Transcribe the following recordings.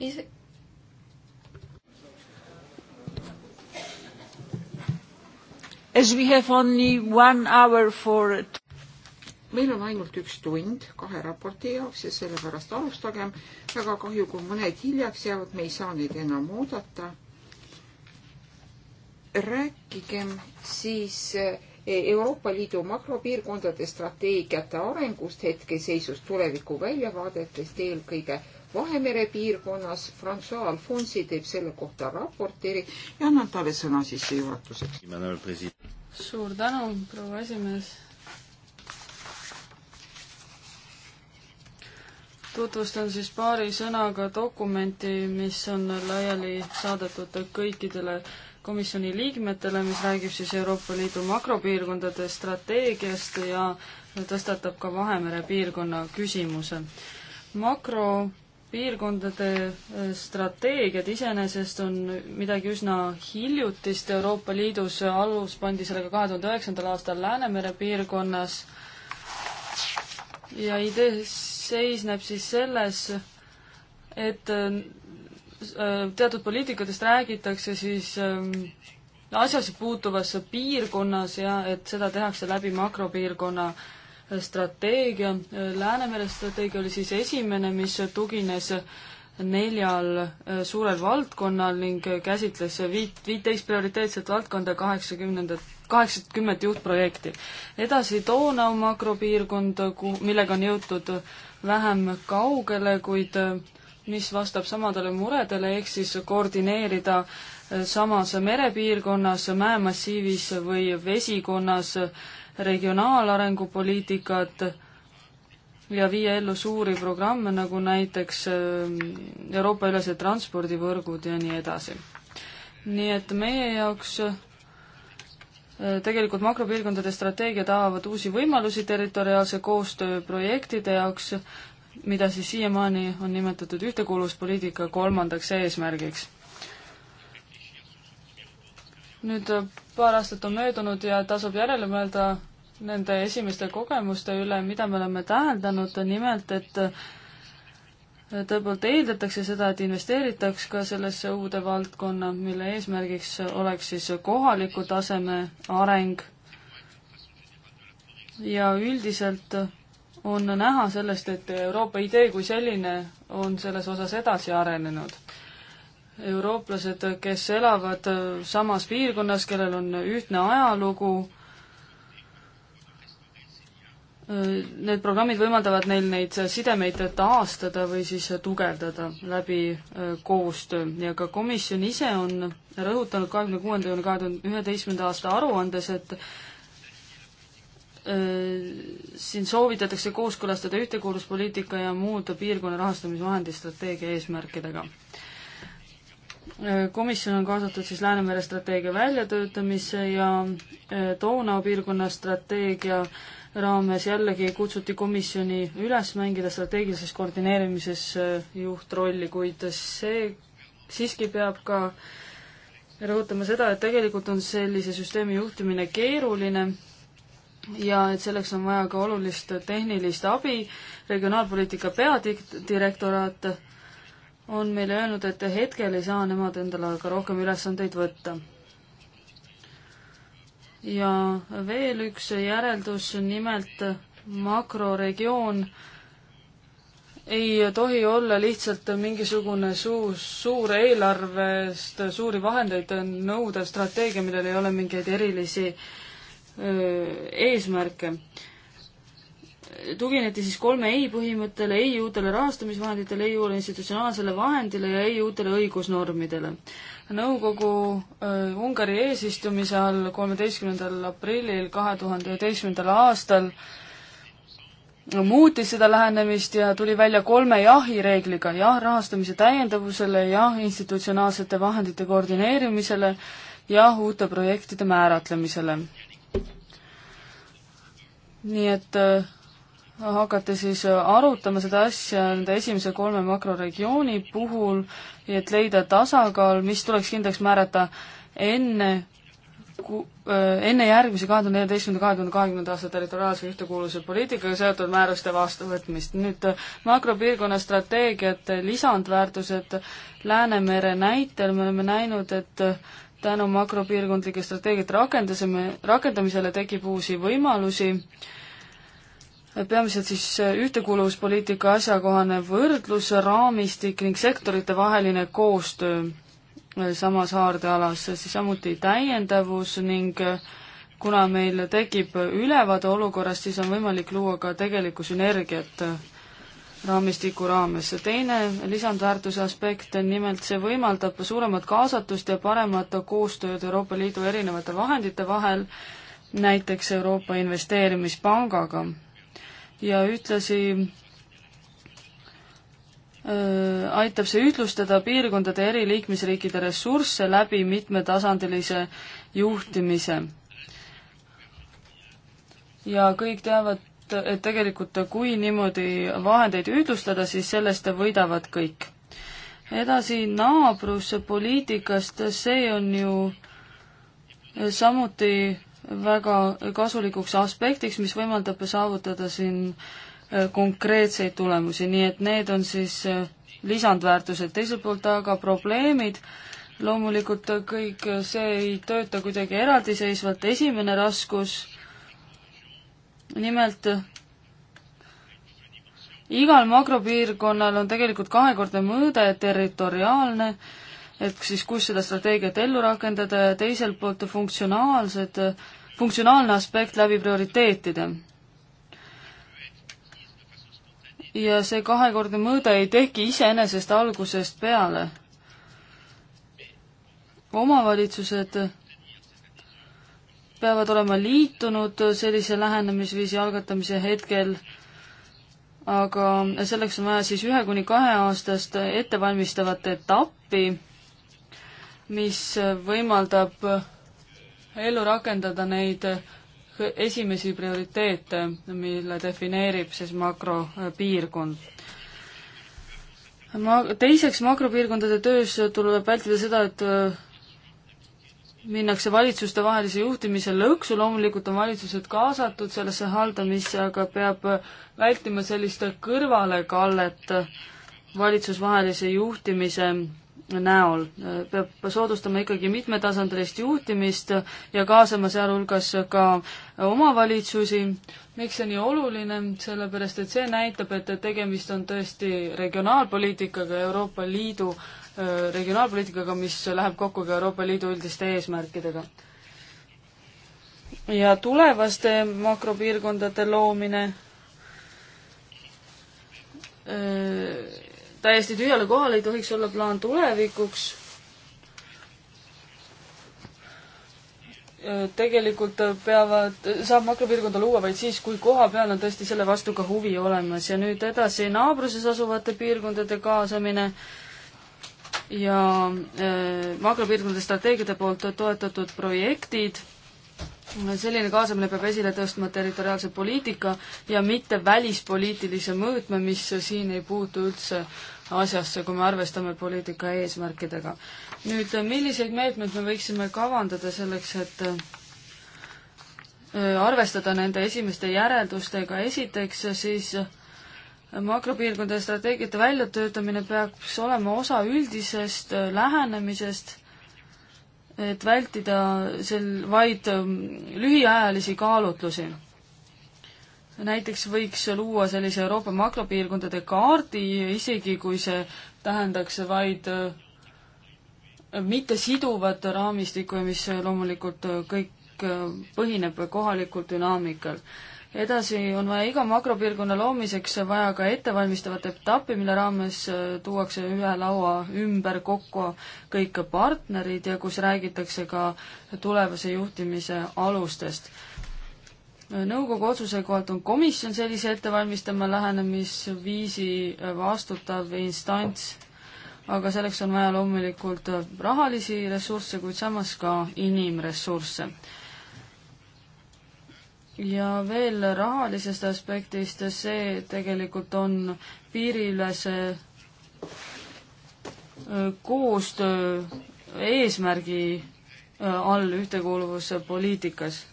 Is... As we have only one hour for it. meil on ainult üks tund kahe raporti jaoks ja sellepärast alustagem. väga kahju, kui mõned hiljaks jäävad, me ei saa neid enam oodata. rääkigem siis eh, Euroopa Liidu makropiirkondade strateegiate arengust, hetkeseisust, tuleviku väljavaadetest, eelkõige Vahemere piirkonnas. Francois Alfonsi teeb selle kohta raporteeri ja annan talle sõna sissejuhatuseks. suur tänu, proua esimees. tutvustan siis paari sõnaga dokumenti, mis on laiali saadetud kõikidele komisjoni liikmetele, mis räägib siis Euroopa Liidu makropiirkondade strateegiast ja tõstatab ka Vahemere piirkonna küsimuse. makro piirkondade äh, strateegiad iseenesest on midagi üsna hiljutist Euroopa Liidus, alus pandi sellega kahe tuhande üheksandal aastal Läänemere piirkonnas ja idee seisneb siis selles, et äh, äh, teatud poliitikatest räägitakse siis ähm, asjasse puutuvasse piirkonnas ja et seda tehakse läbi makropiirkonna äh, strateegia. Äh, Läänemere strateegia oli siis esimene, mis tugines neljal äh, suurel valdkonnal ning käsitles viit, viiteist prioriteetset valdkonda kaheksakümnendat, kaheksakümmet juhtprojekti. edasi Donau makropiirkond, millega on jõutud vähem kaugele, kuid äh, mis vastab samadele muredele, ehk siis koordineerida samas merepiirkonnas, mäemassiivis või vesikonnas äh, regionaalarengupoliitikat ja viia ellu suuri programme, nagu näiteks ähm, Euroopa-ülesed transpordivõrgud ja nii edasi. nii et meie jaoks äh, tegelikult makropiirkondade strateegiad avavad uusi võimalusi territoriaalse koostöö projektide jaoks, mida siis siiamaani on nimetatud ühtekuuluvuspoliitika kolmandaks eesmärgiks. nüüd äh, paar aastat on möödunud ja tasub järele mõelda, nende esimeste kogemuste üle, mida me oleme täheldanud, on nimelt, et tõepoolest eeldatakse seda, et investeeritaks ka sellesse uude valdkonna, mille eesmärgiks oleks siis kohaliku taseme areng. ja üldiselt on näha sellest, et Euroopa idee kui selline on selles osas edasi arenenud eurooplased, kes elavad samas piirkonnas, kellel on ühtne ajalugu, Äh, need programmid võimaldavad neil neid sidemeid taastada või siis tugevdada läbi äh, koostöö ja ka komisjon ise on rõhutanud kahekümne kuuenda juuni kahe tuhande üheteistkümnenda aasta aruandes, et äh, siin soovitatakse kooskõlastada ühtekuuluvuspoliitika ja muude piirkonna rahastamisvahendi strateegia eesmärkidega. komisjon on kaasatud siis Läänemere strateegia väljatöötamisse ja Donau piirkonna strateegia äh, raames jällegi kutsuti komisjoni üles mängida strateegilises koordineerimises äh, juhtrolli, kuid see siiski peab ka rõhutama seda, et tegelikult on sellise süsteemi juhtimine keeruline ja et selleks on vaja ka olulist tehnilist abi. regionaalpoliitika peadirektoraat on meile öelnud, et hetkel ei saa nemad endale ka rohkem ülesandeid võtta ja veel üks järeldus, nimelt makroregioon ei tohi olla lihtsalt mingisugune suur, suur eelarvest suuri vahendeid nõudev strateegia, millel ei ole mingeid erilisi öö, eesmärke. tugineti siis kolme ei põhimõttele, ei uutele rahastamisvahenditele, ei uuele institutsionaalsele vahendile ja ei uutele õigusnormidele nõukogu äh, Ungari eesistumise all kolmeteistkümnendal aprillil kahe tuhande üheteistkümnendal aastal muutis seda lähenemist ja tuli välja kolme jahireegliga, jah rahastamise täiendavusele, jah institutsionaalsete vahendite koordineerimisele, jah uute projektide määratlemisele. nii et äh, hakata siis äh, arutama seda asja nende esimese kolme makroregiooni puhul, et leida tasakaal, mis tuleks kindlaks määrata enne, äh, enne järgmise kahe tuhande neljateistkümnenda, kahe tuhande kahekümnenda aasta territoriaalse ühtekuuluvuse poliitikaga seotud määruste vastuvõtmist. nüüd äh, makropiirkonna strateegiate lisandväärtused Läänemere näitel, me oleme näinud, et tänu makropiirkondlike strateegiate rakendusele, rakendamisele tekib uusi võimalusi äh, peamiselt siis ühtekuuluvuspoliitika asjakohane võrdlusraamistik ning sektoritevaheline koostöö äh, samas haardealas, siis samuti täiendavus ning äh, kuna meil tekib ülevaade olukorrast, siis on võimalik luua ka tegelikku sünergiat äh, raamistiku raames. teine lisandväärtuse aspekt on nimelt see võimaldab suuremat kaasatust ja paremat koostööd Euroopa Liidu erinevate vahendite vahel, näiteks Euroopa Investeerimispangaga ja ühtlasi äh, aitab see ühtlustada piirkondade eri liikmesriikide ressursse läbi mitmetasandilise juhtimise. ja kõik teavad, et tegelikult kui niimoodi vahendeid ühtlustada, siis sellest võidavad kõik. edasi naabruspoliitikast, see on ju samuti väga kasulikuks aspektiks, mis võimaldab saavutada siin äh, konkreetseid tulemusi, nii et need on siis äh, lisandväärtused, teiselt poolt aga probleemid, loomulikult kõik äh, see ei tööta kuidagi eraldiseisvalt, esimene raskus nimelt igal makropiirkonnal on tegelikult kahekordne mõõde, territoriaalne äh, et siis kus seda strateegiat ellu rakendada ja teiselt poolt funktsionaalsed, funktsionaalne aspekt läbi prioriteetide. ja see kahekordne mõõde ei teki iseenesest algusest peale. omavalitsused peavad olema liitunud sellise lähenemisviisi algatamise hetkel aga selleks on vaja siis ühe kuni kahe aastast ettevalmistavat etappi mis võimaldab ellu rakendada neid esimesi prioriteete, mille defineerib siis makropiirkond. ma, teiseks, makropiirkondade töös tuleb vältida seda, et minnakse valitsustevahelise juhtimise lõksu, loomulikult on valitsused kaasatud sellesse haldamisse, aga peab vältima sellist kõrvalekallet valitsusvahelise juhtimise näol. peab soodustama ikkagi mitmetasandilist juhtimist ja kaasama sealhulgas ka omavalitsusi. miks see nii oluline, sellepärast et see näitab, et tegemist on tõesti regionaalpoliitikaga, Euroopa Liidu äh, regionaalpoliitikaga, mis läheb kokku ka Euroopa Liidu üldiste eesmärkidega. ja tulevaste makropiirkondade loomine öö, äh, täiesti tühjale kohale ei tohiks olla plaan tulevikuks. Äh, tegelikult äh, peavad, äh, saab makropiirkonda luua vaid siis, kui kohapeal on tõesti selle vastu ka huvi olemas ja nüüd edasi naabruses asuvate piirkondade kaasamine ja makropiirkondade strateegiate poolt toetatud projektid selline kaasamine peab esile tõstma territoriaalse poliitika ja mitte välispoliitilise mõõtme, mis siin ei puutu üldse asjasse, kui me arvestame poliitika eesmärkidega. nüüd, milliseid meetmeid me võiksime kavandada selleks, et äh, arvestada nende esimeste järeldustega, esiteks siis äh, makropiirkondade strateegiate väljatöötamine peaks olema osa üldisest äh, lähenemisest et vältida sel vaid ähm, lühiajalisi kaalutlusi. näiteks võiks luua sellise Euroopa makropiirkondade kaardi, isegi kui see tähendaks vaid äh, mittesiduvat raamistikku ja mis loomulikult äh, kõik äh, põhineb kohalikul dünaamikal edasi on vaja iga makropiirkonna loomiseks vaja ka ettevalmistavat etappi, mille raames äh, tuuakse ühe laua ümber kokku kõik partnerid ja kus räägitakse ka tulevase juhtimise alustest. Äh, nõukogu otsuse kohalt on komisjon sellise ettevalmistama lähenemisviisi äh, vastutav instants, aga selleks on vaja loomulikult rahalisi ressursse, kuid samas ka inimressursse ja veel rahalisest aspektist, see tegelikult on piiriülese koostöö eesmärgi all ühtekuuluvuspoliitikas.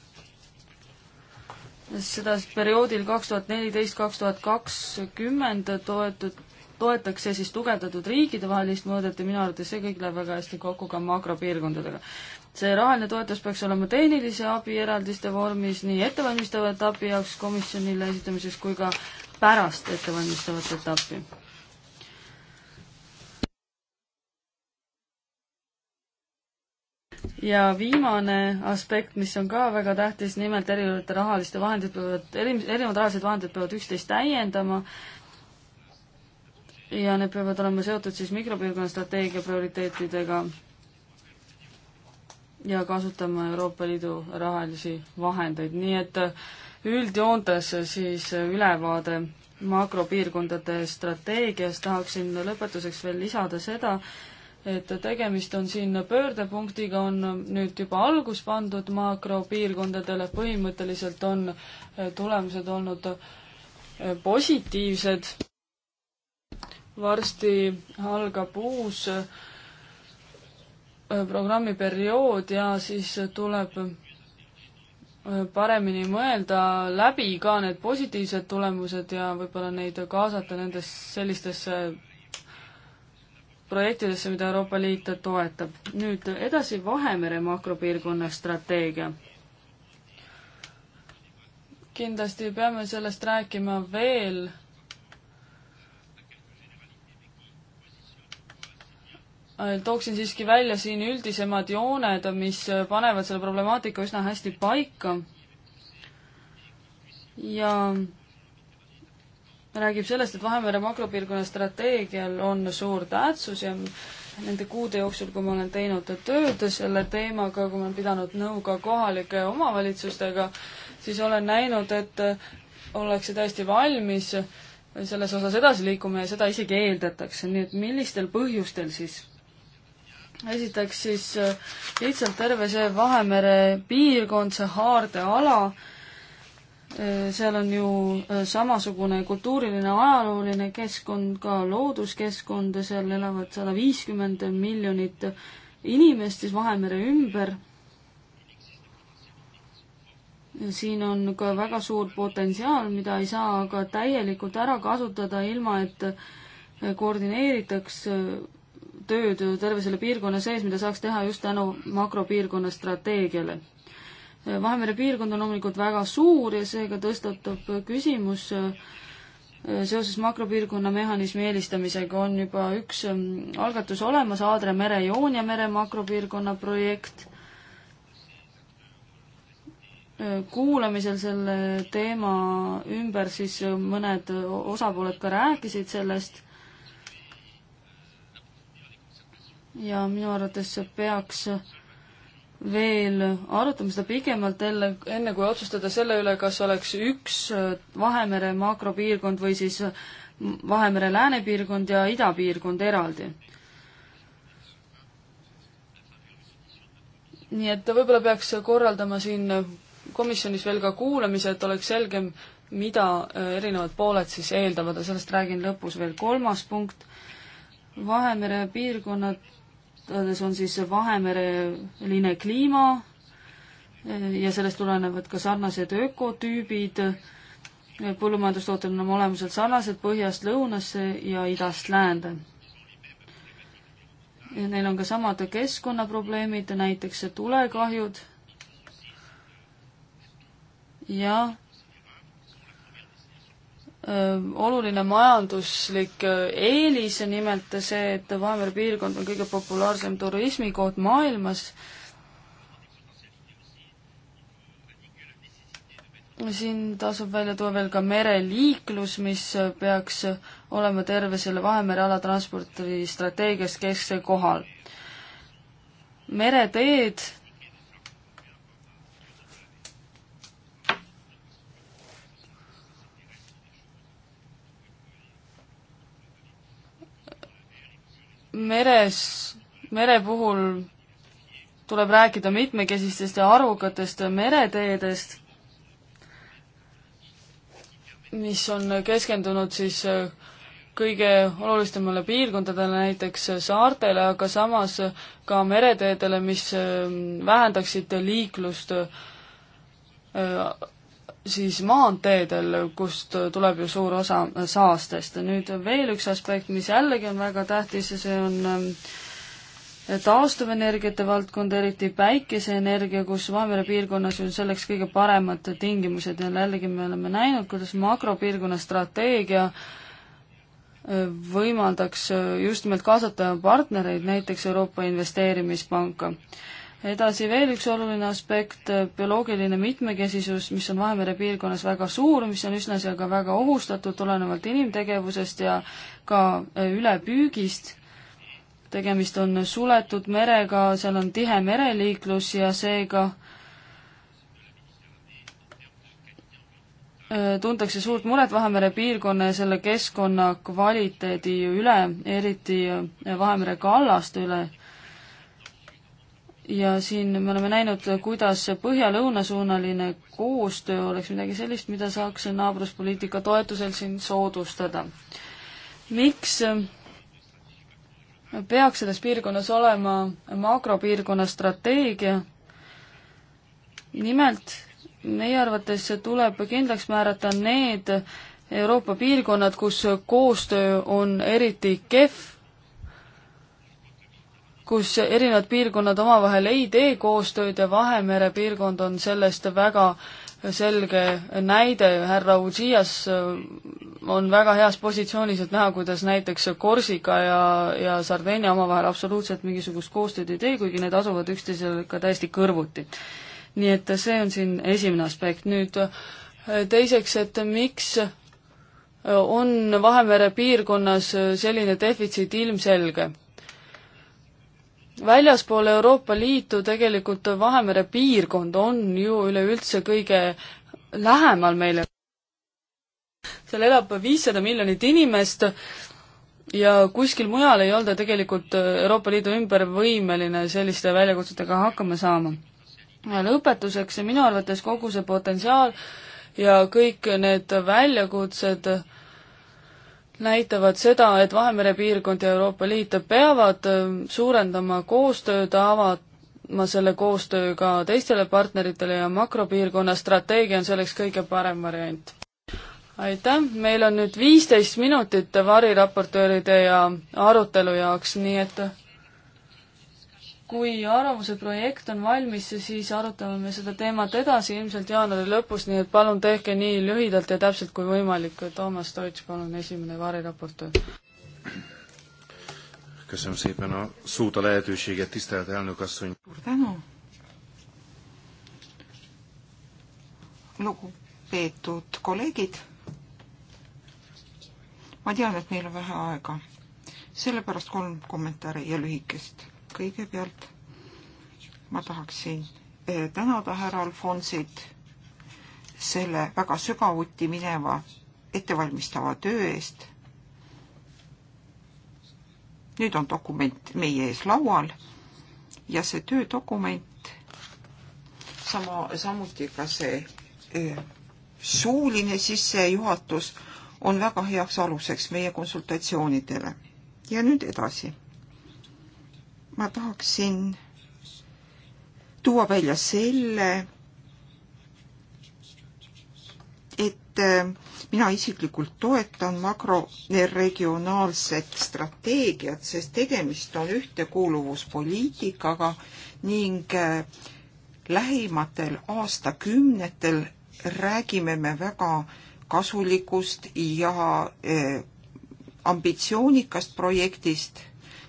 seda perioodil kaks tuhat neliteist, kaks tuhat kakskümmend toetud, toetakse siis tugevdatud riikidevahelist mõõdet ja minu arvates see kõik läheb väga hästi kokku ka makropiirkondadega see rahaline toetus peaks olema tehnilise abi eraldiste vormis nii ettevalmistava etapi jaoks komisjonile esitamiseks kui ka pärast ettevalmistavat etappi. ja viimane aspekt, mis on ka väga tähtis, nimelt erinevate rahaliste vahendid peavad, erinevad rahalised vahendid peavad üksteist täiendama ja need peavad olema seotud siis mikropiirkonna strateegia prioriteetidega ja kasutama Euroopa Liidu rahalisi vahendeid, nii et äh, üldjoontes äh, siis äh, ülevaade makropiirkondade strateegias tahaksin lõpetuseks veel lisada seda, et tegemist on siin pöördepunktiga, on nüüd juba algus pandud makropiirkondadele, põhimõtteliselt on tulemused olnud positiivsed. varsti algab uus äh, Äh, programmiperiood ja siis tuleb äh, paremini mõelda läbi ka need positiivsed tulemused ja võib-olla neid kaasata nendes sellistesse projektidesse, mida Euroopa Liit toetab. nüüd edasi Vahemere makropiirkonna strateegia. kindlasti peame sellest rääkima veel tooksin siiski välja siin üldisemad jooned, mis panevad selle problemaatika üsna hästi paika ja räägib sellest, et Vahemere makropiirkonna strateegial on suur tähtsus ja nende kuude jooksul, kui ma olen teinud tööd selle teemaga, kui ma olen pidanud nõu ka kohalike omavalitsustega, siis olen näinud, et ollakse täiesti valmis selles osas edasi liikuma ja seda isegi eeldatakse, nii et millistel põhjustel siis esiteks siis äh, lihtsalt terve see Vahemere piirkond, see haardeala, äh, seal on ju äh, samasugune kultuuriline, ajalooline keskkond, ka looduskeskkond ja seal elavad sada viiskümmend miljonit inimest siis Vahemere ümber. siin on ka väga suur potentsiaal, mida ei saa aga täielikult ära kasutada, ilma et koordineeritaks tööd terve selle piirkonna sees, mida saaks teha just tänu makropiirkonna strateegiale. Vahemere piirkond on loomulikult väga suur ja seega tõstatub küsimus eh, seoses makropiirkonna mehhanismi eelistamisega on juba üks mm, algatus olemas, Aadre mere, Joonia mere makropiirkonna projekt. Eh, kuulamisel selle teema ümber siis mõned osapooled ka rääkisid sellest ja minu arvates peaks veel arutame seda pikemalt jälle, enne kui otsustada selle üle, kas oleks üks Vahemere makropiirkond või siis Vahemere läänepiirkond ja idapiirkond eraldi. nii et võib-olla peaks korraldama siin komisjonis veel ka kuulamise, et oleks selgem, mida erinevad pooled siis eeldavad ja sellest räägin lõpus veel. kolmas punkt, Vahemere piirkonnad kohtades on siis Vahemereline kliima eh, ja sellest tulenevad ka sarnased ökotüübid. põllumajandustooted on oma olemuselt sarnased põhjast lõunasse ja idast läände. Neil on ka samad keskkonnaprobleemid, näiteks tulekahjud ja Äh, oluline majanduslik äh, eelis, nimelt see, et Vahemere piirkond on kõige populaarsem turismikoht maailmas. siin tasub välja tuua veel ka mereliiklus, mis peaks olema terve selle Vahemere ala transpordistrateegias kesksel kohal. mereteed meres, mere puhul tuleb rääkida mitmekesistest ja arvukatest mereteedest, mis on keskendunud siis äh, kõige olulisemale piirkondadele, näiteks äh, saartele, aga samas äh, ka mereteedele, mis vähendaksid liiklust siis maanteedel, kust tuleb ju suur osa saastest. nüüd veel üks aspekt, mis jällegi on väga tähtis ja see on ähm, taastuvenergiate valdkond, eriti päikeseenergia, kus Maamere piirkonnas on selleks kõige paremad tingimused ja jällegi me oleme näinud, kuidas makropiirkonna strateegia äh, võimaldaks äh, just nimelt kaasata partnereid, näiteks Euroopa Investeerimispanka edasi veel üks oluline aspekt, äh, bioloogiline mitmekesisus, mis on Vahemere piirkonnas väga suur, mis on üsna ka väga ohustatud tulenevalt inimtegevusest ja ka äh, ülepüügist. tegemist on suletud merega, seal on tihe mereliiklus ja seega äh, tuntakse suurt muret Vahemere piirkonna ja selle keskkonna kvaliteedi üle, eriti Vahemere kallaste üle ja siin me oleme näinud, kuidas põhja-lõunasuunaline koostöö oleks midagi sellist, mida saaks naabruspoliitika toetusel siin soodustada. miks peaks selles piirkonnas olema makropiirkonna strateegia? nimelt, meie arvates tuleb kindlaks määrata need Euroopa piirkonnad, kus koostöö on eriti kehv kus erinevad piirkonnad omavahel ei tee koostööd ja Vahemere piirkond on sellest väga selge näide, härra Udžias on väga heas positsioonis, et näha, kuidas näiteks Korsika ja, ja Sardeenia omavahel absoluutselt mingisugust koostööd ei tee, kuigi need asuvad üksteisele ikka täiesti kõrvuti. nii et see on siin esimene aspekt, nüüd teiseks, et miks on Vahemere piirkonnas selline defitsiit ilmselge väljaspool Euroopa Liitu tegelikult Vahemere piirkond on ju üleüldse kõige lähemal meile. seal elab viissada miljonit inimest ja kuskil mujal ei olda tegelikult Euroopa Liidu ümber võimeline selliste väljakutsetega hakkama saama. ja lõpetuseks minu arvates kogu see potentsiaal ja kõik need väljakutsed äh, näitavad seda, et Vahemere piirkond ja Euroopa Liit peavad ähm, suurendama koostööd, avama selle koostöö ka teistele partneritele ja makropiirkonna strateegia on selleks kõige parem variant. aitäh, meil on nüüd viisteist minutit variraportööride ja arutelu jaoks, nii et kui arvamuse projekt on valmis, siis arutame me seda teemat edasi ilmselt jaanuari lõpus, nii et palun tehke nii lühidalt ja täpselt kui võimalik. Toomas Deutsch, palun, esimene variraportöör. köszönöm szépen a szót, a lehetőséget, tisztelt elnök asszony. suur tänu. lugupeetud kolleegid. ma tean, et meil on vähe aega, sellepärast kolm kommentaari ja lühikest kõigepealt ma tahaksin eh, tänada härra Alfonsit selle väga sügavuti mineva ettevalmistava töö eest. nüüd on dokument meie ees laual ja see töödokument, sama, samuti ka see eh, suuline sissejuhatus on väga heaks aluseks meie konsultatsioonidele. ja nüüd edasi ma tahaksin tuua välja selle, et äh, mina isiklikult toetan makroregionaalset strateegiat, sest tegemist on ühtekuuluvuspoliitikaga ning äh, lähimatel aastakümnetel räägime me väga kasulikust ja äh, ambitsioonikast projektist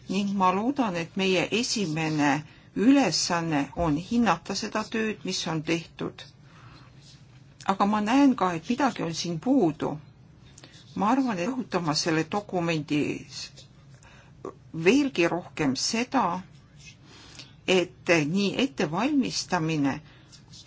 ning ma loodan, et meie esimene ülesanne on hinnata seda tööd, mis on tehtud. aga ma näen ka, et midagi on siin puudu. ma arvan, et rõhutama selle dokumendi veelgi rohkem seda, et nii ettevalmistamine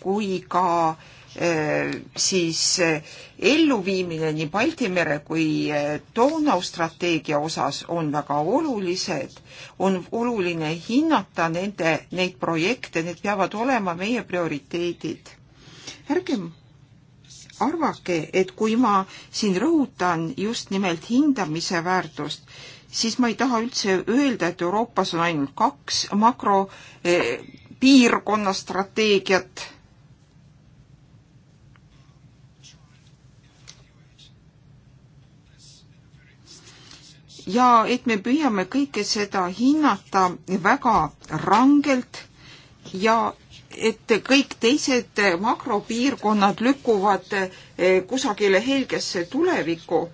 kui ka äh, Äh, siis äh, elluviimine nii Balti mere kui äh, Donau strateegia osas on väga olulised, on oluline hinnata nende, neid projekte, need peavad olema meie prioriteedid. ärgem arvake, et kui ma siin rõhutan just nimelt hindamise väärtust, siis ma ei taha üldse öelda, et Euroopas on ainult kaks makropiirkonna eh, strateegiat ja et me püüame kõike seda hinnata väga rangelt ja et kõik teised makropiirkonnad lükkuvad eh, kusagile helgesse tulevikku.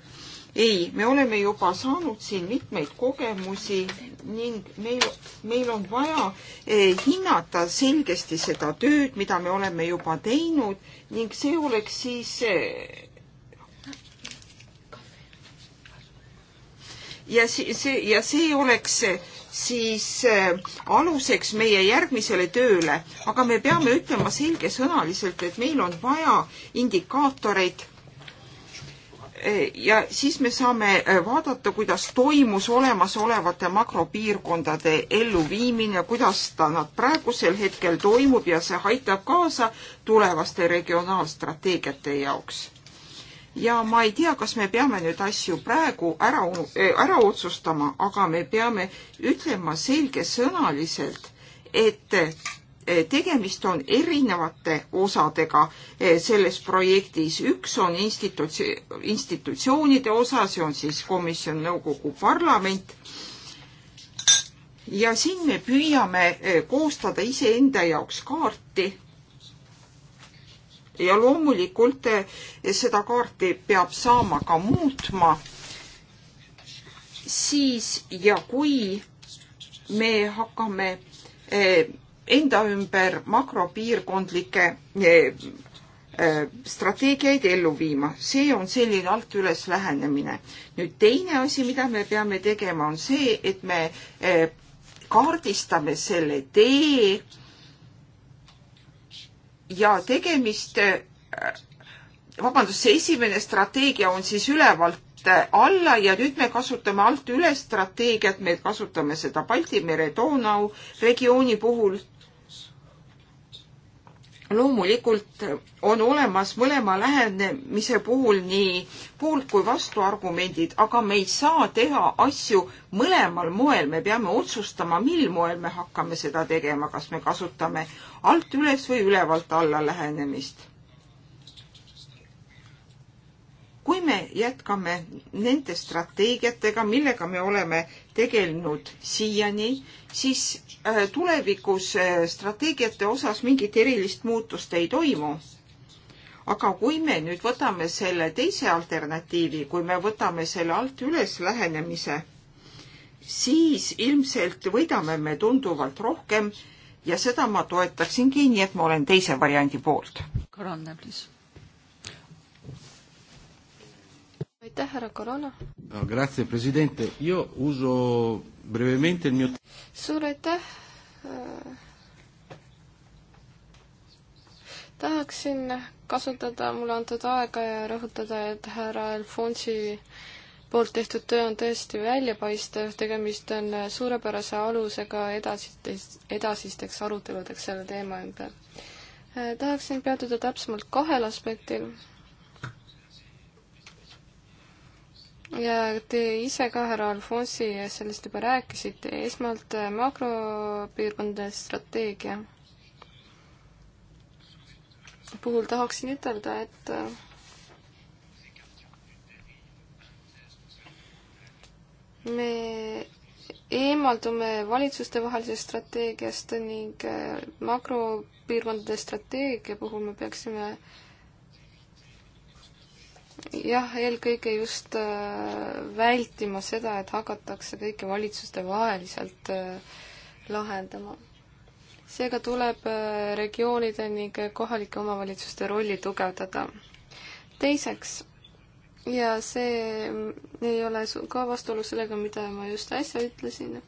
ei, me oleme juba saanud siin mitmeid kogemusi ning meil, meil on vaja eh, hinnata selgesti seda tööd, mida me oleme juba teinud ning see oleks siis eh, ja see, ja see oleks siis äh, aluseks meie järgmisele tööle, aga me peame ütlema selgesõnaliselt, et meil on vaja indikaatoreid äh, ja siis me saame äh, vaadata, kuidas toimus olemasolevate makropiirkondade elluviimine, kuidas ta, nad praegusel hetkel toimub ja see aitab kaasa tulevaste regionaalstrateegiate jaoks ja ma ei tea, kas me peame nüüd asju praegu ära, eh, ära otsustama, aga me peame ütlema selgesõnaliselt, et eh, tegemist on erinevate osadega eh, selles projektis. üks on institutsi-, institutsioonide osa, see on siis komisjon, nõukogu, parlament. ja siin me püüame koostada iseenda jaoks kaarti ja loomulikult eh, seda kaarti peab saama ka muutma, siis ja kui me hakkame eh, enda ümber makropiirkondlikke eh, strateegiaid ellu viima, see on selline alt üles lähenemine. nüüd teine asi, mida me peame tegema, on see, et me kaardistame selle tee, ja tegemist, äh, vabandust, see esimene strateegia on siis ülevalt äh, alla ja nüüd me kasutame alt üles strateegiat, me kasutame seda Balti mere Donau regiooni puhul loomulikult on olemas mõlema lähenemise puhul nii poolt kui vastuargumendid, aga me ei saa teha asju mõlemal moel, me peame otsustama, mil moel me hakkame seda tegema, kas me kasutame alt üles või ülevalt alla lähenemist. kui me jätkame nende strateegiatega, millega me oleme tegelenud siiani, siis äh, tulevikus äh, strateegiate osas mingit erilist muutust ei toimu. aga kui me nüüd võtame selle teise alternatiivi, kui me võtame selle alt üles lähenemise, siis ilmselt võidame me tunduvalt rohkem ja seda ma toetaksingi, nii et ma olen teise variandi poolt. Karan Näblis aitäh, härra Corona no,! Grazie, president, io uso brevemente il mio suur aitäh! Äh, tahaksin kasutada mulle antud aega ja rõhutada, et härra Alfonsi poolt tehtud töö on tõesti väljapaistev, tegemist on suurepärase alusega edasisteks, edasisteks aruteludeks selle teema ümber. Äh, tahaksin peatuda täpsemalt kahel aspektil ja te ise ka, härra Alfonsi, sellest juba rääkisite, esmalt äh, makropiirkondade strateegia puhul tahaksin ütelda, et äh, me eemaldume valitsustevahelisest strateegiast ning äh, makropiirkondade strateegia puhul me peaksime äh, jah, eelkõige just äh, vältima seda, et hakatakse kõike valitsustevaheliselt äh, lahendama. seega tuleb äh, regioonide ning kohalike omavalitsuste rolli tugevdada. teiseks, ja see mm, ei ole ka vastuolus sellega, mida ma just äsja ütlesin,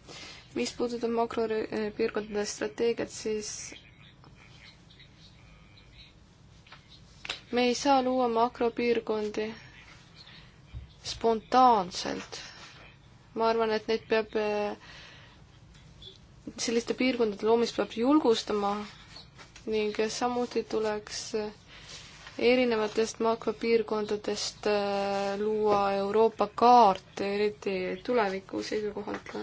mis puudutab makropiirkondade strateegiat, siis me ei saa luua makropiirkondi spontaanselt. ma arvan, et neid peab, eh, selliste piirkondade loomist peab julgustama ning samuti tuleks erinevatest makropiirkondadest eh, luua Euroopa kaart, eriti tuleviku seisukohalt.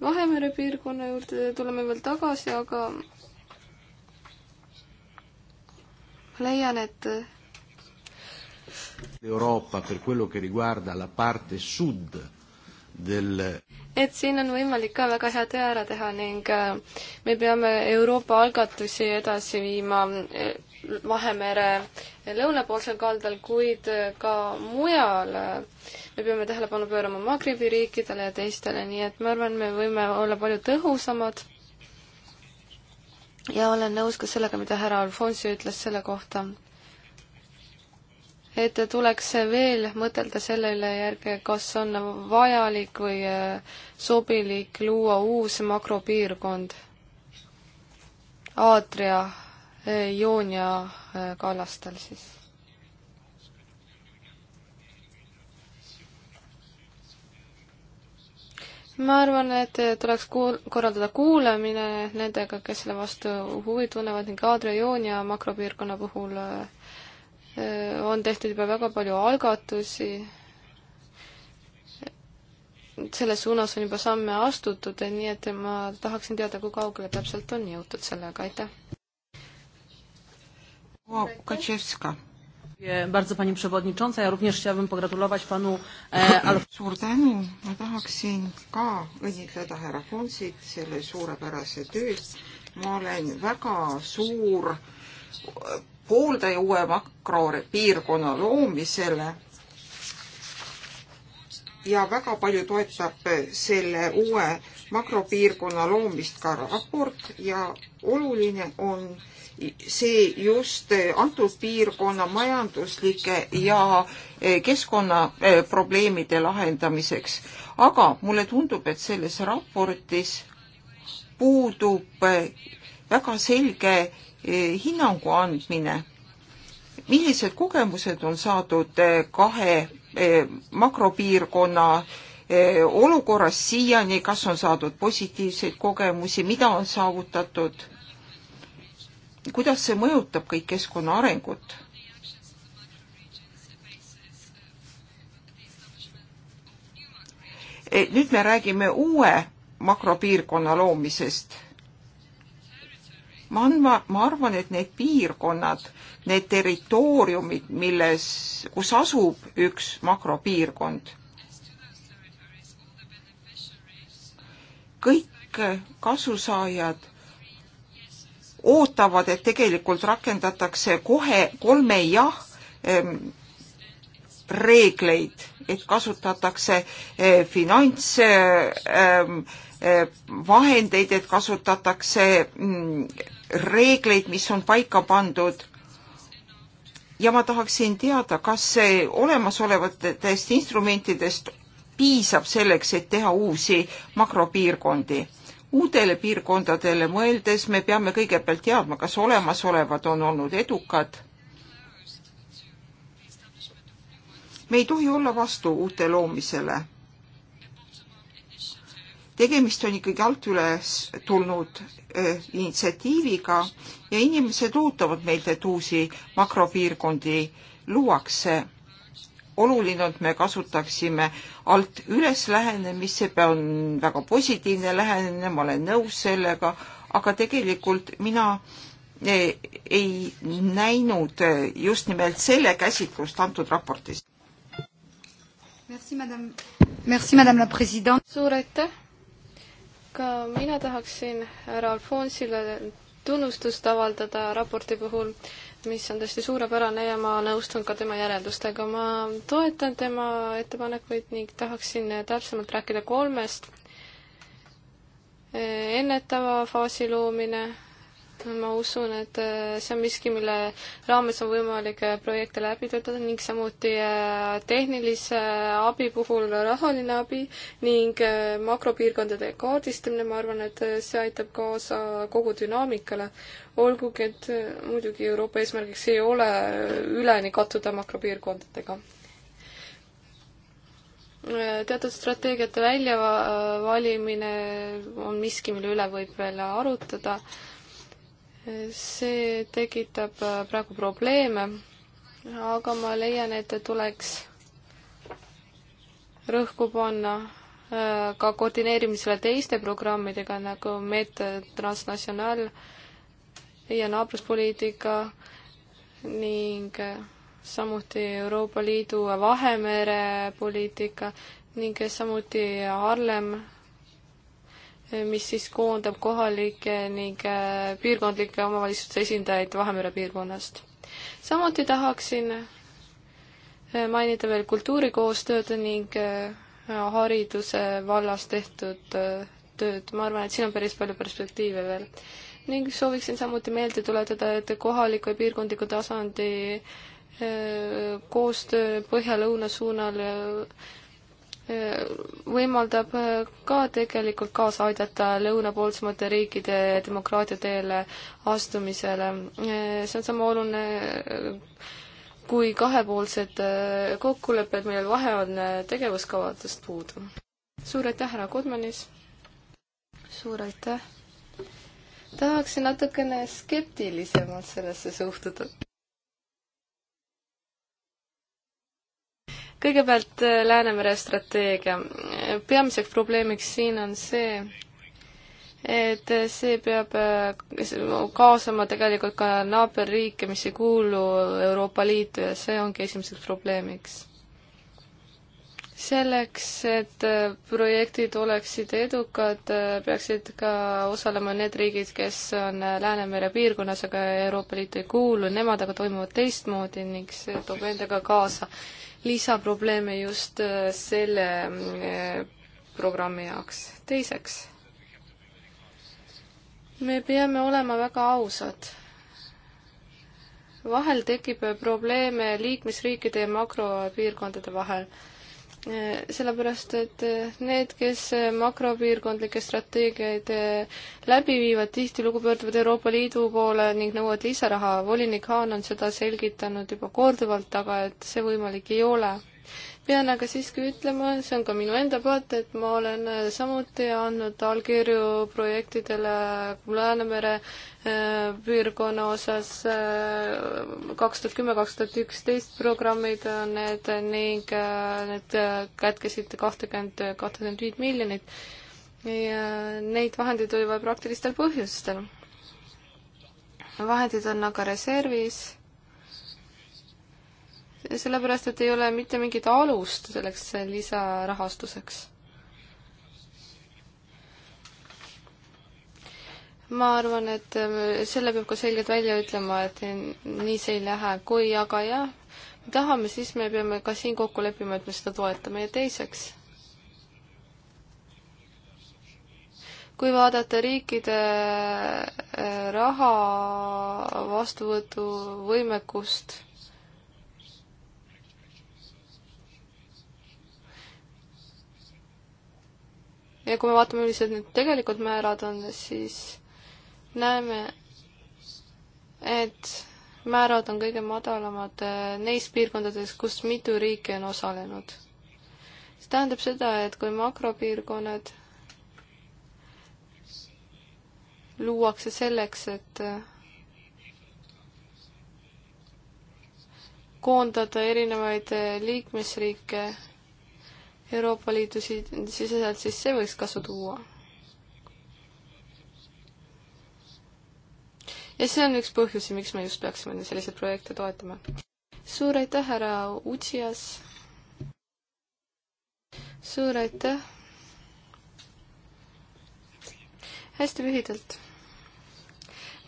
Vahemere piirkonna juurde tuleme veel tagasi, aga leian, et Euroopa per quello che riguarda la parte sud del et siin on võimalik ka väga hea töö ära teha ning äh, me peame Euroopa algatusi edasi viima äh, Vahemere lõunapoolsel kaldal, kuid äh, ka mujal me peame tähelepanu pöörama Magribi riikidele ja teistele, nii et ma arvan, me võime olla palju tõhusamad ja olen nõus ka sellega, mida härra Alfonsi ütles selle kohta, et tuleks veel mõtelda selle üle järgi, kas on vajalik või äh, sobilik luua uus makropiirkond Aadria, Ioonia äh, äh, kallastel siis ma arvan, et tuleks kuul-, korraldada kuulamine nendega, kes selle vastu huvi tunnevad ning Adrioonia makropiirkonna puhul äh, on tehtud juba väga palju algatusi. selles suunas on juba samme astutud, nii et ma tahaksin teada, kui kaugele täpselt on jõutud sellega, aitäh. Kačevska E, suur tänu, ma tahaksin ka õnnitleda härra Fonsit selle suurepärase töö eest. ma olen väga suur äh, pooldaja uue makropiirkonna loomisele ja väga palju toetab selle uue makropiirkonna loomist ka raport ja oluline on see just eh, antud piirkonna majanduslike ja eh, keskkonnaprobleemide eh, lahendamiseks. aga mulle tundub, et selles raportis puudub väga selge hinnangu andmine, millised kogemused on saadud kahe makropiirkonna olukorras siiani, kas on saadud positiivseid kogemusi, mida on saavutatud kuidas see mõjutab kõik keskkonna arengut? E, nüüd me räägime uue makropiirkonna loomisest. ma arvan, ma arvan, et need piirkonnad, need territooriumid, milles, kus asub üks makropiirkond, kõik kasusaajad ootavad, et tegelikult rakendatakse kohe kolme jah reegleid, et kasutatakse eh, finantsvahendeid, eh, et kasutatakse mm, reegleid, mis on paika pandud ja ma tahaksin teada, kas see olemasolevatest instrumentidest piisab selleks, et teha uusi makropiirkondi uutele piirkondadele mõeldes me peame kõigepealt teadma, kas olemasolevad on olnud edukad. me ei tohi olla vastu uute loomisele. tegemist on ikkagi alt üles tulnud äh, initsiatiiviga ja inimesed ootavad meilt, et uusi makropiirkondi luuakse oluline on, et me kasutaksime alt üles lähenemist, see on väga positiivne lähenemine, ma olen nõus sellega, aga tegelikult mina eh, ei näinud eh, just nimelt selle käsitlust antud raportis. suur aitäh! ka mina tahaksin härra Alfonsile tunnustust avaldada raporti puhul raportist, mis on tõesti suurepärane ja ma nõustun ka tema järeldustega. ma toetan tema ettepanekuid ning tahaksin täpsemalt rääkida kolmest. ennetava faasi loomine ma usun, et äh, see on miski, mille raames on võimalik äh, projekte läbi töötada ning samuti äh, tehnilise abi puhul rahaline abi ning makropiirkondade kaardistamine, ma arvan, et see aitab kaasa kogu dünaamikale. olgugi, et muidugi Euroopa eesmärgiks ei ole üleni kattuda makropiirkondadega teatud strateegiate väljavalimine on miski, mille üle võib veel arutada see tekitab äh, praegu probleeme, aga ma leian, et tuleks rõhku panna äh, ka koordineerimisele teiste programmidega nagu Met Transnational ja naabruspoliitika ning äh, samuti Euroopa Liidu Vahemere poliitika ning samuti Harlem mis siis koondab kohalikke ning äh, piirkondlike omavalitsuste esindajaid Vahemere piirkonnast. samuti tahaksin äh, mainida veel kultuurikoostööd ning äh, hariduse vallas tehtud tööd, ma arvan, et siin on päris palju perspektiive veel. ning sooviksin samuti meelde tuletada, et kohaliku ja piirkondliku tasandi koostöö põhja-lõuna suunal võimaldab äh, ka tegelikult kaasa aidata lõunapoolsemate riikide demokraatia teele astumisele. Äh, see on sama oluline äh, kui kahepoolsed kokkulepped, millel vahe on tegevuskavadest puudu. suur aitäh, härra Kudmanis! suur aitäh! tahaksin natukene skeptilisemalt sellesse suhtuda kõigepealt äh, Läänemere strateegia. peamiseks probleemiks siin on see, et see peab äh, kaasama tegelikult ka naaberriike, mis ei kuulu Euroopa Liitu ja see ongi esimeseks probleemiks. selleks, et äh, projektid oleksid edukad, peaksid ka osalema need riigid, kes on Läänemere piirkonnas, aga Euroopa Liitu ei kuulu, nemad aga toimuvad teistmoodi ning see toob endaga kaasa lisaprobleeme just äh, selle äh, programmi jaoks. teiseks, me peame olema väga ausad. vahel tekib probleeme liikmesriikide ja makropiirkondade vahel Eh, sellepärast, et eh, need, kes eh, makropiirkondlikke strateegiaid läbi viivad, tihtilugu pöörduvad Euroopa Liidu poole ning nõuavad lisaraha. volinik Haan on seda selgitanud juba korduvalt, aga et see võimalik ei ole pean aga siiski ütlema, see on ka minu enda poolt, et ma olen äh, samuti andnud allkirju projektidele Läänemere äh, piirkonna osas äh, kaks tuhat kümme, kaks tuhat üksteist programmid on need ning need kätkesid kahtekümmend, kahtekümmend viit miljonit. ja neid vahendeid oli vaja praktilistel põhjustel. vahendid on aga reservis sellepärast, et ei ole mitte mingit alust selleks lisarahastuseks. ma arvan, et äh, selle peab ka selgelt välja ütlema, et nii see ei lähe, kui aga jah, tahame, siis me peame ka siin kokku leppima, et me seda toetame ja teiseks, kui vaadata riikide äh, raha vastuvõtuvõimekust ja kui me vaatame, millised need tegelikult määrad on, siis näeme, et määrad on kõige madalamad äh, neis piirkondades, kus mitu riiki on osalenud. see tähendab seda, et kui makropiirkonnad luuakse selleks, et äh, koondada erinevaid äh, liikmesriike Euroopa Liidu siseselt, siis see võiks kasu tuua. ja see on üks põhjusi, miks me just peaksime selliseid projekte toetama. suur aitäh, härra Utsias! suur aitäh! hästi lühidalt.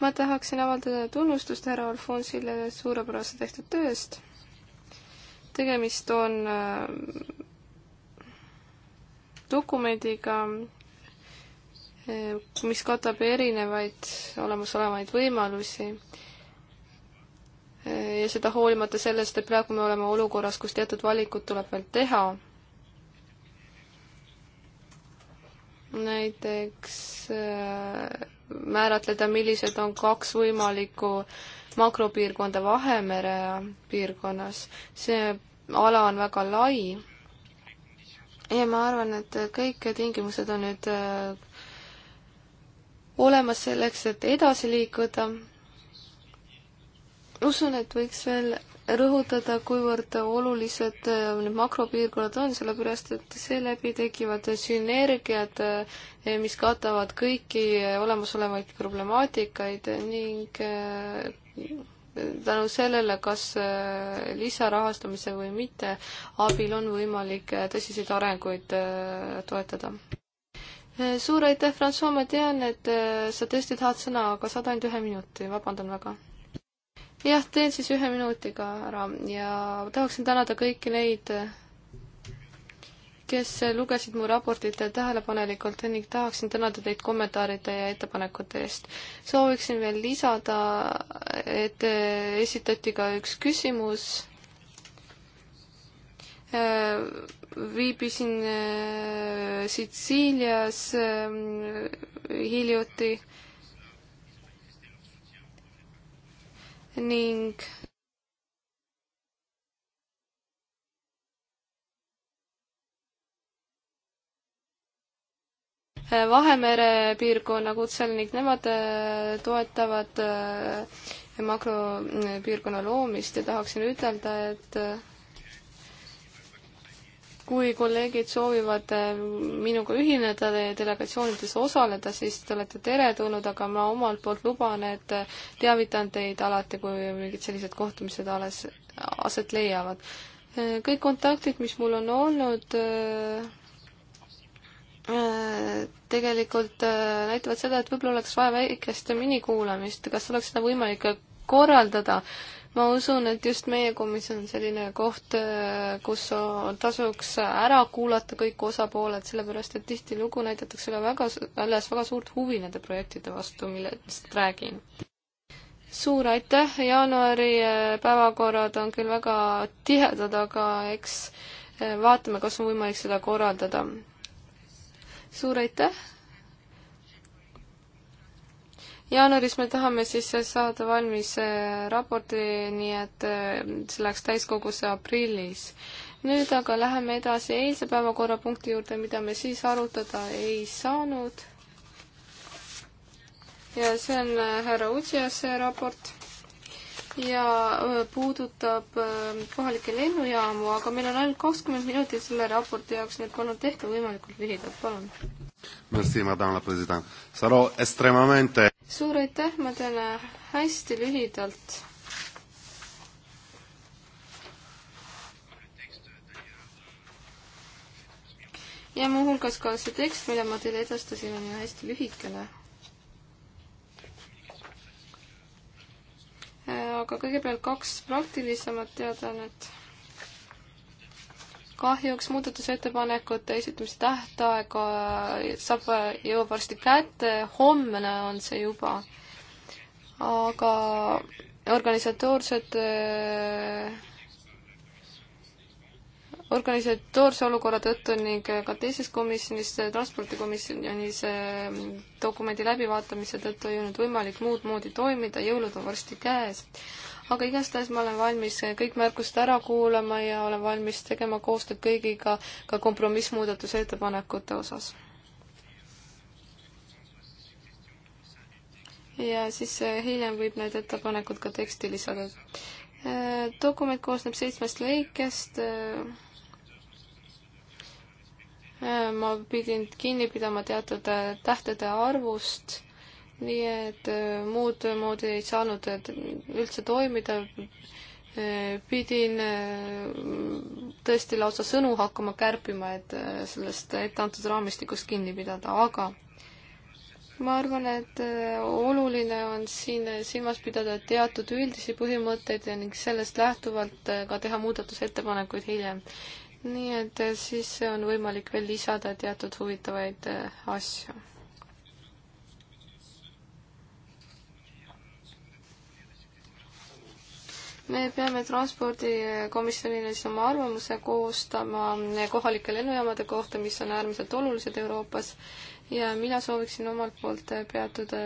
ma tahaksin avaldada tunnustust härra Alfonsile suurepärase tehtud töö eest. tegemist on äh, dokumendiga, mis katab erinevaid olemasolevaid võimalusi. ja seda hoolimata sellest, et praegu me oleme olukorras, kus teatud valikud tuleb veel teha. näiteks äh, määratleda, millised on kaks võimalikku makropiirkonda Vahemere piirkonnas. see ala on väga lai ja ma arvan, et kõik tingimused on nüüd äh, olemas selleks, et edasi liikuda. usun, et võiks veel rõhutada, kuivõrd olulised äh, need makropiirkonnad on, sellepärast et seeläbi tekivad sünergiad, äh, mis katavad kõiki olemasolevaid problemaatikaid ning tänu sellele, kas äh, lisarahastamise või mitte abil on võimalik äh, tõsiseid arenguid äh, toetada. suur aitäh, Francois, ma tean, et sa tõesti tahad sõna, aga saad ainult ühe minuti, vabandan väga. jah, teen siis ühe minutiga ära ja tahaksin tänada kõiki neid kes lugesid mu raportit tähelepanelikult ning tahaksin tänada teid kommentaaride ja ettepanekute eest. sooviksin veel lisada, et esitati ka üks küsimus. viibisin äh, Sitsiilias äh, hiljuti ning Vahemere piirkonna kutsel ning nemad äh, toetavad äh, makropiirkonna äh, loomist ja tahaksin ütelda, et kui kolleegid soovivad minuga ühineda ja delegatsioonides osaleda, siis te olete teretulnud, aga ma omalt poolt luban, et teavitan teid alati, kui mingid sellised kohtumised alles aset leiavad. kõik kontaktid, mis mul on olnud, Äh, tegelikult äh, näitavad seda, et võib-olla oleks vaja väikest minikuulamist, kas oleks seda võimalik korraldada. ma usun, et just meie komisjon on selline koht, äh, kus tasuks ära kuulata kõik osapooled, sellepärast et tihtilugu näidatakse ka väga, väljas väga suurt huvi nende projektide vastu, millest räägin. suur aitäh, jaanuari päevakorrad on küll väga tihedad, aga eks vaatame, kas on võimalik seda korraldada suur aitäh! jaanuaris me tahame siis saada valmis äh, raporti, nii et äh, see läheks täiskogusse aprillis. nüüd aga läheme edasi eilse päevakorrapunkti juurde, mida me siis arutada ei saanud. ja see on äh, härra Utsjase raport ja puudutab kohalikke lennujaamu, aga meil on ainult kakskümmend minutit selle raporti jaoks, nii et palun tehke võimalikult lühidalt, palun. Merci, madame la president. Saro, extremamente. suur aitäh, ma teen äh, hästi lühidalt. ja muuhulgas ka see tekst, mille ma teile edastasin, on ju hästi lühikene aga kõigepealt kaks praktilisemat teadaannet. kahjuks muudatusettepanekute esitamise tähtaega äh, saab, äh, jõuab varsti kätte, homme on see juba. aga organisatoorsed äh, organisatoorse olukorra tõttu ning ka teises komisjonis, transpordikomisjonis eh, dokumendi läbivaatamise tõttu ei olnud võimalik muud moodi toimida, jõulud on varsti käes. aga igastahes ma olen valmis kõik märkused ära kuulama ja olen valmis tegema koostööd kõigiga ka kompromissmuudatuse ettepanekute osas. ja siis eh, hiljem võib need ettepanekud ka teksti lisada. Eh, dokument koosneb seitsmest lõikest Äh, ma pidin kinni pidama teatud äh, tähtede arvust, nii et äh, muud moodi ei saanud üldse toimida. pidin tõesti lausa sõnu hakkama kärpima, et sellest etteantud raamistikust kinni pidada, aga ma arvan, et oluline on siin silmas pidada teatud üldisi põhimõtteid ning sellest lähtuvalt ka teha muudatusettepanekuid hiljem nii et eh, siis on võimalik veel lisada teatud huvitavaid eh, asju. me peame transpordikomisjonile siis oma arvamuse koostama eh, kohalike lennujaamade kohta, mis on äärmiselt olulised Euroopas ja mina sooviksin omalt poolt peatuda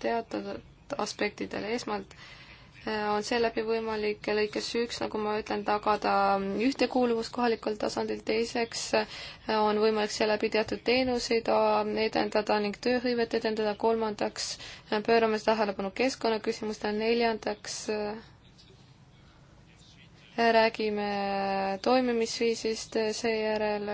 teatud aspektidele. esmalt äh, on seeläbi võimalik lõikes üks, nagu ma ütlen, tagada ühtekuuluvus kohalikul tasandil, teiseks äh, on võimalik seeläbi teatud teenuseid äh, edendada ning tööhõivet edendada, kolmandaks äh, pöörame tähelepanu keskkonnaküsimustele, neljandaks räägime toimimisviisist, seejärel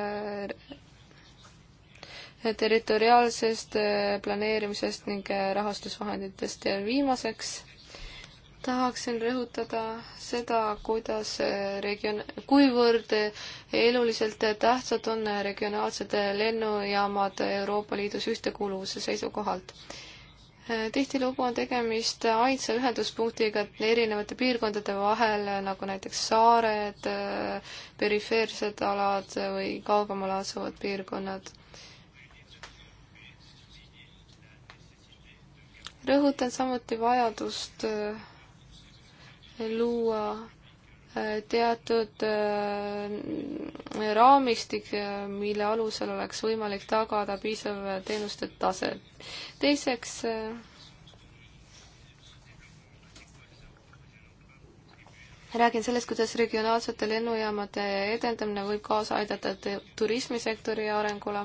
territoriaalsest planeerimisest ning rahastusvahenditest ja viimaseks tahaksin rõhutada seda, kuidas region-, kuivõrd eluliselt tähtsad on regionaalsed lennujaamad Euroopa Liidus ühtekuuluvuse seisukohalt. tihtilugu on tegemist ainsa ühenduspunktiga erinevate piirkondade vahel, nagu näiteks saared, perifeersed alad või kaugemal asuvad piirkonnad rõhutan samuti vajadust luua äh, teatud äh, raamistik, äh, mille alusel oleks võimalik tagada piisav teenuste tase. teiseks, räägin sellest, kuidas regionaalsete lennujaamade edendamine võib kaasa aidata turismisektori arengule,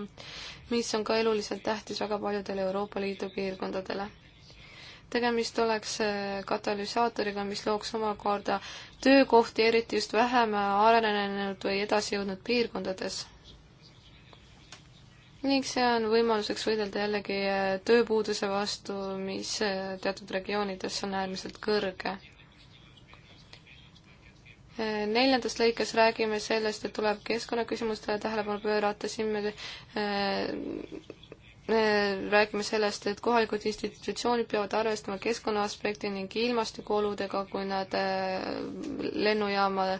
mis on ka eluliselt tähtis väga paljudele Euroopa Liidu piirkondadele tegemist oleks äh, katalüsaatoriga, mis looks omakorda töökohti, eriti just vähem arenenud või edasijõudnud piirkondades. ning see on võimaluseks võidelda jällegi äh, tööpuuduse vastu, mis äh, teatud regioonides on äärmiselt kõrge Neljandas lõikes räägime sellest, et tuleb keskkonnaküsimustele tähelepanu pöörata, siin me räägime sellest, et kohalikud institutsioonid peavad arvestama keskkonna aspekti ning ilmastikuoludega, kui nad äh, lennujaamade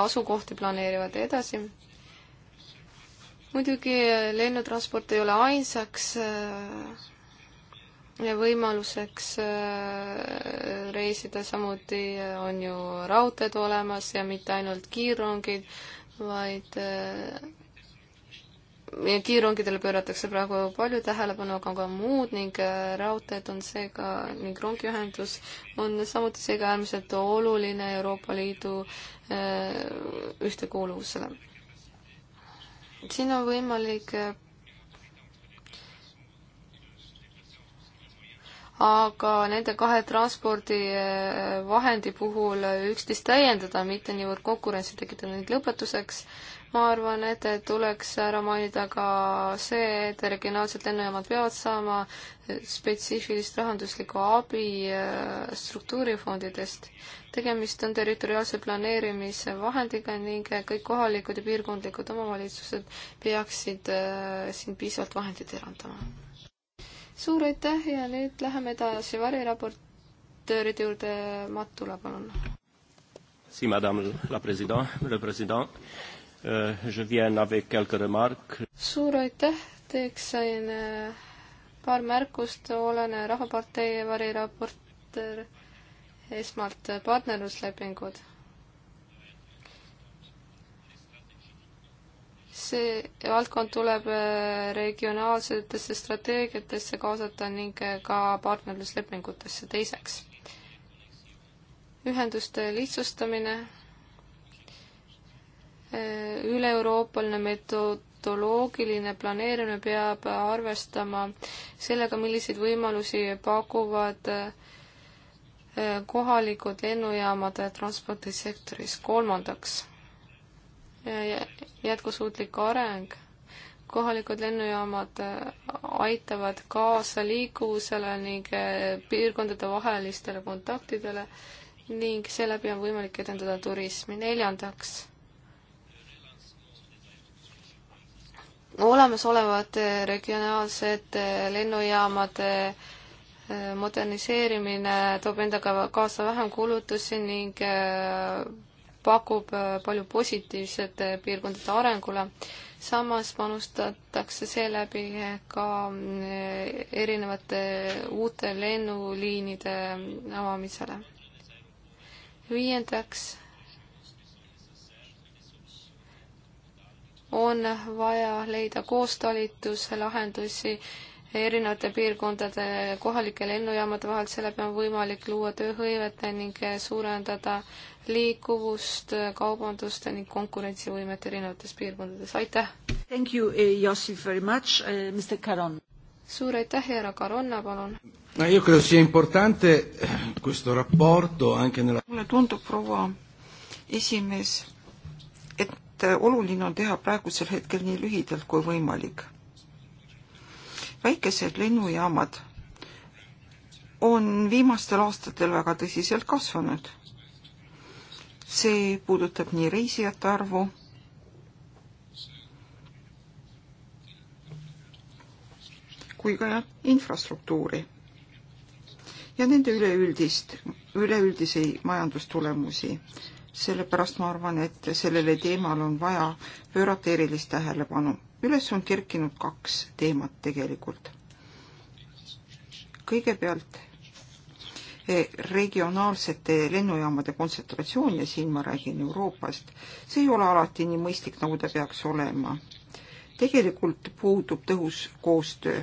asukohti planeerivad edasi. muidugi äh, lennutransport ei ole ainsaks äh, võimaluseks reisida, samuti on ju raudteed olemas ja mitte ainult kiirrongid, vaid kiirrongidele pööratakse praegu palju tähelepanu, aga ka muud ning äh, raudteed on seega ning rongiühendus on samuti seega äärmiselt oluline Euroopa Liidu äh, ühtekuuluvusele. siin on võimalik äh, aga nende kahe transpordivahendi puhul üksteist täiendada, mitte niivõrd konkurentsi tekitada ning lõpetuseks ma arvan, et tuleks ära mainida ka see, et regionaalsed lennujaamad peavad saama spetsiifilist rahanduslikku abi äh, struktuurifondidest. tegemist on territoriaalse planeerimise vahendiga ning kõik kohalikud ja piirkondlikud omavalitsused peaksid äh, siin piisavalt vahendeid eraldama. suur aitäh ja nüüd läheme edasi variraportööride juurde. Matula, palun. Si, madame la président, le président Euh, je viens avec quelques remarques. suur aitäh, teeksin äh, paar märkust, olen Rahvapartei variraporter, esmalt partnerluslepingud. see valdkond tuleb äh, regionaalsetesse strateegiatesse kaasata ning äh, ka partnerluslepingutesse teiseks. ühenduste lihtsustamine üle-euroopaline metodoloogiline planeerimine peab arvestama sellega, milliseid võimalusi pakuvad äh, kohalikud lennujaamad transpordisektoris. kolmandaks, äh, jätkusuutlik areng. kohalikud lennujaamad äh, aitavad kaasa liikuvusele ning piirkondade vahelistele kontaktidele ning seeläbi on võimalik edendada turismi. neljandaks olemasolevate eh, regionaalsete eh, lennujaamade eh, moderniseerimine toob endaga kaasa vähem kulutusi ning pakub palju positiivset piirkondade arengule. samas panustatakse seeläbi ka erinevate uute lennuliinide avamisele. viiendaks on vaja leida koostalituse lahendusi erinevate piirkondade kohalike lennujaamade vahel, seeläbi on võimalik luua tööhõivet ning suurendada liikuvust, kaubandust ning konkurentsivõimet erinevates piirkondades, aitäh! Thank you, eh, Jossif, very much, eh, Mr Caron. suur aitäh, härra Caronna, palun! no io credo sia importante eh, questo rapporto anche nella mulle tundub, proua esimees, et äh, oluline on teha praegusel hetkel nii lühidalt kui võimalik. väikesed lennujaamad on viimastel aastatel väga tõsiselt kasvanud. see puudutab nii reisijate arvu, kui ka infrastruktuuri ja nende üleüldist, üleüldisi majandustulemusi sellepärast ma arvan, et sellele teemale on vaja pöörata erilist tähelepanu. üles on kerkinud kaks teemat tegelikult. kõigepealt eh, regionaalsete lennujaamade kontsentratsioon ja siin ma räägin Euroopast, see ei ole alati nii mõistlik, nagu ta peaks olema. tegelikult puudub tõhus koostöö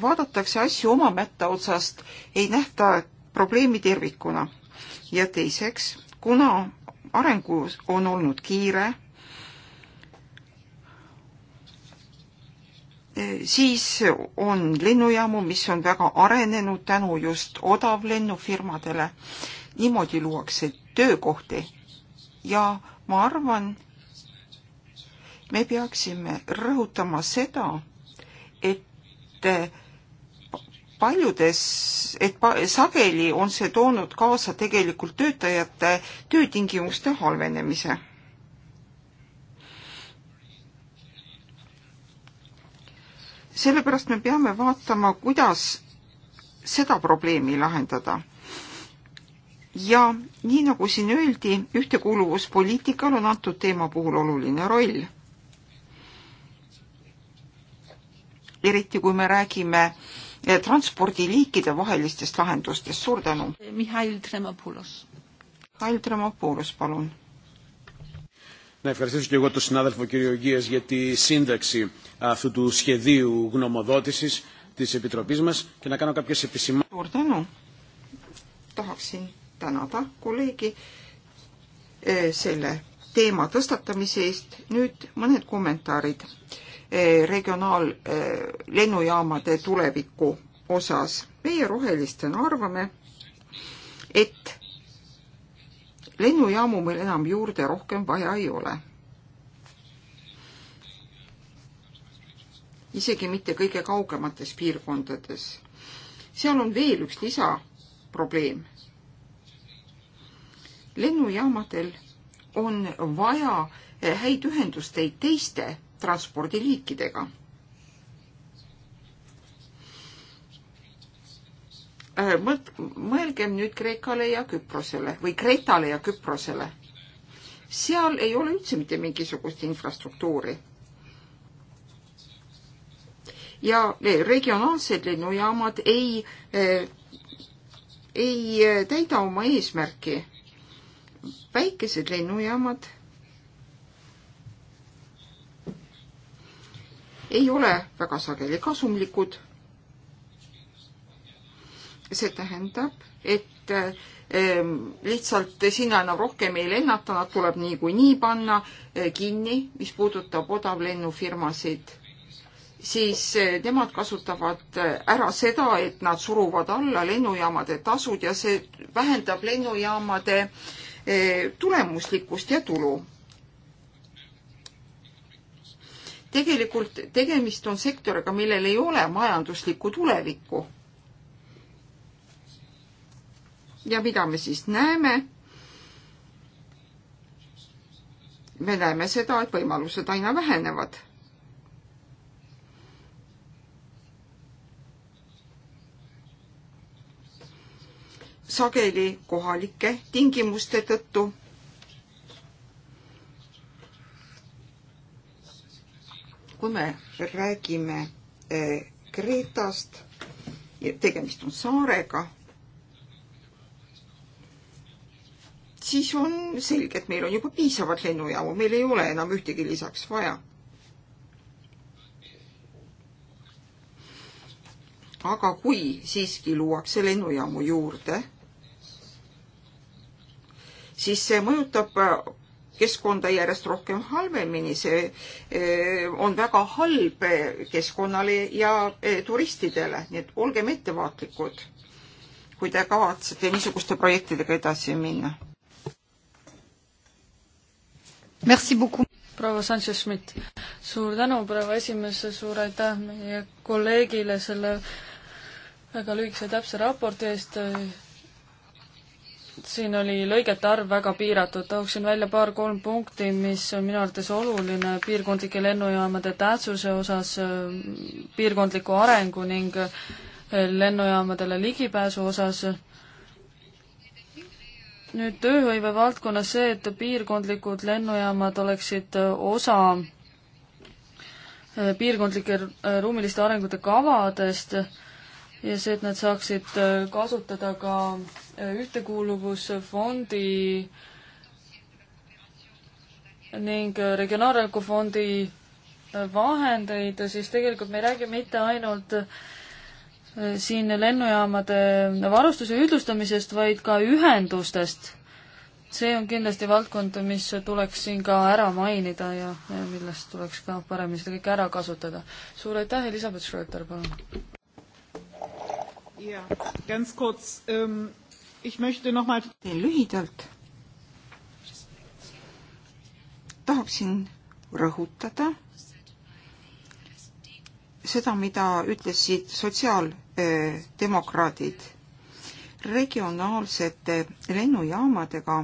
vaadatakse asju oma mätta otsast, ei nähta probleemi tervikuna. ja teiseks, kuna areng on olnud kiire, siis on lennujaamu, mis on väga arenenud tänu just odavlennufirmadele. niimoodi luuakse töökohti ja ma arvan, me peaksime rõhutama seda, et paljudes, et pa, sageli on see toonud kaasa tegelikult töötajate töötingimuste halvenemise. sellepärast me peame vaatama, kuidas seda probleemi lahendada ja nii nagu siin öeldi, ühtekuuluvuspoliitikal on antud teema puhul oluline roll. eriti kui me räägime transpordiliikide vahelistest lahendustest. suur tänu! Mihhail Tremopoulos. Mihhail Tremopoulos, palun! Να ευχαριστήσω και εγώ τον συνάδελφο κύριο Γκίας για τη σύνταξη αυτού του σχεδίου γνωμοδότησης της Επιτροπής μας και να κάνω κάποιες επισημάνσεις. Suur tänu! Tahaksin tänada kolleegi eh, selle teema tõstatamise eest. Nüüd mõned kommentaarid Eh, regionaallennujaamade eh, tuleviku osas. meie rohelistena arvame, et lennujaamu meil enam juurde rohkem vaja ei ole. isegi mitte kõige kaugemates piirkondades. seal on veel üks lisaprobleem. lennujaamadel on vaja eh, häid ühendusteid teiste transpordiliikidega. Äh, mõelgem nüüd Kreekale ja Küprosele või Kreetale ja Küprosele. seal ei ole üldse mitte mingisugust infrastruktuuri ja regionaalsed lennujaamad ei, äh, ei äh, täida oma eesmärki. väikesed lennujaamad ei ole väga sageli kasumlikud. see tähendab, et ehm, lihtsalt sinna enam rohkem ei lennata, nad tuleb niikuinii panna eh, kinni, mis puudutab odavlennufirmasid, siis eh, nemad kasutavad eh, ära seda, et nad suruvad alla lennujaamade tasud ja see vähendab lennujaamade tulemuslikkust ja tulu tegelikult tegemist on sektoriga, millel ei ole majanduslikku tulevikku. ja mida me siis näeme? me näeme seda, et võimalused aina vähenevad. sageli kohalike tingimuste tõttu kui me räägime eh, Kreetast, tegemist on saarega, siis on selge, et meil on juba piisavalt lennujaamu, meil ei ole enam ühtegi lisaks vaja. aga kui siiski luuakse lennujaamu juurde, siis see mõjutab keskkonda järjest rohkem halvemini, see eh, on väga halb eh, keskkonnale ja eh, turistidele, nii et olgem ettevaatlikud, kui te kavatsete niisuguste projektidega edasi minna. proua Sanchez-Schmidt, suur tänu, proua esimees, suur aitäh meie kolleegile selle väga lühikese täpse raporti eest siin oli lõigete arv väga piiratud, tooksin välja paar-kolm punkti, mis on minu arvates oluline piirkondlike lennujaamade tähtsuse osas, piirkondliku arengu ning eh, lennujaamadele ligipääsu osas. nüüd tööhõive valdkonnas see, et piirkondlikud lennujaamad oleksid eh, osa eh, piirkondlike ruumiliste arengute kavadest ja see, et nad saaksid äh, kasutada ka äh, ühtekuuluvusfondi ning äh, regionaalarengu fondi vahendeid, siis tegelikult me ei räägi mitte ainult siin lennujaamade varustuse ühtlustamisest, vaid ka ühendustest. see on kindlasti valdkond, mis tuleks siin ka ära mainida ja, ja millest tuleks ka paremini seda kõike ära kasutada. suur aitäh, Elizabeth Schröter, palun! ja, ganz kurz ähm,. Ich möchte noch mal. teen lühidalt. tahaksin rõhutada seda, mida ütlesid sotsiaaldemokraadid regionaalsete lennujaamadega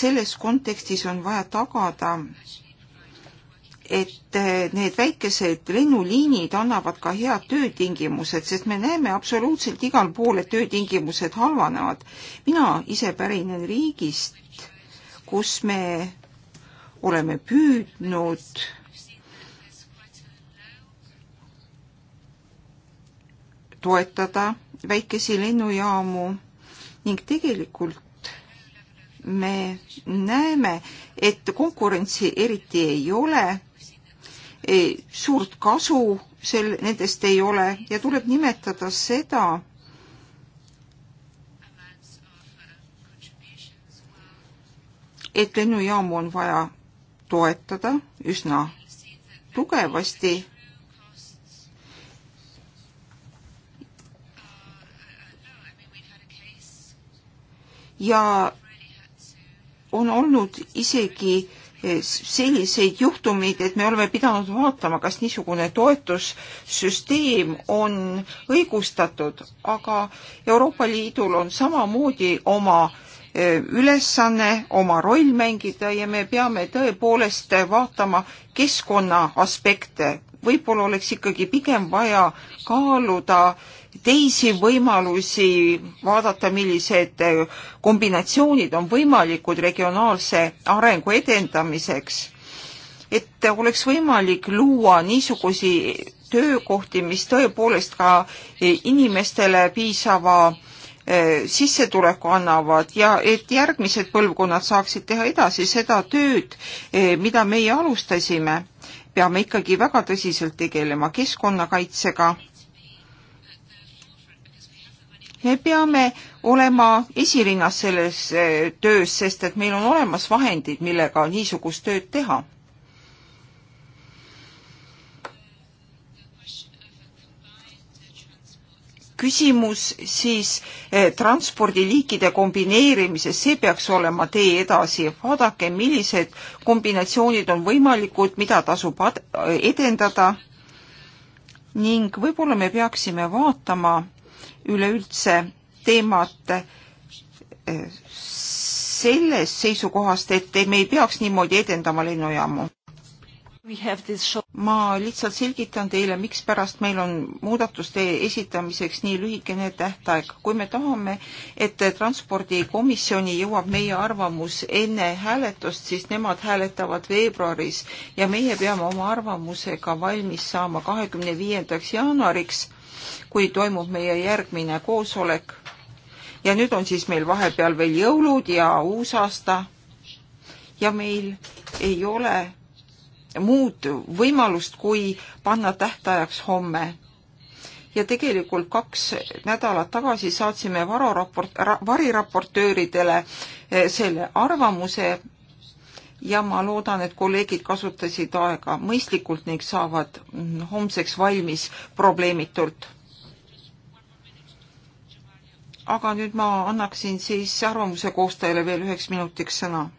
selles kontekstis on vaja tagada et eh, need väikesed lennuliinid annavad ka head töötingimused, sest me näeme absoluutselt igal pool, et töötingimused halvanevad. mina ise pärinen riigist, kus me oleme püüdnud toetada väikesi lennujaamu ning tegelikult me näeme, et konkurentsi eriti ei ole suurt kasu sel, nendest ei ole ja tuleb nimetada seda, et lennujaamu on vaja toetada üsna tugevasti. ja on olnud isegi selliseid juhtumeid, et me oleme pidanud vaatama, kas niisugune toetussüsteem on õigustatud, aga Euroopa Liidul on samamoodi oma e, ülesanne, oma roll mängida ja me peame tõepoolest vaatama keskkonna aspekte. võib-olla oleks ikkagi pigem vaja kaaluda äh, teisi võimalusi, vaadata, millised eh, kombinatsioonid on võimalikud regionaalse arengu edendamiseks. et oleks võimalik luua niisugusi töökohti, mis tõepoolest ka eh, inimestele piisava eh, sissetuleku annavad ja et järgmised põlvkonnad saaksid teha edasi seda tööd, mida meie alustasime, peame ikkagi väga tõsiselt tegelema keskkonnakaitsega me peame olema esirinnas selles eh, töös, sest et meil on olemas vahendid, millega niisugust tööd teha. küsimus siis eh, transpordiliikide kombineerimises, see peaks olema tee edasi. vaadake, millised kombinatsioonid on võimalikud, mida tasub edendada ning võib-olla me peaksime vaatama üleüldse teemat eh, sellest seisukohast, et me ei peaks niimoodi edendama lennujaamu. ma lihtsalt selgitan teile, mikspärast meil on muudatuste esitamiseks nii lühikene tähtaeg. kui me tahame, et transpordikomisjoni jõuab meie arvamus enne hääletust, siis nemad hääletavad veebruaris ja meie peame oma arvamusega valmis saama kahekümne viiendaks jaanuariks kui toimub meie järgmine koosolek. ja nüüd on siis meil vahepeal veel jõulud ja uusaasta ja meil ei ole muud võimalust, kui panna tähtajaks homme. ja tegelikult kaks nädalat tagasi saatsime vararaport ra,, variraportööridele eh, selle arvamuse ja ma loodan, et kolleegid kasutasid aega mõistlikult ning saavad mm, homseks valmis probleemitult aga nüüd ma annaksin siis arvamuse koostajale veel üheks minutiks sõna.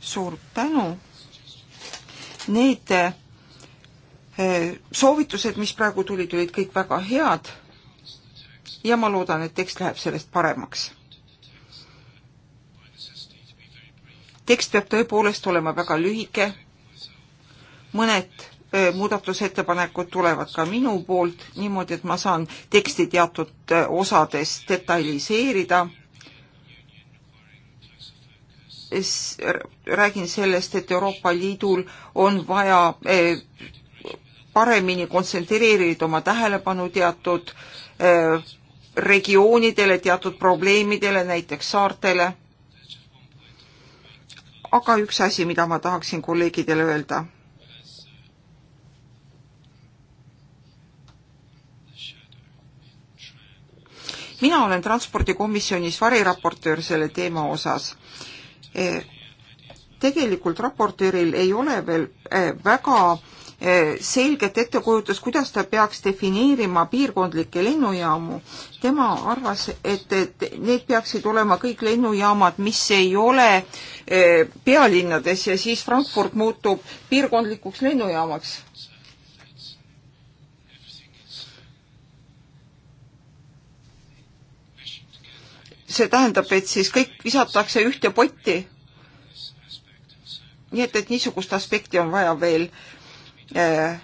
suur tänu. Need eh, soovitused, mis praegu tulid, olid kõik väga head ja ma loodan, et tekst läheb sellest paremaks. tekst peab tõepoolest olema väga lühike, mõned muudatusettepanekud tulevad ka minu poolt, niimoodi, et ma saan teksti teatud osades detailiseerida. räägin sellest, et Euroopa Liidul on vaja paremini kontsentreerida oma tähelepanu teatud regioonidele, teatud probleemidele, näiteks saartele. aga üks asi, mida ma tahaksin kolleegidele öelda mina olen transpordikomisjonis variraportöör selle teema osas. E, tegelikult raportööril ei ole veel e, väga e, selget ettekujutust, kuidas ta peaks defineerima piirkondlikke lennujaamu. tema arvas, et, et need peaksid olema kõik lennujaamad, mis ei ole pealinnades ja siis Frankfurt muutub piirkondlikuks lennujaamaks see tähendab, et siis kõik visatakse ühte potti. nii et, et niisugust aspekti on vaja veel äh,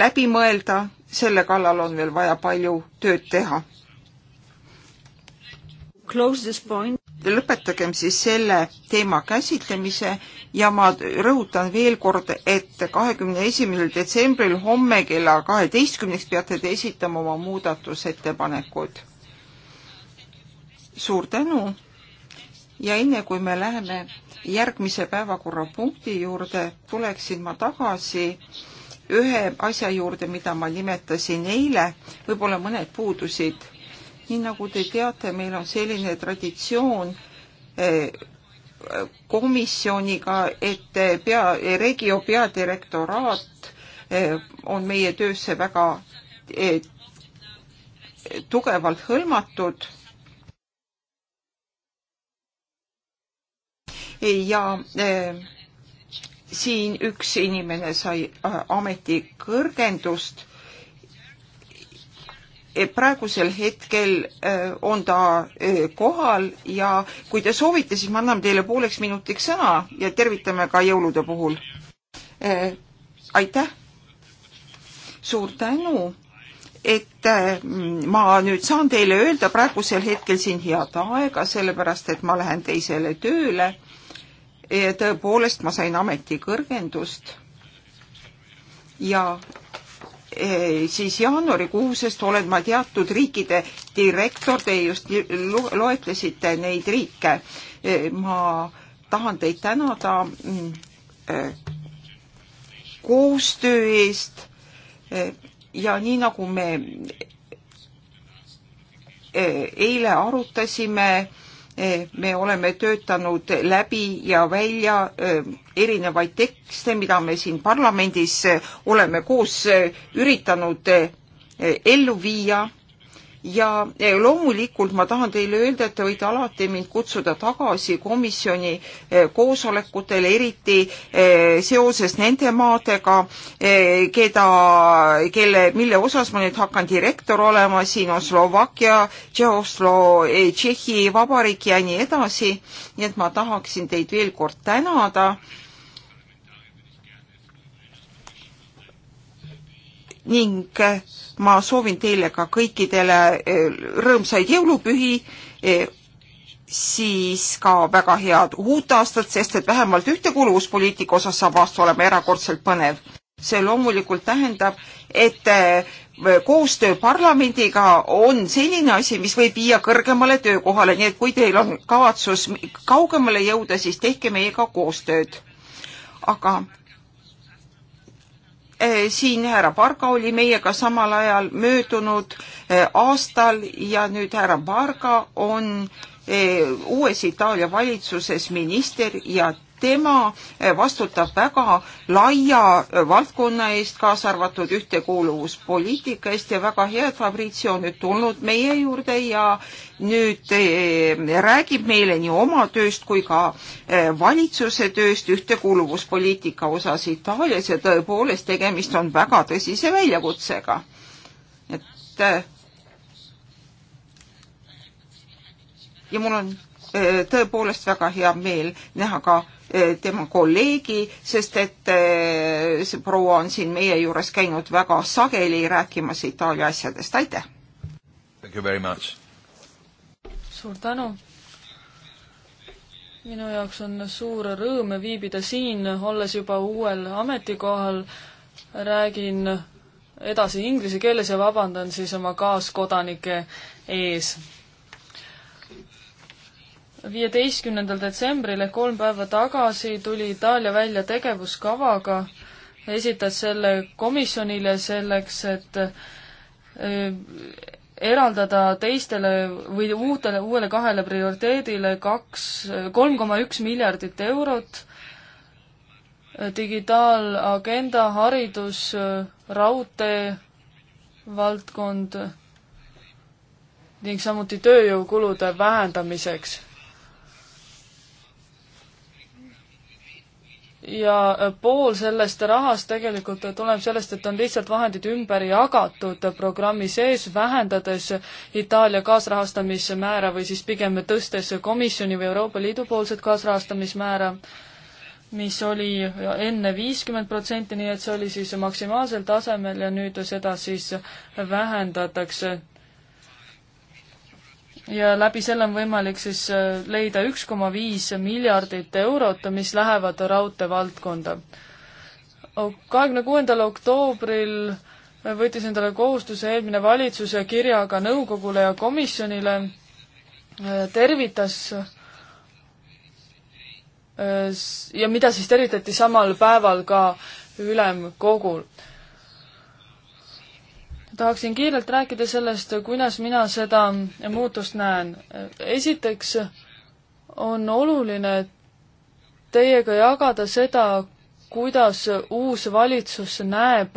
läbi mõelda, selle kallal on veel vaja palju tööd teha. lõpetagem siis selle teema käsitlemise ja ma rõhutan veel kord, et kahekümne esimesel detsembril homme kella kaheteistkümneks peate te esitama oma muudatusettepanekud suur tänu ja enne kui me läheme järgmise päevakorrapunkti juurde, tuleksin ma tagasi ühe asja juurde, mida ma nimetasin eile, võib-olla mõned puudusid. nii nagu te teate, meil on selline traditsioon eh, komisjoniga, et eh, pea, eh, Regio peadirektoraat on meie töösse väga tugevalt hõlmatud ja eh, siin üks inimene sai eh, ametikõrgendust. E, praegusel hetkel eh, on ta kohal ja kui te soovite, siis me anname teile pooleks minutiks sõna ja tervitame ka jõulude puhul. aitäh, suur tänu et ma nüüd saan teile öelda praegusel hetkel siin head aega, sellepärast et ma lähen teisele tööle E, tõepoolest ma sain ametikõrgendust ja e, siis jaanuarikuusest olen ma teatud riikide direktor, te just loetlesite neid riike. E, ma tahan teid tänada mm, koostöö eest ja nii nagu me eile arutasime, Eh, me oleme töötanud läbi ja välja eh, erinevaid tekste, mida me siin parlamendis eh, oleme koos üritanud ellu viia ja eh, loomulikult ma tahan teile öelda, et te võite alati mind kutsuda tagasi komisjoni eh, koosolekutele, eriti eh, seoses nende maadega, keda, kelle, mille osas ma nüüd hakkan direktor olema, siin on Slovakkia, Tšehhoslo-, Tšehhi Vabariik ja nii edasi. nii et ma tahaksin teid veel kord tänada ning ma soovin teile ka kõikidele eh, rõõmsaid jõulupühi, eh, siis ka väga head uut aastat, sest et vähemalt ühtekuuluvuspoliitika osas saab aasta olema erakordselt põnev. see loomulikult tähendab, et eh, koostöö parlamendiga on selline asi, mis võib viia kõrgemale töökohale, nii et kui teil on kavatsus kaugemale jõuda, siis tehke meiega koostööd. aga Eh, siin härra Parga oli meiega samal ajal möödunud eh, aastal ja nüüd härra Parga on eh, uues Itaalia valitsuses minister ja tema vastutab väga laia valdkonna eest, kaasa arvatud ühtekuuluvuspoliitika eest ja väga hea, et Fabrizio on nüüd tulnud meie juurde ja nüüd eh, räägib meile nii oma tööst kui ka eh, valitsuse tööst ühtekuuluvuspoliitika osas Itaalias ja tõepoolest tegemist on väga tõsise väljakutsega. et eh, ja mul on tõepoolest väga hea meel näha ka Eh, tema kolleegi, sest et eh, see proua on siin meie juures käinud väga sageli rääkimas Itaalia asjadest, aitäh! suur tänu! minu jaoks on suur rõõm viibida siin, olles juba uuel ametikohal, räägin edasi inglise keeles ja vabandan siis oma kaaskodanike ees viieteistkümnendal detsembril ehk kolm päeva tagasi tuli Itaalia välja tegevuskavaga, esitas selle komisjonile selleks, et äh, eraldada teistele või uutele, uuele kahele prioriteedile kaks, kolm koma üks miljardit eurot, äh, digitaalagenda, haridus, äh, raudtee, valdkond ning samuti tööjõukulude vähendamiseks ja äh, pool sellest rahast tegelikult tuleb sellest, et on lihtsalt vahendid ümber jagatud programmi sees, vähendades Itaalia kaasrahastamise määra või siis pigem tõstes komisjoni või Euroopa Liidu poolset kaasrahastamismäära, mis oli enne viiskümmend protsenti, nii et see oli siis maksimaalsel tasemel ja nüüd seda siis vähendatakse ja läbi selle on võimalik siis äh, leida üks koma viis miljardit eurot, mis lähevad raudtee valdkonda. kahekümne kuuendal oktoobril võttis endale kohustuse eelmine valitsus kirjaga nõukogule ja komisjonile, äh, tervitas äh, ja mida siis tervitati samal päeval ka ülemkogul tahaksin kiirelt rääkida sellest, kuidas mina seda muutust näen. esiteks on oluline teiega jagada seda, kuidas uus valitsus näeb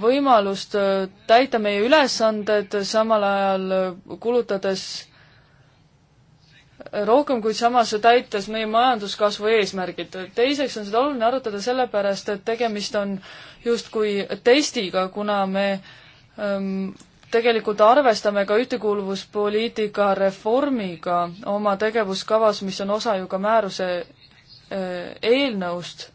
võimalust äh, täita meie ülesanded, samal ajal kulutades rohkem, kuid samas täites meie majanduskasvu eesmärgid. teiseks on seda oluline arutada sellepärast, et tegemist on justkui testiga, kuna me ähm, tegelikult arvestame ka ühtekuuluvuspoliitika reformiga oma tegevuskavas, mis on osa ju ka määruse äh, eelnõust,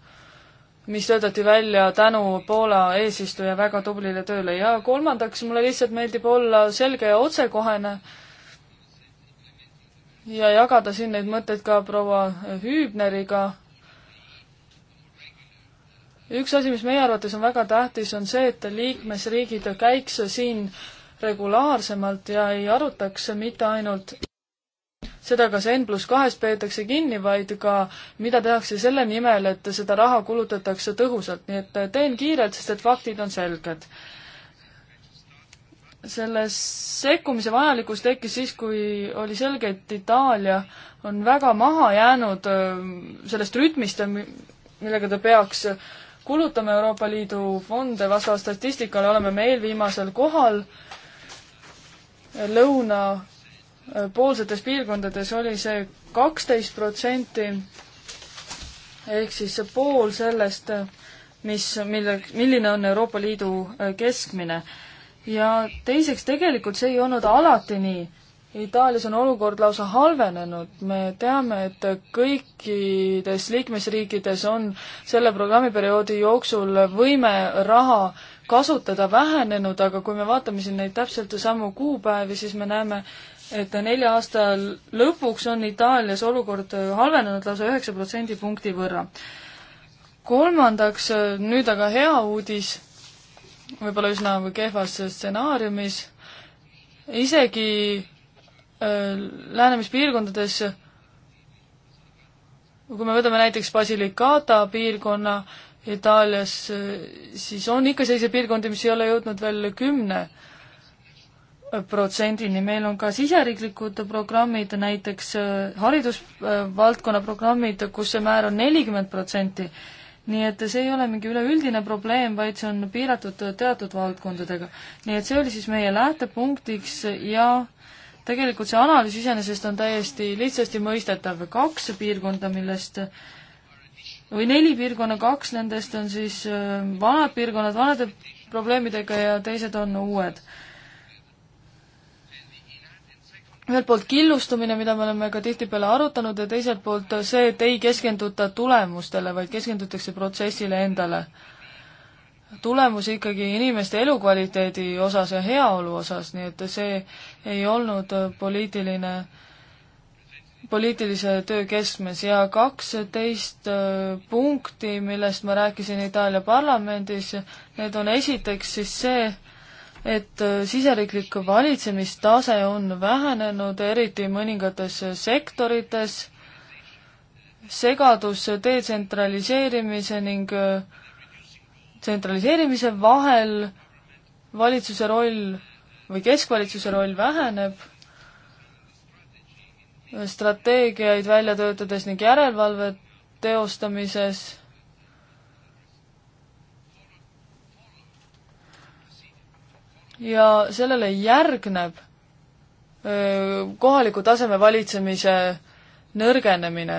mis töötati välja tänu Poola eesistuja väga tublile tööle ja kolmandaks, mulle lihtsalt meeldib olla selge ja otsekohene äh, ja jagada siin neid mõtteid ka proua Hüübneriga. üks asi, mis meie arvates on väga tähtis, on see, et liikmesriigid käiks siin regulaarsemalt ja ei arutaks mitte ainult seda, kas N pluss kahest peetakse kinni, vaid ka mida tehakse selle nimel, et seda raha kulutatakse tõhusalt, nii et teen kiirelt, sest et faktid on selged selle sekkumise vajalikkus tekkis siis, kui oli selge, et Itaalia on väga maha jäänud äh, sellest rütmist, millega ta peaks kulutama Euroopa Liidu fonde, vastavalt statistikale oleme me eelviimasel kohal. lõunapoolsetes äh, piirkondades oli see kaksteist protsenti ehk siis pool sellest, äh, mis, mille, milline on Euroopa Liidu keskmine ja teiseks, tegelikult see ei olnud alati nii. Itaalias on olukord lausa halvenenud, me teame, et kõikides liikmesriikides on selle programmiperioodi jooksul võime raha kasutada vähenenud, aga kui me vaatame siin neid täpselt samu kuupäevi, siis me näeme, et nelja aasta lõpuks on Itaalias olukord halvenenud lausa üheksa protsendipunkti võrra. kolmandaks, nüüd aga hea uudis võib-olla üsna kehvas stsenaariumis, isegi äh, läänemispiirkondades, kui me võtame näiteks Basilicata piirkonna Itaalias, siis on ikka selliseid piirkondi, mis ei ole jõudnud veel kümne protsendini, meil on ka siseriiklikud programmid, näiteks äh, haridusvaldkonna programmid, kus see määr on nelikümmend protsenti nii et see ei ole mingi üleüldine probleem, vaid see on piiratud teatud valdkondadega. nii et see oli siis meie lähtepunktiks ja tegelikult see analüüs iseenesest on täiesti lihtsasti mõistetav, kaks piirkonda, millest või neli piirkonna, kaks nendest on siis äh, vanad piirkonnad vanade probleemidega ja teised on uued ühelt poolt killustumine, mida me oleme ka tihtipeale arutanud ja teiselt poolt see, et ei keskenduta tulemustele, vaid keskendutakse protsessile endale. tulemus ikkagi inimeste elukvaliteedi osas ja heaolu osas, nii et see ei olnud poliitiline, poliitilise töö keskmes ja kaksteist äh, punkti, millest ma rääkisin Itaalia parlamendis, need on esiteks siis see, et äh, siseriiklik valitsemistase on vähenenud, eriti mõningates sektorites, segadus detsentraliseerimise ning äh, tsentraliseerimise vahel, valitsuse roll või keskvalitsuse roll väheneb, strateegiaid välja töötades ning järelevalvet teostamises ja sellele järgneb kohaliku taseme valitsemise nõrgenemine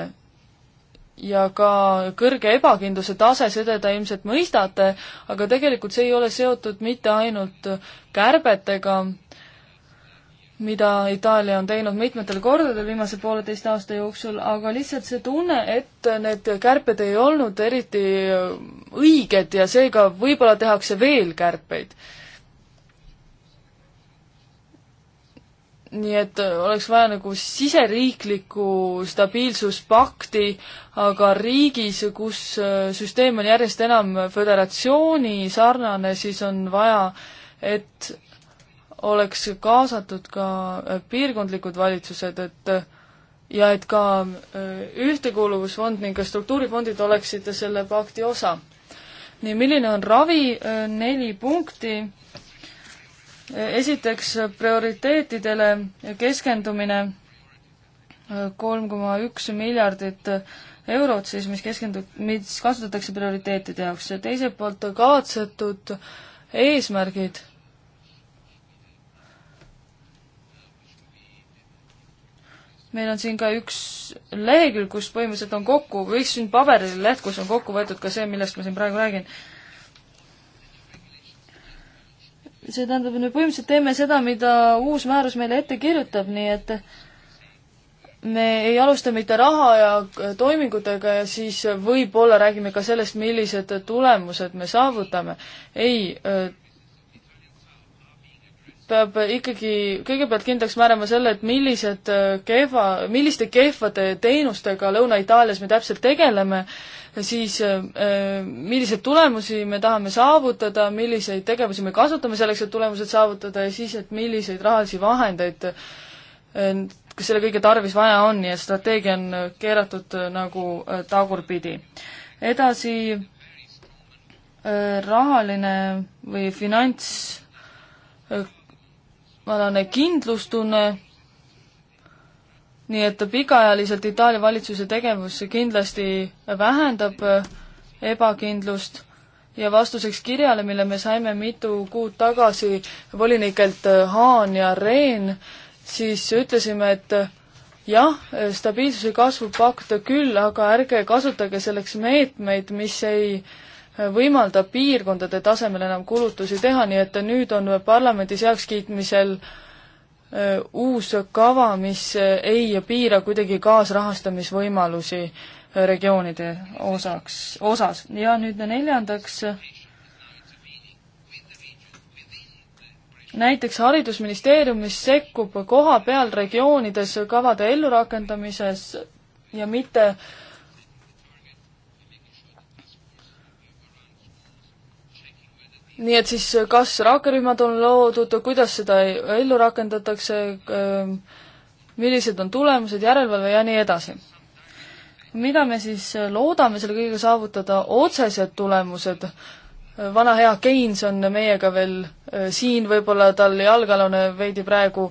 ja ka kõrge ebakindluse tase, seda te ilmselt mõistate, aga tegelikult see ei ole seotud mitte ainult kärbetega, mida Itaalia on teinud mitmetel kordadel viimase pooleteist aasta jooksul, aga lihtsalt see tunne, et need kärped ei olnud eriti õiged ja seega võib-olla tehakse veel kärpeid nii et äh, oleks vaja nagu siseriiklikku stabiilsuspakti, aga riigis, kus äh, süsteem on järjest enam föderatsiooni sarnane, siis on vaja, et oleks kaasatud ka äh, piirkondlikud valitsused, et ja et ka Ühtekuuluvusfond ning ka struktuurifondid oleksid selle pakti osa. nii, milline on ravi, neli punkti esiteks prioriteetidele keskendumine kolm koma üks miljardit eurot siis, mis keskendub, mis kasutatakse prioriteetide jaoks ja teiselt poolt kavatsetud eesmärgid. meil on siin ka üks lehekülg, kus põhimõtteliselt on kokku, või siin paberil leht, kus on kokku võetud ka see, millest ma siin praegu räägin see tähendab, et me põhimõtteliselt teeme seda, mida uus määrus meile ette kirjutab, nii et me ei alusta mitte raha ja toimingutega ja siis võib-olla räägime ka sellest, millised tulemused me saavutame. ei, äh, peab ikkagi kõigepealt kindlaks määrama selle, et millised äh, kehva, milliste kehvade teenustega Lõuna-Itaalias me täpselt tegeleme siis äh, äh, milliseid tulemusi me tahame saavutada, milliseid tegevusi me kasutame selleks, et tulemused saavutada ja siis, et milliseid rahalisi vahendeid kas äh, selle kõige tarvis vaja on, nii et strateegia on keeratud nagu tagurpidi. edasi rahaline või finants, alane kindlustunne nii et pikaajaliselt Itaalia valitsuse tegevus kindlasti vähendab äh, ebakindlust ja vastuseks kirjale, mille me saime mitu kuud tagasi volinikelt äh, Haan ja Rehn, siis ütlesime, et äh, jah, stabiilsuse kasvupakt küll, aga ärge kasutage selleks meetmeid, mis ei võimalda piirkondade tasemel enam kulutusi teha, nii et nüüd on parlamendis heakskiitmisel äh, uus kava, mis ei piira kuidagi kaasrahastamisvõimalusi regioonide osaks, osas. ja nüüd neljandaks, näiteks Haridusministeerium, mis sekkub koha peal regioonides kavade ellurakendamises ja mitte äh, nii et siis äh, kas rakkerühmad on loodud, kuidas seda ellu rakendatakse, ähm, millised on tulemused, järelevalve ja nii edasi. mida me siis äh, loodame selle kõigega saavutada, otsesed tulemused, äh, vana hea Keins on meiega veel siin, võib-olla tal jalgealune veidi praegu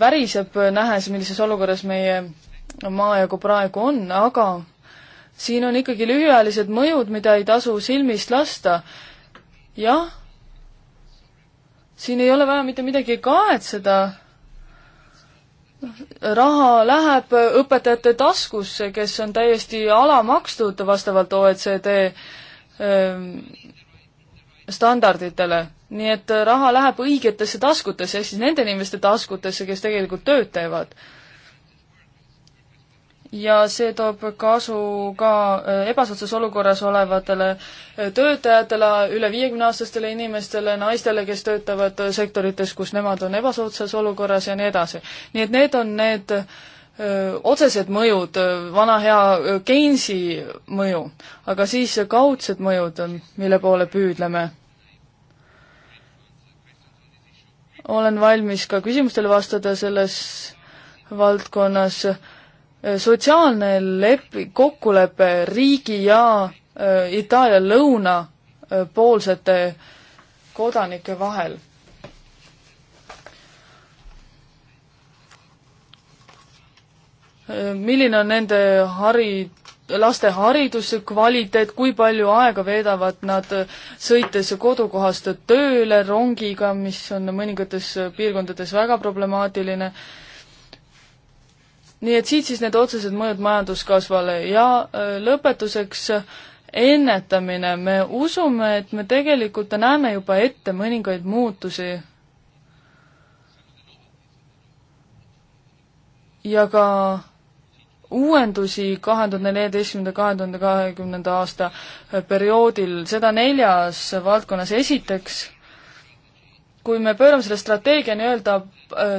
väriseb, nähes, millises olukorras meie maajagu praegu on, aga siin on ikkagi lühiajalised mõjud, mida ei tasu silmist lasta. jah siin ei ole vaja mitte midagi kahetseda. raha läheb õpetajate taskusse, kes on täiesti alamakstud vastavalt OECD ähm, standarditele. nii et raha läheb õigetesse taskutesse, ehk siis nende inimeste taskutesse, kes tegelikult tööd teevad ja see toob kasu ka äh, ebasoodsas olukorras olevatele äh, töötajatele, üle viiekümne aastastele inimestele, naistele, kes töötavad äh, sektorites, kus nemad on ebasoodsas olukorras ja nii edasi. nii et need on need öö, otsesed mõjud, vana hea Keinsi mõju, aga siis kaudsed mõjud, mille poole püüdleme olen valmis ka küsimustele vastada selles valdkonnas sotsiaalne lepi-, kokkulepe riigi ja äh, Itaalia lõunapoolsete äh, kodanike vahel äh, milline on nende hari, laste hariduse kvaliteet, kui palju aega veedavad nad sõites kodukohast tööle rongiga, mis on mõningates piirkondades väga problemaatiline nii et siit siis need otsesed mõjud majanduskasvale ja äh, lõpetuseks äh, ennetamine, me usume, et me tegelikult näeme juba ette mõningaid muutusi ja ka uuendusi kahe tuhande neljateistkümnenda, kahe tuhande kahekümnenda aasta äh, perioodil, seda neljas valdkonnas. esiteks, kui me pöörame selle strateegia nii-öelda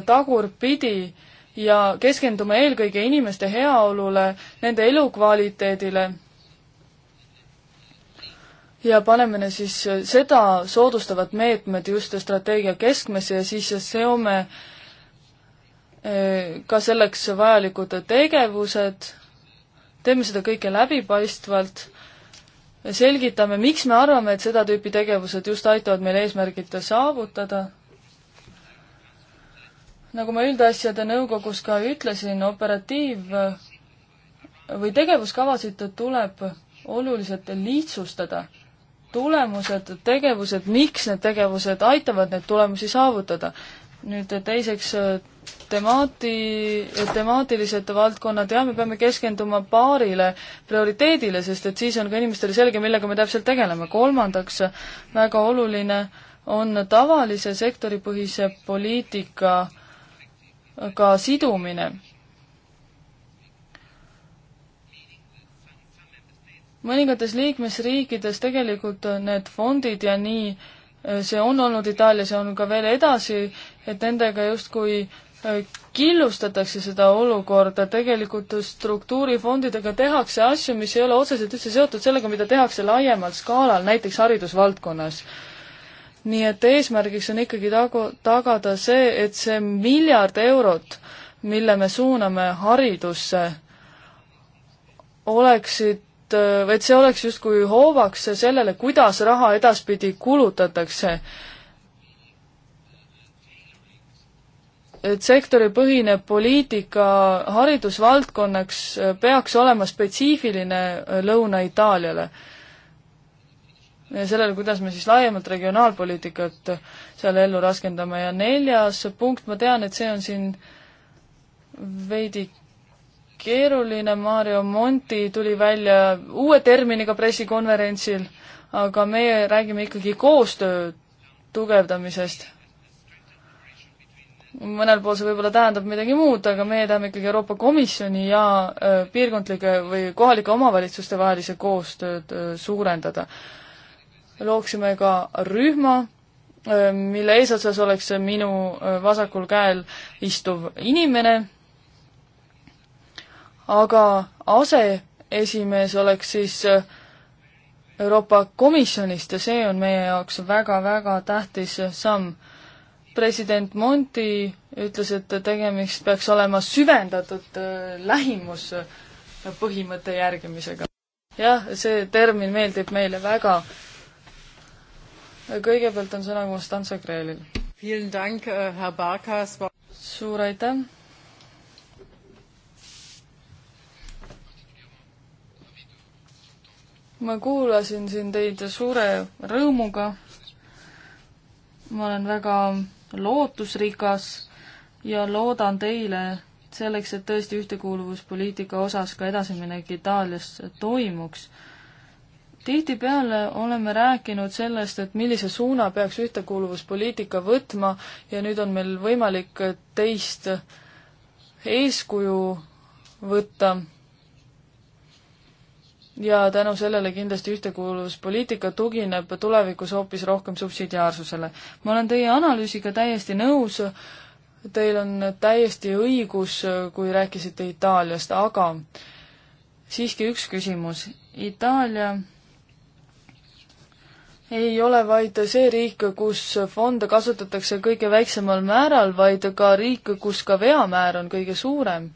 tagurpidi, ja keskendume eelkõige inimeste heaolule, nende elukvaliteedile ja paneme siis seda soodustavad meetmed just strateegia keskmesse ja siis seome eh, ka selleks vajalikud tegevused, teeme seda kõike läbipaistvalt, selgitame, miks me arvame, et seda tüüpi tegevused just aitavad meil eesmärgid saavutada nagu ma üldasjade nõukogus ka ütlesin, operatiiv või tegevuskavasid tuleb oluliselt lihtsustada. tulemused, tegevused, miks need tegevused aitavad neid tulemusi saavutada. nüüd teiseks temaati, temaatilised valdkonnad, jah, me peame keskenduma paarile prioriteedile, sest et siis on ka inimestele selge, millega me täpselt tegeleme. kolmandaks, väga oluline on tavalise sektoripõhise poliitika äh, ka sidumine. mõningates liikmesriikides tegelikult need fondid ja nii äh, see on olnud Itaalias ja on ka veel edasi, et nendega justkui äh, killustatakse seda olukorda, tegelikult struktuurifondidega tehakse asju, mis ei ole otseselt üldse seotud sellega, mida tehakse laiemal skaalal, näiteks haridusvaldkonnas nii et eesmärgiks on ikkagi tagu-, tagada see, et see miljard eurot, mille me suuname haridusse, oleksid, et see oleks justkui hoovaks sellele, kuidas raha edaspidi kulutatakse. et sektoripõhine poliitika haridusvaldkonnaks peaks olema spetsiifiline Lõuna-Itaaliale sellele, kuidas me siis laiemalt regionaalpoliitikat seal ellu raskendame ja neljas punkt, ma tean, et see on siin veidi keeruline, Mario Monti tuli välja uue terminiga pressikonverentsil, aga meie räägime ikkagi koostöö tugevdamisest. mõnel pool see võib-olla tähendab midagi muud, aga meie tahame ikkagi Euroopa Komisjoni ja äh, piirkondlike või kohalike omavalitsuste vahelise koostööd äh, suurendada looksime ka rühma, ähm, mille eesotsas oleks minu äh, vasakul käel istuv inimene, aga aseesimees oleks siis äh, Euroopa Komisjonist ja see on meie jaoks väga-väga tähtis samm. president Monti ütles, et tegemist peaks olema süvendatud äh, lähimuspõhimõtte järgimisega. jah, see termin meeldib meile väga kõigepealt on sõna Konstantse Kreelil. Äh, suur aitäh! ma kuulasin siin teid suure rõõmuga. ma olen väga lootusrikas ja loodan teile selleks, et tõesti ühtekuuluvuspoliitika osas ka edasiminegi Itaalias toimuks tihtipeale oleme rääkinud sellest, et millise suuna peaks ühtekuuluvuspoliitika võtma ja nüüd on meil võimalik teist eeskuju võtta. ja tänu sellele kindlasti ühtekuuluvuspoliitika tugineb tulevikus hoopis rohkem subsidiaarsusele. ma olen teie analüüsiga täiesti nõus, teil on täiesti õigus, kui rääkisite Itaaliast, aga siiski üks küsimus. Itaalia ei ole vaid see riik, kus fonde kasutatakse kõige väiksemal määral, vaid ka riik, kus ka veamäär on kõige suurem.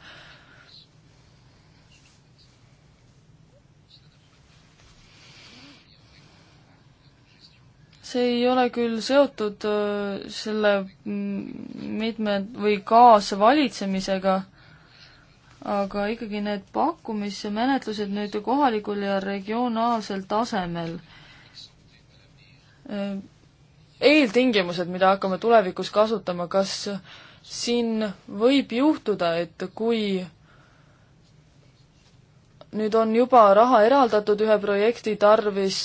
see ei ole küll seotud äh, selle mm, mitme või kaasvalitsemisega, aga ikkagi need pakkumismenetlused nüüd kohalikul ja regionaalsel tasemel Äh, eeltingimused, mida hakkame tulevikus kasutama, kas siin võib juhtuda, et kui nüüd on juba raha eraldatud ühe projekti tarvis,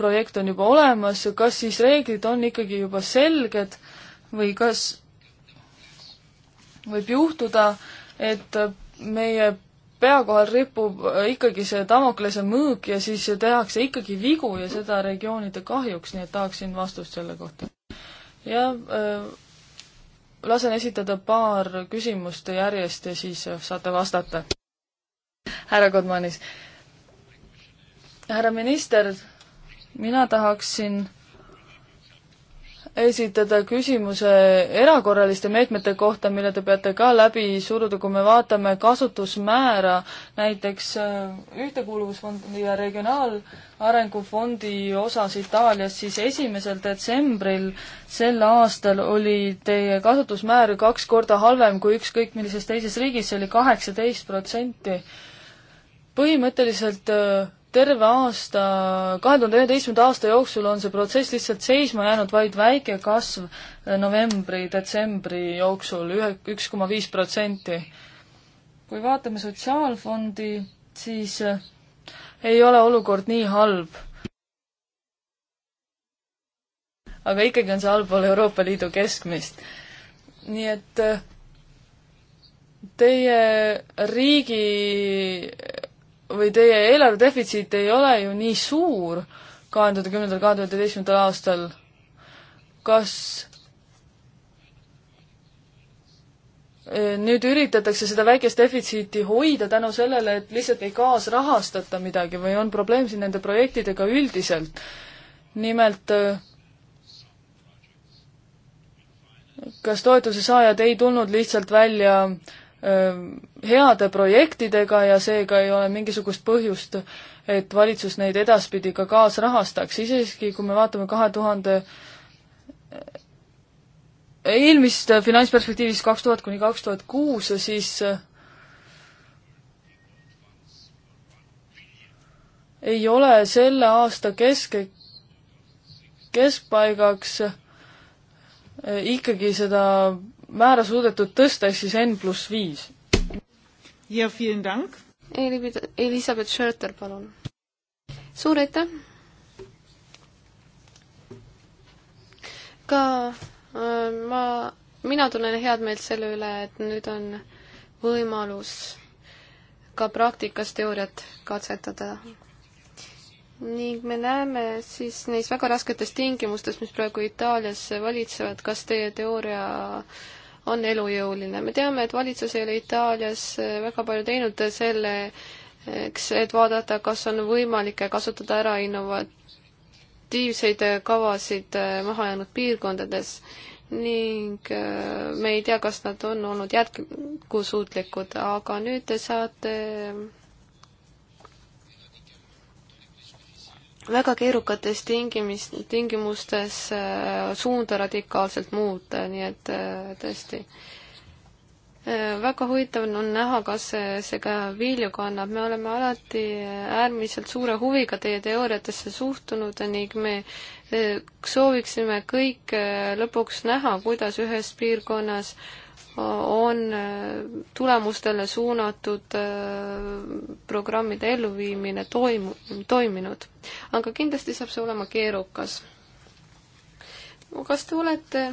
projekt on juba olemas, kas siis reeglid on ikkagi juba selged või kas võib juhtuda, et meie pea kohal ripub äh, ikkagi see Damoklese mõõk ja siis tehakse ikkagi vigu ja seda regioonide kahjuks, nii et tahaksin vastust selle kohta. ja äh, lasen esitada paar küsimust järjest ja siis äh, saate vastata. härra Kodmanis. härra minister, mina tahaksin esitada küsimuse erakorraliste meetmete kohta, mille te peate ka läbi suruda, kui me vaatame kasutusmäära näiteks äh, Ühtekuuluvusfondi ja Regionaalarengu Fondi osas Itaalias, siis esimesel detsembril sel aastal oli teie kasutusmäär kaks korda halvem kui ükskõik millises teises riigis, see oli kaheksateist protsenti. põhimõtteliselt äh, terve aasta, kahe tuhande üheteistkümnenda aasta jooksul on see protsess lihtsalt seisma jäänud, vaid väike kasv novembri-detsembri jooksul ühe, üks koma viis protsenti. kui vaatame Sotsiaalfondi, siis eh, ei ole olukord nii halb. aga ikkagi on see allpool Euroopa Liidu keskmist. nii et eh, teie riigi või teie eelarve defitsiit ei ole ju nii suur kahe tuhande kümnendal, kahe tuhande üheteistkümnendal aastal. kas eh, nüüd üritatakse seda väikest defitsiiti hoida tänu sellele, et lihtsalt ei kaasrahastata midagi või on probleem siin nende projektidega üldiselt? nimelt eh, kas toetuse saajad ei tulnud lihtsalt välja äh, Ähm, heade projektidega ja seega ei ole mingisugust põhjust, et valitsus neid edaspidi ka kaasrahastaks, isegi kui me vaatame kahe tuhande äh, eelmist äh, finantsperspektiivist kaks tuhat kuni kaks tuhat kuus, siis äh, ei ole selle aasta keske, keskpaigaks ikkagi seda määra suudetud tõsta siis N pluss viis. ja, vielen dank. Elizabeth Schörter, palun. suur aitäh. ka äh, ma, mina tunnen head meelt selle üle, et nüüd on võimalus ka praktikas teooriat katsetada. ning me näeme siis neis väga rasketes tingimustes, mis praegu Itaalias valitsevad, kas teie teooria on elujõuline. me teame, et valitsus ei ole Itaalias eh, väga palju teinud selleks, et vaadata, kas on võimalik kasutada ära innovatiivseid kavasid eh, mahajäänud piirkondades ning eh, me ei tea, kas nad on olnud jätkusuutlikud, aga nüüd te saate väga keerukates tingimis, tingimustes äh, suunda radikaalselt muuta, nii et äh, tõesti äh, väga huvitav on näha, kas see ka vilju kannab, me oleme alati äärmiselt suure huviga teie teooriatesse suhtunud ning me sooviksime kõik lõpuks näha, kuidas ühes piirkonnas äh, on äh, tulemustele suunatud äh, programmide elluviimine toimu-, toiminud. aga kindlasti saab see olema keerukas. kas te olete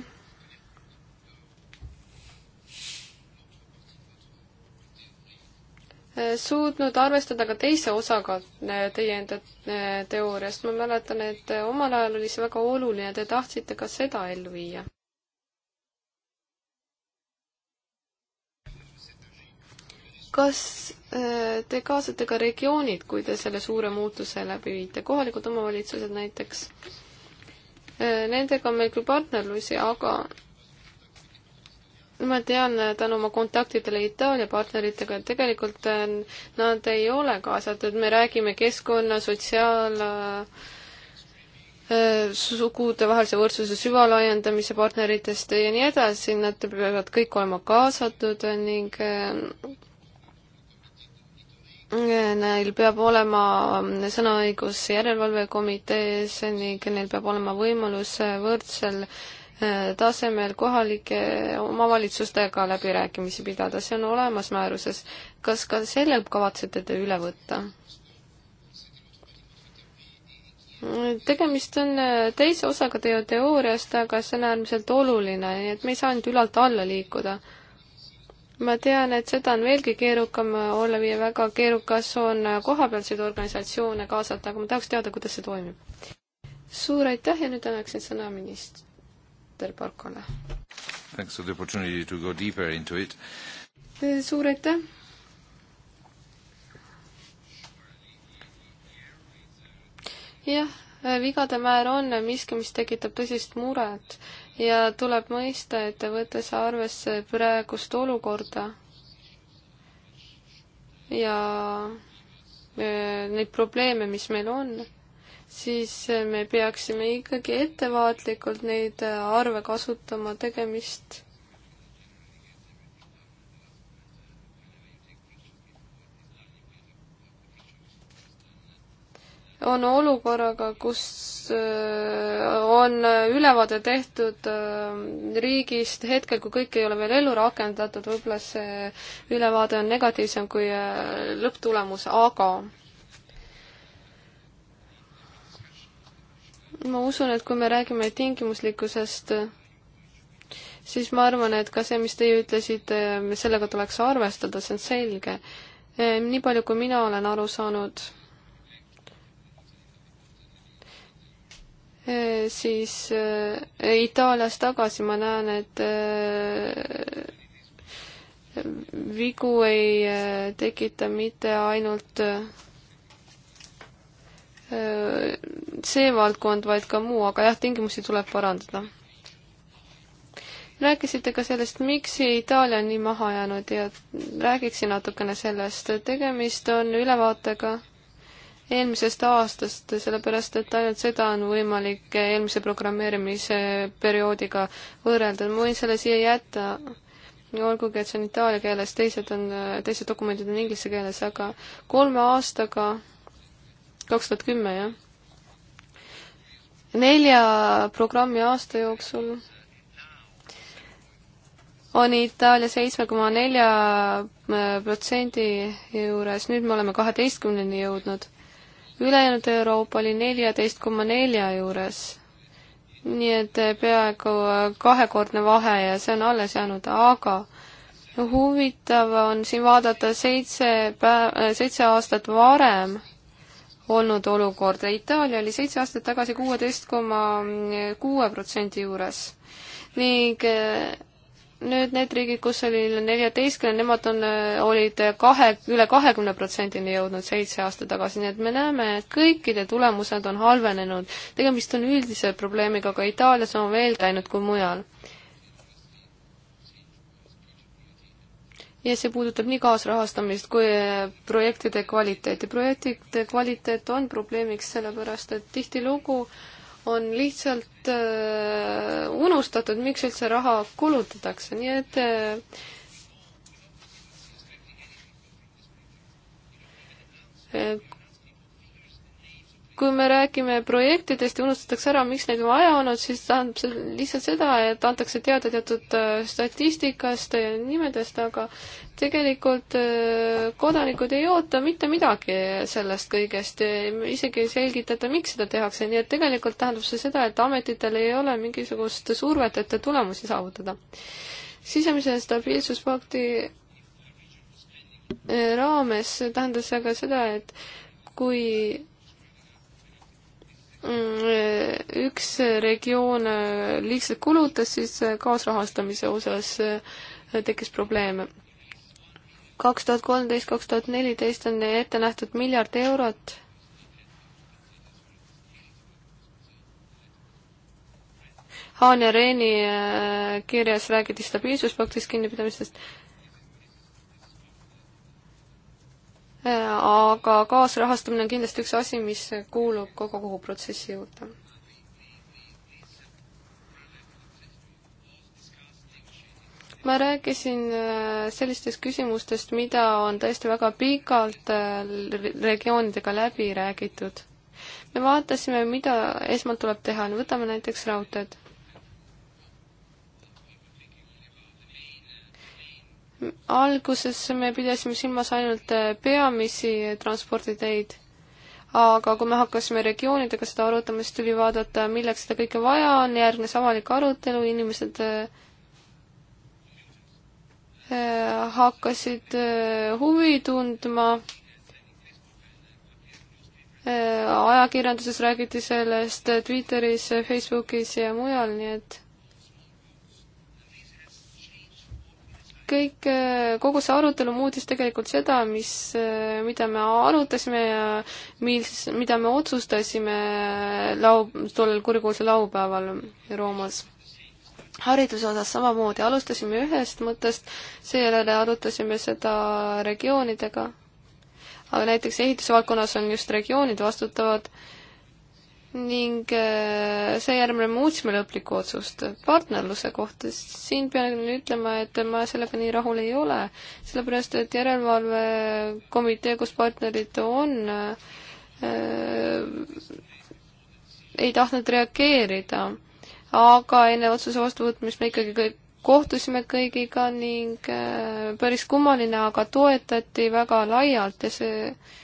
suutnud arvestada ka teise osaga äh, teie enda teooriast, ma mäletan, et omal ajal oli see väga oluline, te tahtsite ka seda ellu viia. kas äh, te kaasate ka regioonid, kui te selle suure muutuse läbi viite, kohalikud omavalitsused näiteks? Äh, nendega on meil küll partnerlusi, aga ma tean äh, tänu oma kontaktidele Itaalia partneritega, et tegelikult nad ei ole kaasatud, me räägime keskkonna, sotsiaal, sugudevahelise võrdsuse süvalaiendamise partneritest ja nii edasi, nad peavad kõik olema kaasatud ning Neil peab olema sõnaõigus järelevalvekomitees ning neil peab olema võimalus võrdsel eh, tasemel kohalike omavalitsustega läbirääkimisi pidada, see on olemas määruses. kas ka selle kavatsete te üle võtta? tegemist on eh, teise osaga teie teooriast, aga see on äärmiselt oluline, nii et me ei saa ainult ülalt alla liikuda ma tean, et seda on veelgi keerukam olla ja väga keerukas on kohapealseid organisatsioone kaasata, aga ma tahaks teada, kuidas see toimib. suur aitäh ja nüüd annaksin sõna minister Parkole. suur aitäh. jah, vigade määr on miski, mis tekitab tõsist muret ja tuleb mõista, et võttes arvesse praegust olukorda ja e, neid probleeme, mis meil on, siis me peaksime ikkagi ettevaatlikult neid arve kasutama, tegemist on olukorraga, kus äh, on ülevaade tehtud äh, riigist hetkel, kui kõik ei ole veel ellu rakendatud, võib-olla see ülevaade on negatiivsem kui äh, lõpptulemus, aga ma usun, et kui me räägime tingimuslikkusest, siis ma arvan, et ka see, mis teie ütlesite, sellega tuleks arvestada, see on selge. nii palju, kui mina olen aru saanud Eh, siis eh, Itaalias tagasi ma näen, et eh, vigu ei tekita mitte ainult see valdkond, vaid ka muu, aga jah, tingimusi tuleb parandada. rääkisite ka sellest, miks Itaalia on nii maha jäänud ja räägiksin natukene sellest. tegemist on ülevaatega eelmisest aastast, sellepärast et ainult seda on võimalik eelmise programmeerimise perioodiga võrrelda, ma võin selle siia jätta, olgugi et see on itaalia keeles, teised on, teised dokumendid on inglise keeles, aga kolme aastaga, kaks tuhat kümme, jah, nelja programmi aasta jooksul on Itaalia seitsme koma nelja äh, protsendi juures, nüüd me oleme kaheteistkümneni jõudnud ülejäänud Euroopa oli neljateist koma nelja juures. nii et peaaegu kahekordne vahe ja see on alles jäänud, aga huvitav on siin vaadata seitse päev, seitse aastat varem olnud olukorda. Itaalia oli seitse aastat tagasi kuueteist koma kuue protsendi juures ning nüüd need riigid, kus oli üle neljateistkümne, nemad on, äh, olid kahe, üle kahekümne protsendini jõudnud seitse aastat tagasi, nii et me näeme, et kõikide tulemused on halvenenud. tegemist on üldise probleemiga, aga Itaalias on veel läinud kui mujal. ja see puudutab nii kaasrahastamist kui äh, projektide kvaliteeti. projektide kvaliteet on probleemiks, sellepärast et tihtilugu äh, on lihtsalt äh, unustatud, miks üldse raha kulutatakse, nii et äh, kui me räägime projektidest ja unustatakse ära, miks neid vaja on, siis tähendab see lihtsalt seda, et antakse teada teatud äh, statistikast ja nimedest, aga tegelikult äh, kodanikud ei oota mitte midagi sellest kõigest, isegi ei selgitata, miks seda tehakse, nii et tegelikult tähendab see seda, et ametitel ei ole mingisugust survet, et tulemusi saavutada. sisemise stabiilsuspakti äh, raames tähendas see aga seda, et kui Mm, üks regioon äh, liigselt kulutas, siis äh, kaasrahastamise osas äh, tekkis probleeme. kaks tuhat kolmteist, kaks tuhat neliteist on ette nähtud miljard eurot. Haan ja Reeni kirjas räägiti stabiilsuspaktist kinnipidamistest aga kaasrahastamine on kindlasti üks asi, mis kuulub kogu, kogu protsessi juurde. ma rääkisin äh, sellistest küsimustest, mida on tõesti väga pikalt äh, regioonidega läbi räägitud. me vaatasime, mida esmalt tuleb teha, võtame näiteks raudteed alguses me pidasime silmas ainult äh, peamisi äh, transporditeid, aga kui me hakkasime regioonidega seda arutama, siis tuli vaadata, milleks seda kõike vaja on, järgnes avalik arutelu, inimesed äh, hakkasid huvi tundma ajakirjanduses räägiti sellest Twitteris, Facebookis ja mujal, nii et kõik, äh, kogu see arutelu muutis tegelikult seda, mis, äh, mida me arutasime ja mis, mida me otsustasime äh, lau-, tollel kurikuulsal laupäeval Roomas. hariduse osas samamoodi, alustasime ühest mõttest, seejärel arutasime seda regioonidega, aga näiteks ehitusvaldkonnas on just regioonid vastutavad äh, ning äh, seejärel me muutsime lõplikku otsust partnerluse kohta, siin pean ütlema, et ma sellega nii rahul ei ole, sellepärast et järelevalvekomitee, kus partnerid on äh,, ei tahtnud reageerida. aga enne otsuse vastuvõtmist me ikkagi kõik kohtusime kõigiga ning äh, päris kummaline, aga toetati väga laialt ja see äh,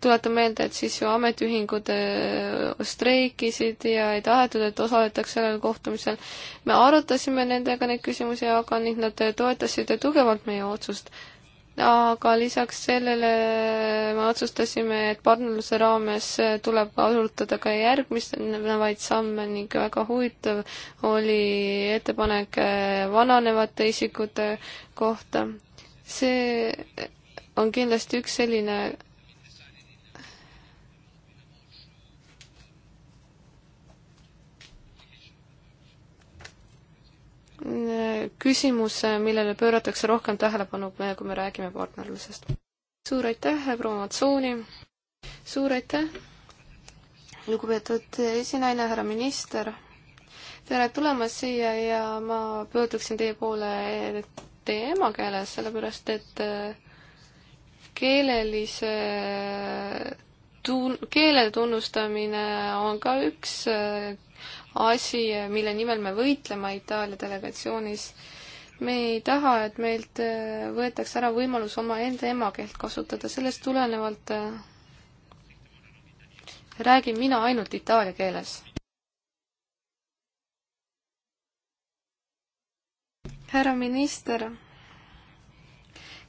tuletan meelde, et siis ju ametiühingud äh, streikisid ja ei tahetud, et osaletaks sellel kohtumisel. me arutasime nendega neid küsimusi, aga ning nad toetasid tugevalt meie otsust. aga lisaks sellele me otsustasime, et partnerluse raames tuleb arutada ka järgmistavaid samme ning väga huvitav oli ettepanek äh, vananevate isikute kohta. see on kindlasti üks selline küsimus, millele pööratakse rohkem tähelepanu, kui me räägime partnerlusest. suur aitäh, proua Matsooni! suur aitäh, lugupeetud esinaine, härra minister! tere tulemast siia ja ma pöörduksin teie poole teie emakeeles, sellepärast et äh, keelelise tun-, keele tunnustamine on ka üks äh, asi, mille nimel me võitleme Itaalia delegatsioonis. me ei taha, et meilt äh, võetakse ära võimalus omaenda emakeelt kasutada, sellest tulenevalt äh, räägin mina ainult itaalia keeles. härra minister,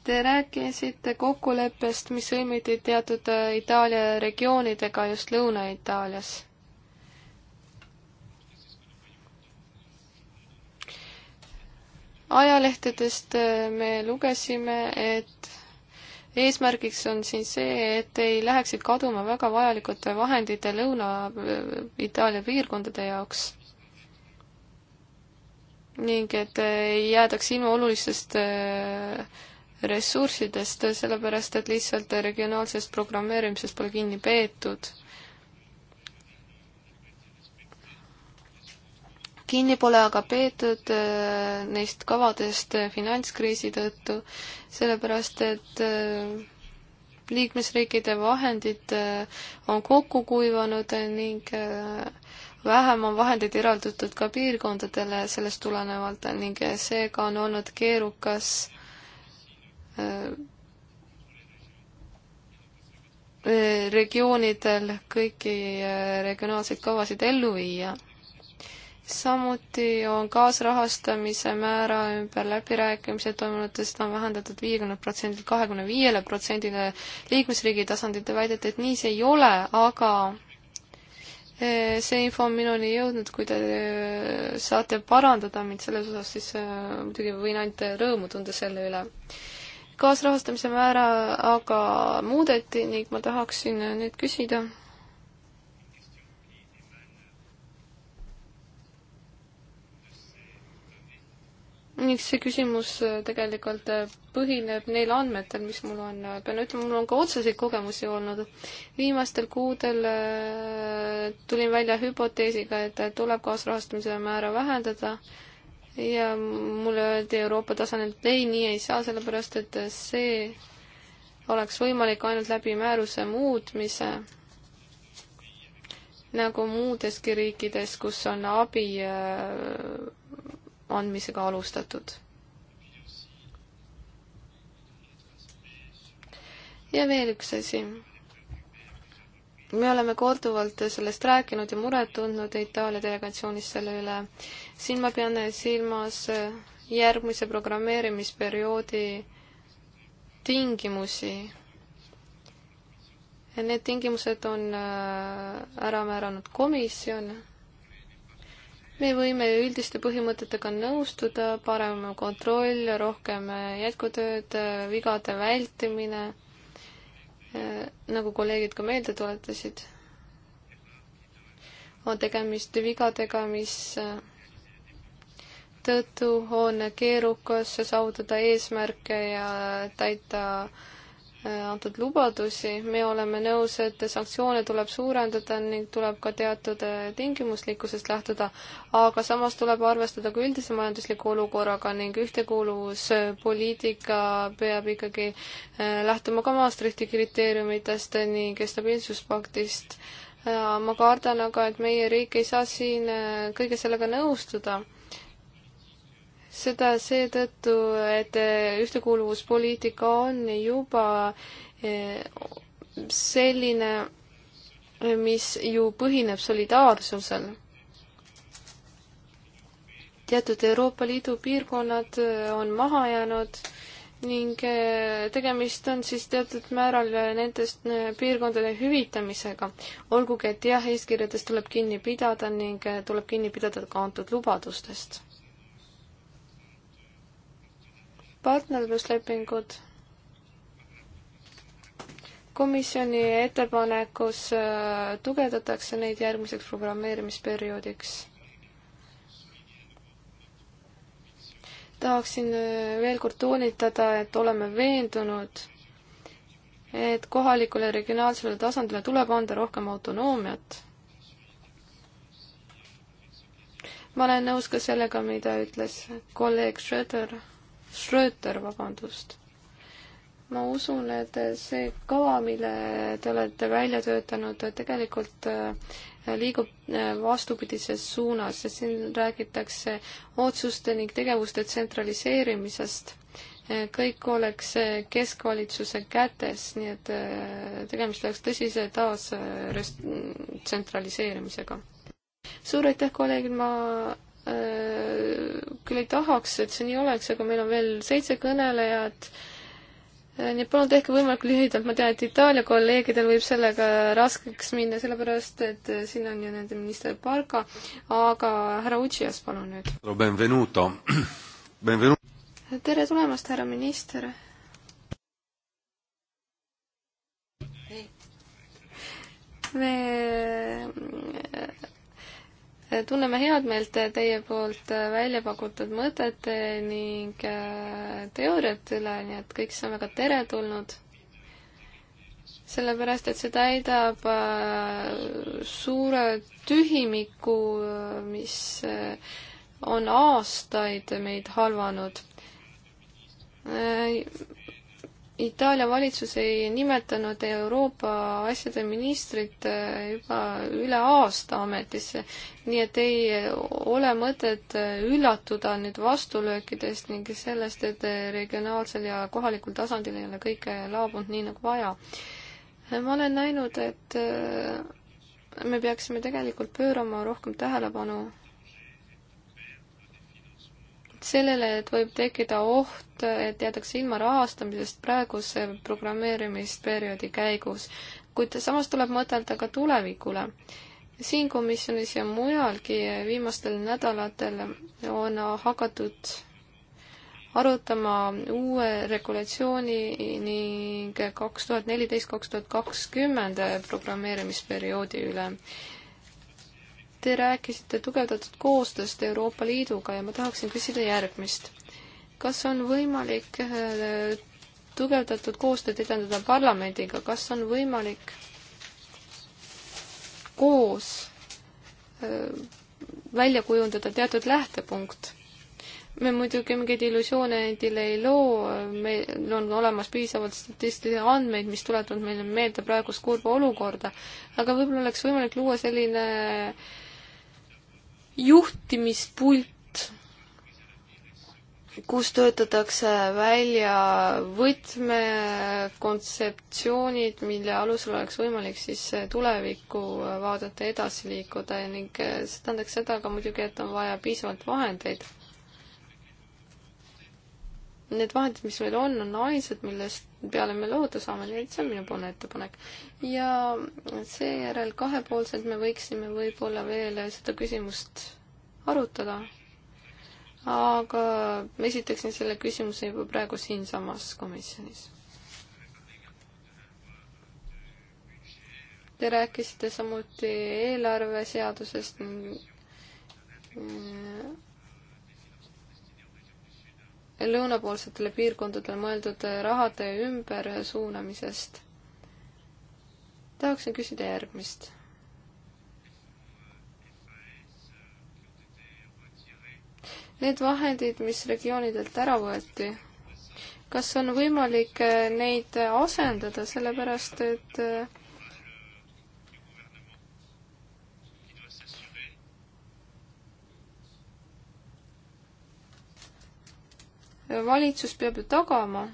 te rääkisite kokkuleppest, mis sõlmiti teatud äh, Itaalia regioonidega just Lõuna-Itaalias ajalehtedest äh, me lugesime, et eesmärgiks on siin see, et ei läheksid kaduma väga vajalikud vahendid Lõuna-Itaalia äh, piirkondade jaoks ning et äh, ei jäädaks ilma olulistest ressurssidest, sellepärast et lihtsalt regionaalsest programmeerimisest pole kinni peetud. kinni pole aga peetud äh, neist kavadest äh, finantskriisi tõttu, sellepärast et äh, liikmesriikide vahendid on kokku kuivanud ning vähem on vahendeid eraldatud ka piirkondadele sellest tulenevalt ning seega on olnud keerukas regioonidel kõiki regionaalseid kavasid ellu viia samuti on kaasrahastamise määra ümber läbirääkimised toimunud ja seda on vähendatud viiekümnelt protsendilt kahekümne viiele protsendile liikmesriigi tasandil. Te väidate, et nii see ei ole, aga eh, see info on minuni jõudnud, kui te eh, saate parandada mind selles osas, siis eh, muidugi võin ainult rõõmu tunda selle üle. kaasrahastamise määra aga muudeti ning ma tahaksin nüüd küsida ning see küsimus äh, tegelikult äh, põhineb neil andmetel, mis mul on. Äh, pean ütlema, mul on ka otseseid kogemusi olnud. viimastel kuudel tulin välja hüpoteesiga, et tuleb kaasrahastamise määra vähendada ja mulle öeldi Euroopa tasandil, et ei, nii ei saa, sellepärast et see oleks võimalik ainult läbi määruse muutmise, nagu muudeski riikides, kus on abi andmisega alustatud. ja veel üks asi. me oleme korduvalt sellest rääkinud ja muret tundnud Itaalia delegatsioonis selle üle. siin ma pean silmas järgmise programmeerimisperioodi tingimusi ja need tingimused on äh, ära määranud komisjon me võime üldiste põhimõtetega nõustuda, parem kontroll, rohkem jätkutööd, vigade vältimine, eh, nagu kolleegid ka meelde tuletasid, on tegemist vigadega, mis eh, tõttu on keerukas saavutada eesmärke ja täita antud lubadusi, me oleme nõus, et sanktsioone tuleb suurendada ning tuleb ka teatud eh, tingimuslikkusest lähtuda, aga samas tuleb arvestada ka üldise majandusliku olukorraga ning ühtekuuluvuspoliitika peab ikkagi eh, lähtuma ka Maastrichti kriteeriumitest ning stabiilsuspaktist. Eh, ma kardan aga, et meie riik ei saa siin kõige sellega nõustuda seda seetõttu, et eh, ühtekuuluvuspoliitika on juba eh, selline, eh, mis ju põhineb solidaarsusel. teatud Euroopa Liidu piirkonnad on maha jäänud ning tegemist on siis teatud määral nendest piirkondade hüvitamisega. olgugi, et jah, eeskirjadest tuleb kinni pidada ning tuleb kinni pidada ka antud lubadustest partnerluslepingud. komisjoni ettepanekus äh, tugevdatakse neid järgmiseks programmeerimisperioodiks. tahaksin äh, veel kord toonitada, et oleme veendunud, et kohalikule ja regionaalsele tasandile tuleb anda rohkem autonoomiat. ma olen nõus ka sellega, mida ütles kolleeg Schröder Schröter, vabandust. ma usun, et see kava, mille te olete välja töötanud, tegelikult äh, liigub äh, vastupidises suunas, sest siin räägitakse otsuste ning tegevuste tsentraliseerimisest. Äh, kõik oleks keskvalitsuse kätes, nii et tegemist oleks tõsise taas tsentraliseerimisega. suur aitäh, kolleegid, ma Äh, küll ei tahaks, et see nii oleks, aga meil on veel seitse kõnelejat. Äh, nii et palun tehke võimalikult lühidalt, ma tean, et Itaalia kolleegidel võib sellega raskeks minna, sellepärast et äh, siin on ju nende minister Parga, aga härra Utsias, palun nüüd. Benvenuto, benvenuto. tere tulemast, härra minister. me tunneme head meelt teie poolt välja pakutud mõtete ning äh, teooriate üle, nii et kõik see on väga teretulnud. sellepärast, et see täidab äh, suure tühimiku, äh, mis on aastaid meid halvanud Itaalia valitsus ei nimetanud Euroopa asjade ministrit eh, juba üle aasta ametisse, nii et ei ole mõtet eh, üllatuda nüüd vastulöökidest ning sellest, et eh, regionaalsel ja kohalikul tasandil ei ole kõike laabunud nii nagu vaja. ma olen näinud, et me peaksime tegelikult pöörama rohkem tähelepanu sellele, et võib tekkida oht, et jäädakse ilma rahastamisest praeguse programmeerimisperioodi käigus, kuid samas tuleb mõtelda ka tulevikule. siin komisjonis ja mujalgi viimastel nädalatel on hakatud arutama uue regulatsiooni ning kaks tuhat neliteist, kaks tuhat kakskümmend programmeerimisperioodi üle Te rääkisite tugevdatud koostööst Euroopa Liiduga ja ma tahaksin küsida järgmist. kas on võimalik äh, tugevdatud koostööd edendada parlamendiga, kas on võimalik koos äh, välja kujundada teatud lähtepunkt. me muidugi mingeid illusioone endile ei loo, meil on olemas piisavalt statistilisi andmeid, mis tuletavad meile meelde praegust kurba olukorda, aga võib-olla oleks võimalik luua selline äh, juhtimispult, kus töötatakse välja võtmekontseptsioonid, mille alusel oleks võimalik siis tulevikku vaadata, edasi liikuda ning see tähendaks seda ka muidugi, et on vaja piisavalt vahendeid need vahendid, mis meil on, on ainsad, millest peale me loota saame, nii et see on minupoolne ettepanek. ja seejärel kahepoolselt me võiksime võib-olla veel seda küsimust arutada, aga ma esitaksin selle küsimuse juba praegu siinsamas komisjonis. Te rääkisite samuti eelarveseadusest ning lõunapoolsetele piirkondadele mõeldud rahade ümbersuunamisest. tahaksin küsida järgmist. Need vahendid, mis regioonidelt ära võeti, kas on võimalik neid asendada, sellepärast et valitsus peab ju tagama,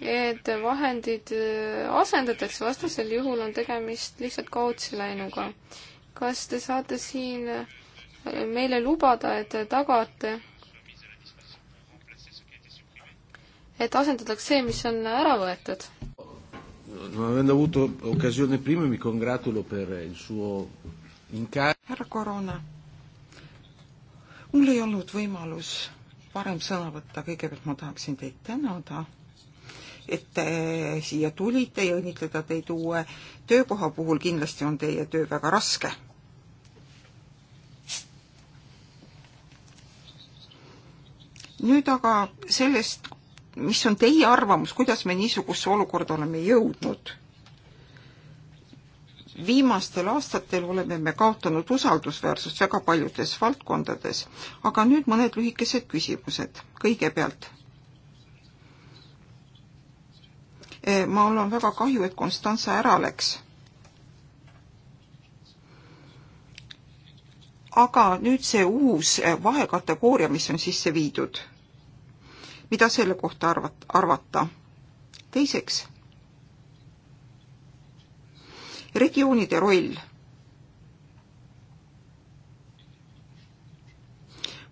et vahendid äh, asendatakse, vastasel juhul on tegemist lihtsalt kaotsi läinuga. kas te saate siin äh, meile lubada, et te tagate, et asendatakse see, mis on ära võetud? avendo avuto occasione prima mi congratulo per il suo incarico. härra Corona, mul ei olnud võimalus parem sõna võtta, kõigepealt ma tahaksin teid tänada, et te siia tulite ja õnnitleda teid uue töökoha puhul, kindlasti on teie töö väga raske. nüüd aga sellest, mis on teie arvamus, kuidas me niisugusesse olukorda oleme jõudnud viimastel aastatel oleme me kaotanud usaldusväärsust väga paljudes valdkondades, aga nüüd mõned lühikesed küsimused. kõigepealt. E, ma olen väga kahju, et Konstantsa ära läks. aga nüüd see uus e, vahekategooria, mis on sisse viidud, mida selle kohta arvat-, arvata? teiseks regioonide roll.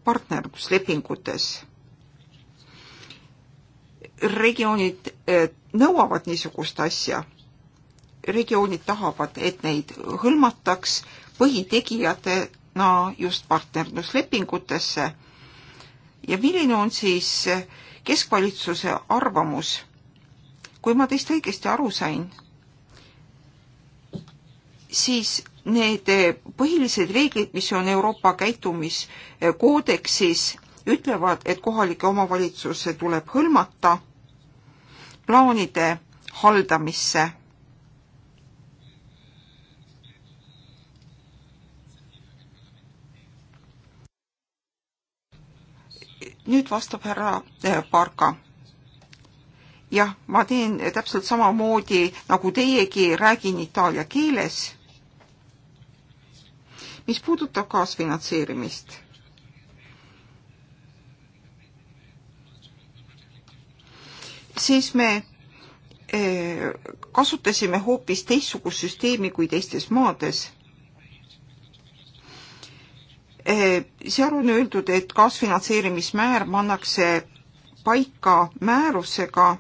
partnerluslepingutes regioonid eh, nõuavad niisugust asja. regioonid tahavad, et neid hõlmataks põhitegijatena just partnerluslepingutesse. ja milline on siis keskvalitsuse arvamus? kui ma teist õigesti aru sain, siis need eh, põhilised reeglid, mis on Euroopa käitumiskoodeksis, ütlevad, et kohalikke omavalitsusse tuleb hõlmata plaanide haldamisse. nüüd vastab härra eh, Parka jah, ma teen täpselt samamoodi nagu teiegi, räägin itaalia keeles mis puudutab kaasfinantseerimist siis me eh, kasutasime hoopis teistsugust süsteemi kui teistes maades. Eh, seal on öeldud, et kaasfinantseerimismäär pannakse paika määrusega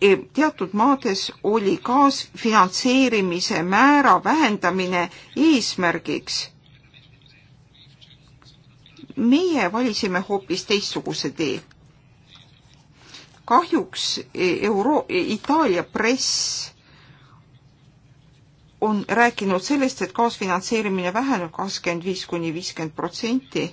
E teatud maades oli kaasfinantseerimise määra vähendamine eesmärgiks. meie valisime hoopis teistsuguse tee. kahjuks e, Euro-, e, Itaalia press on rääkinud sellest, et kaasfinantseerimine väheneb kakskümmend viis kuni viiskümmend protsenti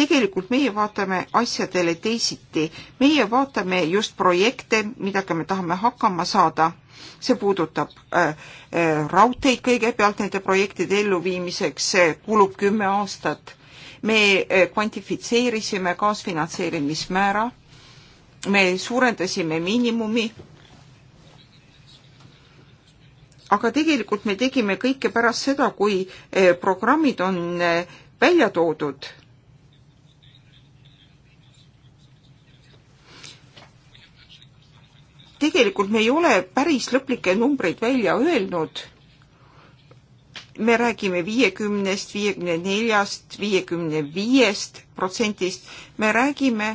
tegelikult meie vaatame asjadele teisiti. meie vaatame just projekte, millega me tahame hakkama saada. see puudutab äh, äh, raudteid kõigepealt nende projektide elluviimiseks, kulub kümme aastat. me äh, kvantifitseerisime kaasfinantseerimismäära, me suurendasime miinimumi aga tegelikult me tegime kõike pärast seda, kui äh, programmid on äh, välja toodud. tegelikult me ei ole päris lõplikke numbreid välja öelnud. me räägime viiekümnest, viiekümne neljast, viiekümne viiest protsendist, me räägime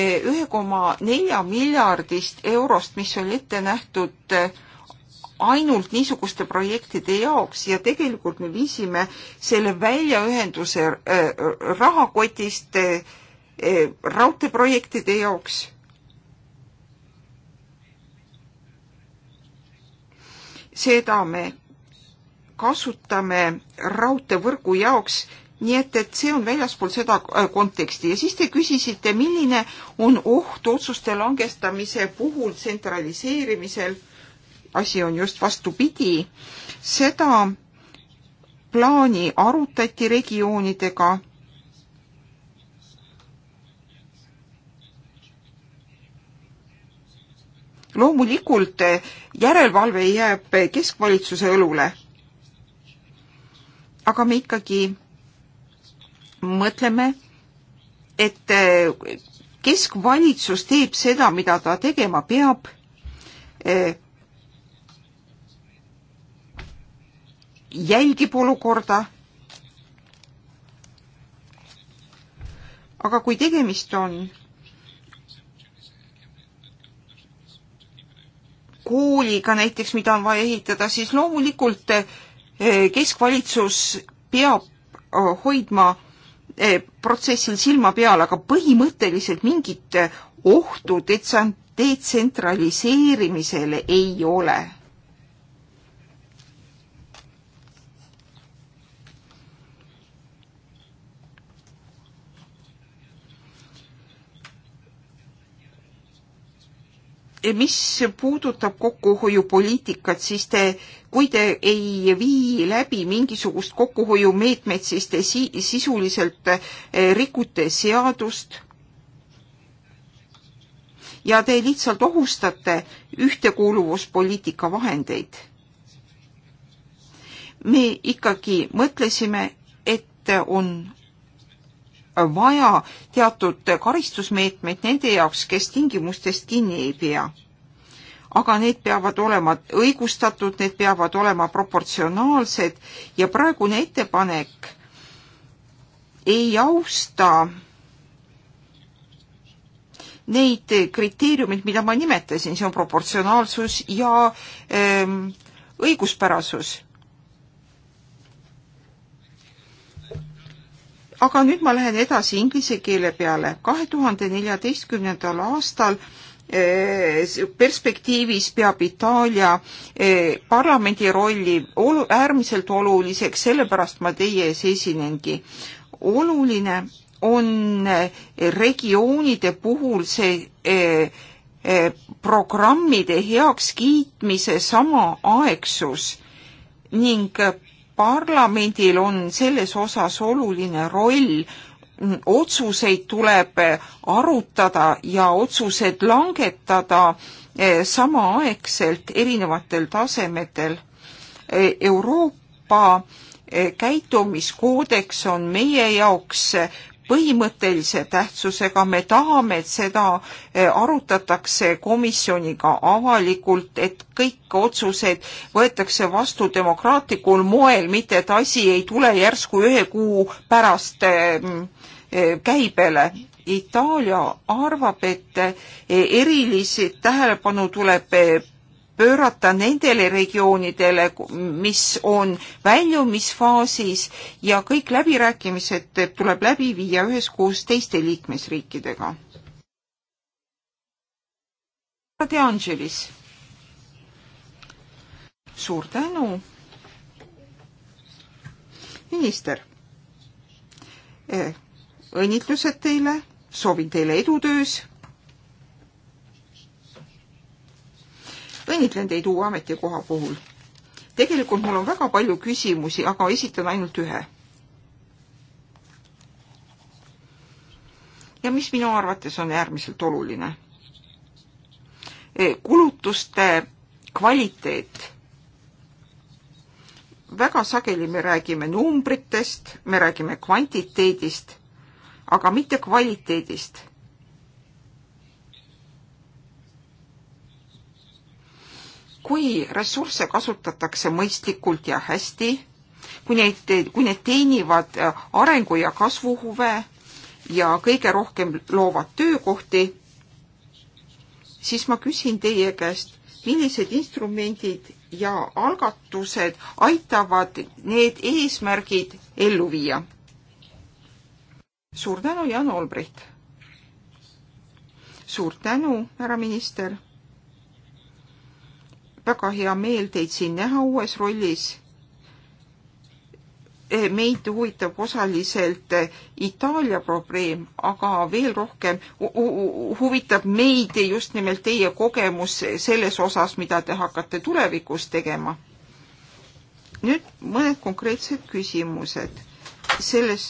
eh, ühe koma nelja miljardist eurost, mis on ette nähtud eh, ainult niisuguste projektide jaoks ja tegelikult me viisime selle väljaühenduse eh, rahakotist raudteeprojektide jaoks seda me kasutame raudteevõrgu jaoks, nii et, et see on väljaspool seda äh, konteksti ja siis te küsisite, milline on oht otsuste langestamise puhul tsentraliseerimisel. asi on just vastupidi, seda plaani arutati regioonidega loomulikult eh, järelevalve jääb eh, keskvalitsuse õlule. aga me ikkagi mõtleme, et eh, keskvalitsus teeb seda, mida ta tegema peab. jälgib olukorda. aga kui tegemist on kooliga näiteks, mida on vaja ehitada, siis loomulikult eh, keskvalitsus peab eh, hoidma eh, protsessil silma peal, aga põhimõtteliselt mingit ohtu detsentraliseerimisele ei ole mis puudutab kokkuhoiupoliitikat, siis te, kui te ei vii läbi mingisugust kokkuhoiumeetmet, siis te si sisuliselt eh, rikute seadust ja te lihtsalt ohustate ühtekuuluvuspoliitika vahendeid. me ikkagi mõtlesime, et on vaja teatud karistusmeetmeid nende jaoks, kes tingimustest kinni ei pea. aga need peavad olema õigustatud, need peavad olema proportsionaalsed ja praegune ettepanek ei austa neid kriteeriumeid, mida ma nimetasin, see on proportsionaalsus ja ähm, õiguspärasus aga nüüd ma lähen edasi inglise keele peale. kahe tuhande neljateistkümnendal aastal eh, perspektiivis peab Itaalia eh, parlamendi rolli olu, äärmiselt oluliseks, sellepärast ma teie ees esinengi. oluline on eh, regioonide puhul see programmide heakskiitmise samaaegsus ning parlamendil on selles osas oluline roll, otsuseid tuleb arutada ja otsused langetada eh, samaaegselt erinevatel tasemetel. Eh, Euroopa eh, käitumiskoodeks on meie jaoks põhimõttelise tähtsusega, me tahame, et seda eh, arutatakse komisjoniga avalikult, et kõik otsused võetakse vastu demokraatlikul moel, mitte et asi ei tule järsku ühe kuu pärast eh, eh, käibele. Itaalia arvab, et erilist tähelepanu tuleb pöörata nendele regioonidele, mis on väljumisfaasis ja kõik läbirääkimised tuleb läbi viia üheskoos teiste liikmesriikidega. De Angelis. suur tänu. minister, eh, õnnitlused teile, soovin teile edu töös õnnitlen teid uue ametikoha puhul. tegelikult mul on väga palju küsimusi, aga esitan ainult ühe. ja mis minu arvates on äärmiselt oluline. kulutuste kvaliteet. väga sageli me räägime numbritest, me räägime kvantiteedist, aga mitte kvaliteedist kui ressursse kasutatakse mõistlikult ja hästi, kui neid, kui need teenivad äh, arengu ja kasvu huve ja kõige rohkem loovad töökohti, siis ma küsin teie käest, millised instrumendid ja algatused aitavad need eesmärgid ellu viia? suur tänu, Jan Olbrit! suur tänu, härra minister! väga hea meel teid siin näha uues rollis. Eh, meid huvitab osaliselt eh, Itaalia probleem, aga veel rohkem huvitab meid just nimelt teie kogemus selles osas, mida te hakkate tulevikus tegema. nüüd mõned konkreetsed küsimused. selles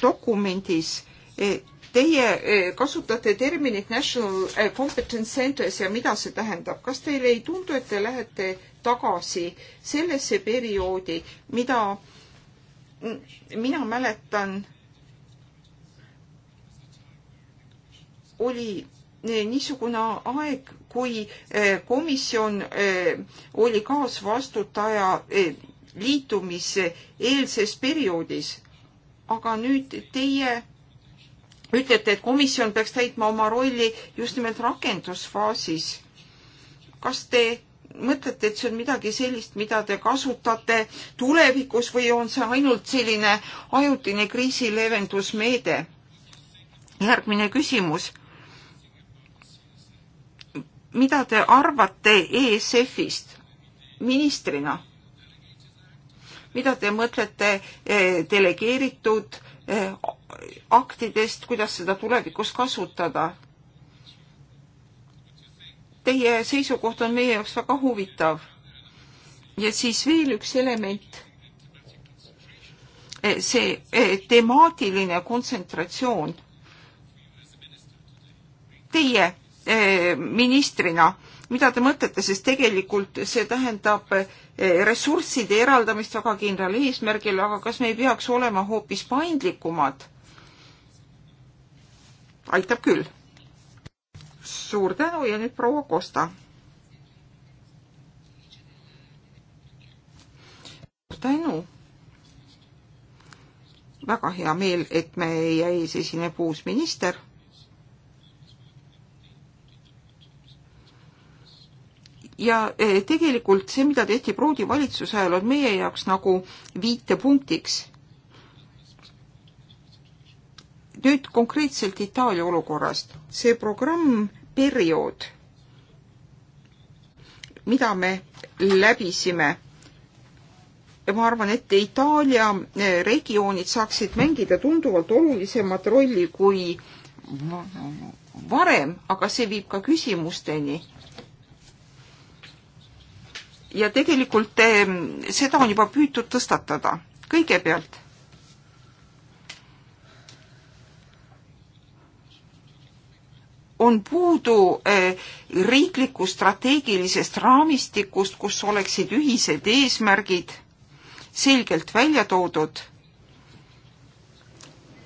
dokumendis eh, Teie eh, kasutate terminit National eh, Competence Centers ja mida see tähendab? kas teile ei tundu, et te lähete tagasi sellesse perioodi, mida mina mäletan, oli eh, niisugune aeg, kui komisjon oli kaasvastutaja liitumiseelses perioodis. aga nüüd teie ütlete, et komisjon peaks täitma oma rolli just nimelt rakendusfaasis. kas te mõtlete, et see on midagi sellist, mida te kasutate tulevikus või on see ainult selline ajutine kriisileevendusmeede? järgmine küsimus. mida te arvate ESF-ist ministrina? mida te mõtlete eh, delegeeritud Eh, aktidest, kuidas seda tulevikus kasutada. Teie seisukoht on meie jaoks väga huvitav. ja siis veel üks element. Eh, see eh, temaatiline kontsentratsioon. Teie ministrina mida te mõtlete, sest tegelikult see tähendab eh, ressursside eraldamist väga kindlal eesmärgil, aga kas me ei peaks olema hoopis paindlikumad? aitab küll. suur tänu ja nüüd proua Kosta. tänu. väga hea meel, et meie ees esineb uus minister ja eh, tegelikult see, mida tehti Proodi valitsuse ajal, on meie jaoks nagu viitepunktiks. nüüd konkreetselt Itaalia olukorrast. see programm, periood, mida me läbisime ja ma arvan, et Itaalia eh, regioonid saaksid mängida tunduvalt olulisemat rolli kui varem, aga see viib ka küsimusteni ja tegelikult ehm, seda on juba püütud tõstatada. kõigepealt on puudu eh, riiklikust strateegilisest raamistikust, kus oleksid ühised eesmärgid selgelt välja toodud.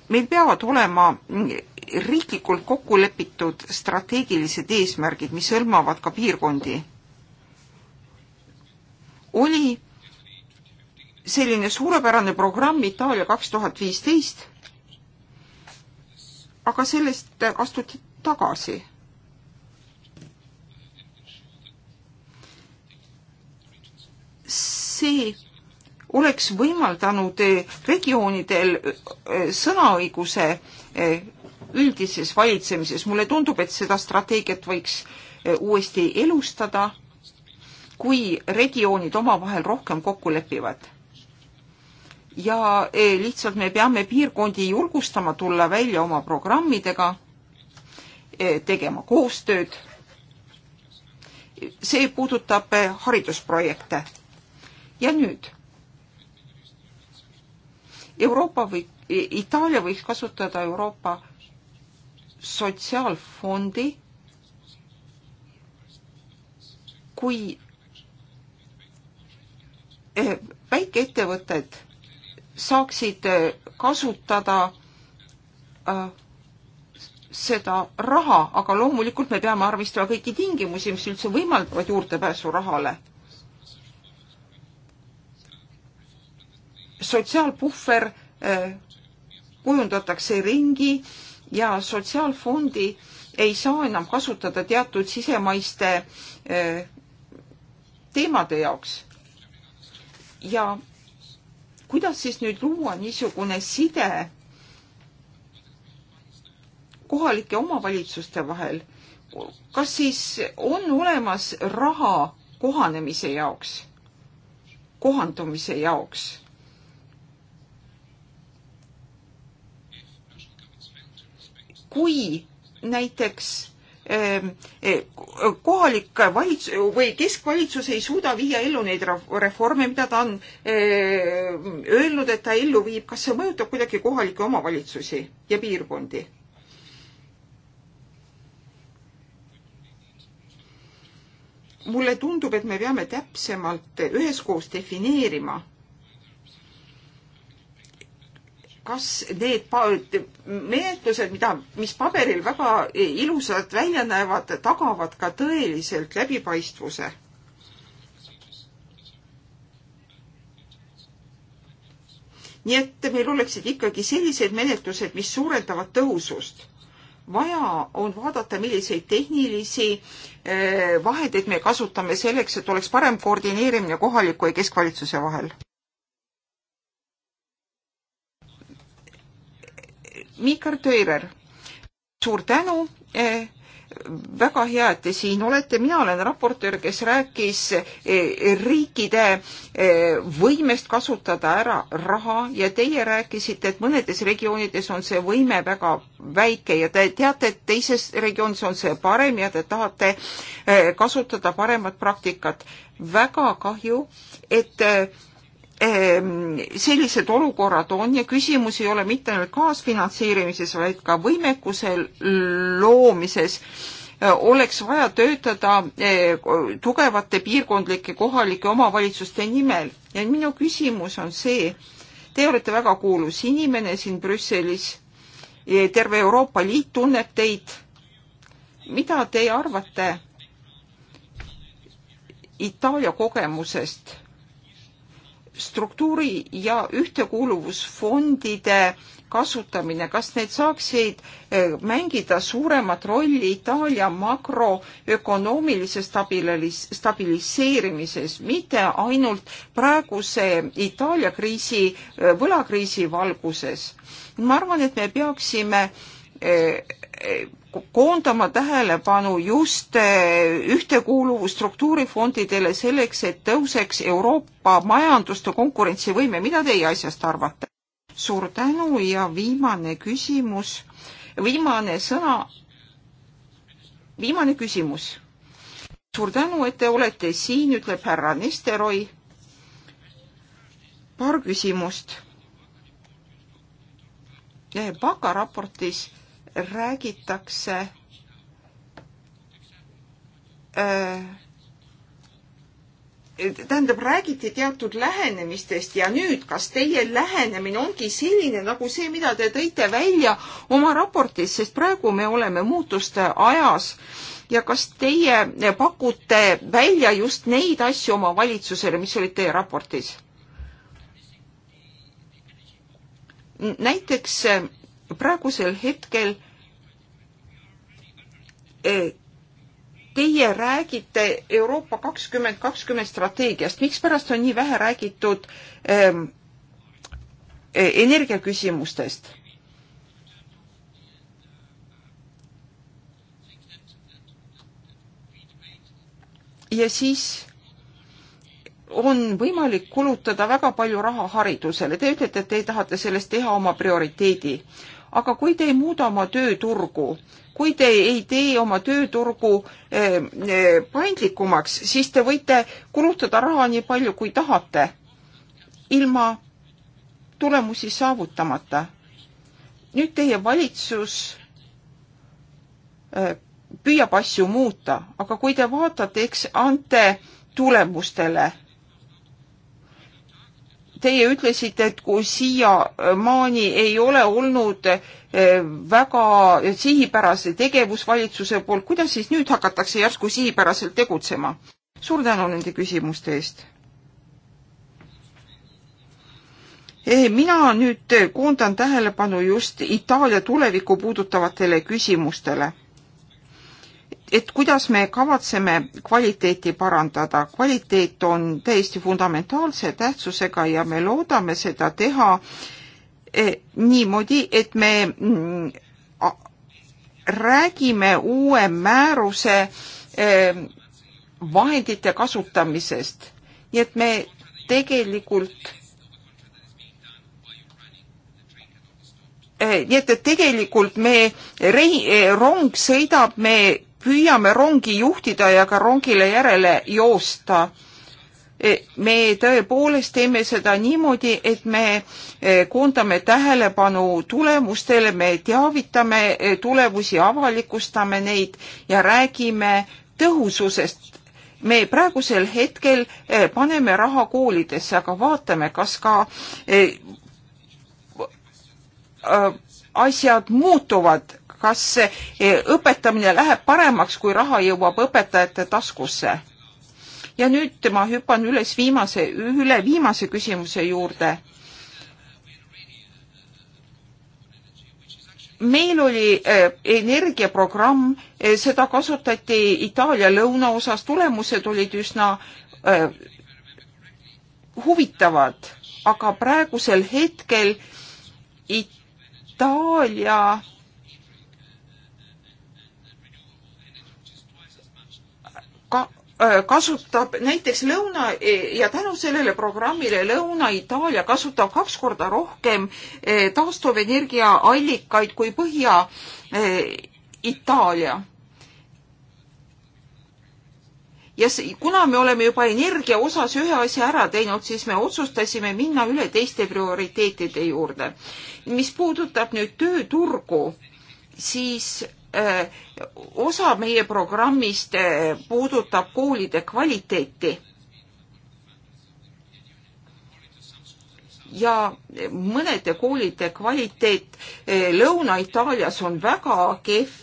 meil peavad olema riiklikult kokku lepitud strateegilised eesmärgid, mis hõlmavad ka piirkondi oli selline suurepärane programm Itaalia kaks tuhat viisteist, aga sellest astuti tagasi. see oleks võimaldanud regioonidel äh, sõnaõiguse äh, üldises valitsemises. mulle tundub, et seda strateegiat võiks äh, uuesti elustada kui regioonid omavahel rohkem kokku lepivad. ja e, lihtsalt me peame piirkondi julgustama tulla välja oma programmidega, e, tegema koostööd. see puudutab e, haridusprojekte. ja nüüd Euroopa või Itaalia võiks kasutada Euroopa sotsiaalfondi, kui Eh, väikeettevõtted saaksid eh, kasutada eh, seda raha, aga loomulikult me peame arvestama kõiki tingimusi, mis üldse võimaldavad juurdepääsu rahale. sotsiaalpuhver kujundatakse ringi ja sotsiaalfondi ei saa enam kasutada teatud sisemaiste teemade jaoks ja kuidas siis nüüd luua niisugune side kohalike omavalitsuste vahel? kas siis on olemas raha kohanemise jaoks, kohandumise jaoks? kui näiteks Ehm, e, kohalik valitsus või keskvalitsus ei suuda viia ellu neid reforme, mida ta on ehm, öelnud, et ta ellu viib, kas see mõjutab kuidagi kohalikke omavalitsusi ja piirkondi? mulle tundub, et me peame täpsemalt üheskoos defineerima kas need menetlused, mida, mis paberil väga ilusad välja näevad, tagavad ka tõeliselt läbipaistvuse? nii et meil oleksid ikkagi sellised menetlused, mis suurendavad tõhusust. vaja on vaadata, milliseid tehnilisi eh, vahendeid me kasutame selleks, et oleks parem koordineerimine kohaliku ja keskvalitsuse vahel. Mikar Töirer, suur tänu eh, väga hea, et te siin olete, mina olen raportöör, kes rääkis eh, riikide eh, võimest kasutada ära raha ja teie rääkisite, et mõnedes regioonides on see võime väga väike ja te teate, et teises regioonis on see parem ja te tahate kasutada paremat praktikat. väga kahju, et Ehm, sellised olukorrad on ja küsimus ei ole mitte ainult kaasfinantseerimises, vaid ka võimekuse loomises äh, oleks vaja töötada äh, tugevate piirkondlike kohalike omavalitsuste nimel ja minu küsimus on see, te olete väga kuulus inimene siin Brüsselis, terve Euroopa Liit tunneb teid. mida te arvate Itaalia kogemusest? struktuuri ja ühtekuuluvusfondide kasutamine, kas need saaksid eh, mängida suuremat rolli Itaalia makroökonoomilises stabilis-, stabiliseerimises, mitte ainult praeguse Itaalia kriisi, eh, võlakriisi valguses? ma arvan, et me peaksime eh, koondama tähelepanu just eh, ühtekuuluvusstruktuurifondidele selleks, et tõuseks Euroopa majanduste konkurentsivõime. mida teie asjast arvate? suur tänu ja viimane küsimus, viimane sõna, viimane küsimus. suur tänu, et te olete siin, ütleb härra Nesteroi. paar küsimust. Eh, Baka raportis räägitakse äh, tähendab, räägiti teatud lähenemistest ja nüüd, kas teie lähenemine ongi selline nagu see, mida te tõite välja oma raportis, sest praegu me oleme muutuste ajas ja kas teie pakute välja just neid asju oma valitsusele, mis olid teie raportis? näiteks äh, praegusel hetkel Teie räägite Euroopa kakskümmend kakskümmend strateegiast, mikspärast on nii vähe räägitud ähm, energiaküsimustest? ja siis on võimalik kulutada väga palju raha haridusele. Te ütlete, et te tahate sellest teha oma prioriteedi. aga kui te ei muuda oma tööturgu, kui te ei tee oma tööturgu eh, eh, paindlikumaks, siis te võite kulutada raha nii palju, kui tahate, ilma tulemusi saavutamata. nüüd teie valitsus eh, püüab asju muuta, aga kui te vaatate, eks ante tulemustele teie ütlesite, et kui siiamaani ei ole olnud eh, väga sihipärase tegevus valitsuse poolt, kuidas siis nüüd hakatakse järsku sihipäraselt tegutsema? suur tänu nende küsimuste eest. Eh, mina nüüd koondan tähelepanu just Itaalia tulevikku puudutavatele küsimustele et kuidas me kavatseme kvaliteeti parandada. kvaliteet on täiesti fundamentaalse tähtsusega ja me loodame seda teha e, niimoodi, et me mm, räägime uue määruse e, vahendite kasutamisest, nii et me tegelikult e, nii et, et tegelikult me, rong sõidab, me püüame rongi juhtida ja ka rongile järele joosta e, me tõepoolest teeme seda niimoodi, et me e, koondame tähelepanu tulemustele, me teavitame e, tulemusi, avalikustame neid ja räägime tõhususest. me praegusel hetkel paneme raha koolidesse, aga vaatame, kas ka asjad muutuvad kas eh, õpetamine läheb paremaks, kui raha jõuab õpetajate taskusse? ja nüüd ma hüppan üles viimase, üle viimase küsimuse juurde. meil oli eh, energiaprogramm, eh, seda kasutati Itaalia lõunaosas, tulemused olid üsna huvitavad, aga praegusel hetkel Itaalia Äh, kasutab näiteks Lõuna ja tänu sellele programmile Lõuna-Itaalia kasutab kaks korda rohkem äh, taastuvenergiaallikaid kui Põhja-Itaalia. Äh, ja kuna me oleme juba energia osas ühe asja ära teinud, siis me otsustasime minna üle teiste prioriteetide juurde. mis puudutab nüüd tööturgu, siis Äh, osa meie programmist äh, puudutab koolide kvaliteeti. ja mõnede koolide kvaliteet äh, Lõuna-Itaalias on väga kehv.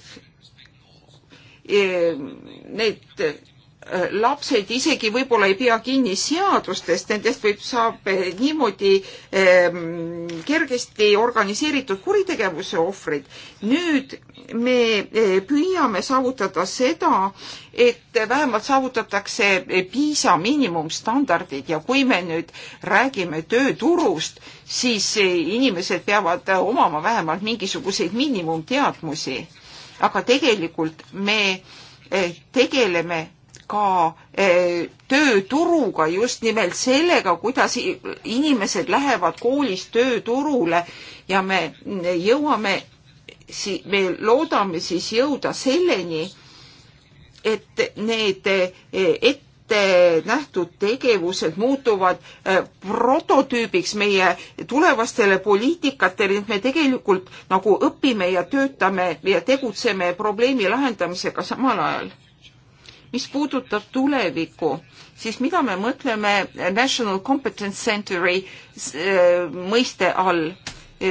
Need lapsed isegi võib-olla ei pea kinni seadustest, nendest võib, saab eh, niimoodi ehm, kergesti organiseeritud kuritegevuse ohvrid. nüüd me eh, püüame saavutada seda, et vähemalt saavutatakse eh, piisa miinimumstandardid ja kui me nüüd räägime tööturust, siis inimesed peavad omama vähemalt mingisuguseid miinimumteadmusi. aga tegelikult me tegeleme ka eh, tööturuga, just nimelt sellega, kuidas inimesed lähevad koolist tööturule ja me jõuame, me loodame siis jõuda selleni, et need et eh, ette nähtud tegevused muutuvad eh, prototüübiks meie tulevastele poliitikatele, et me tegelikult nagu õpime ja töötame ja tegutseme probleemi lahendamisega samal ajal mis puudutab tulevikku, siis mida me mõtleme National Competence Centeri äh, mõiste all?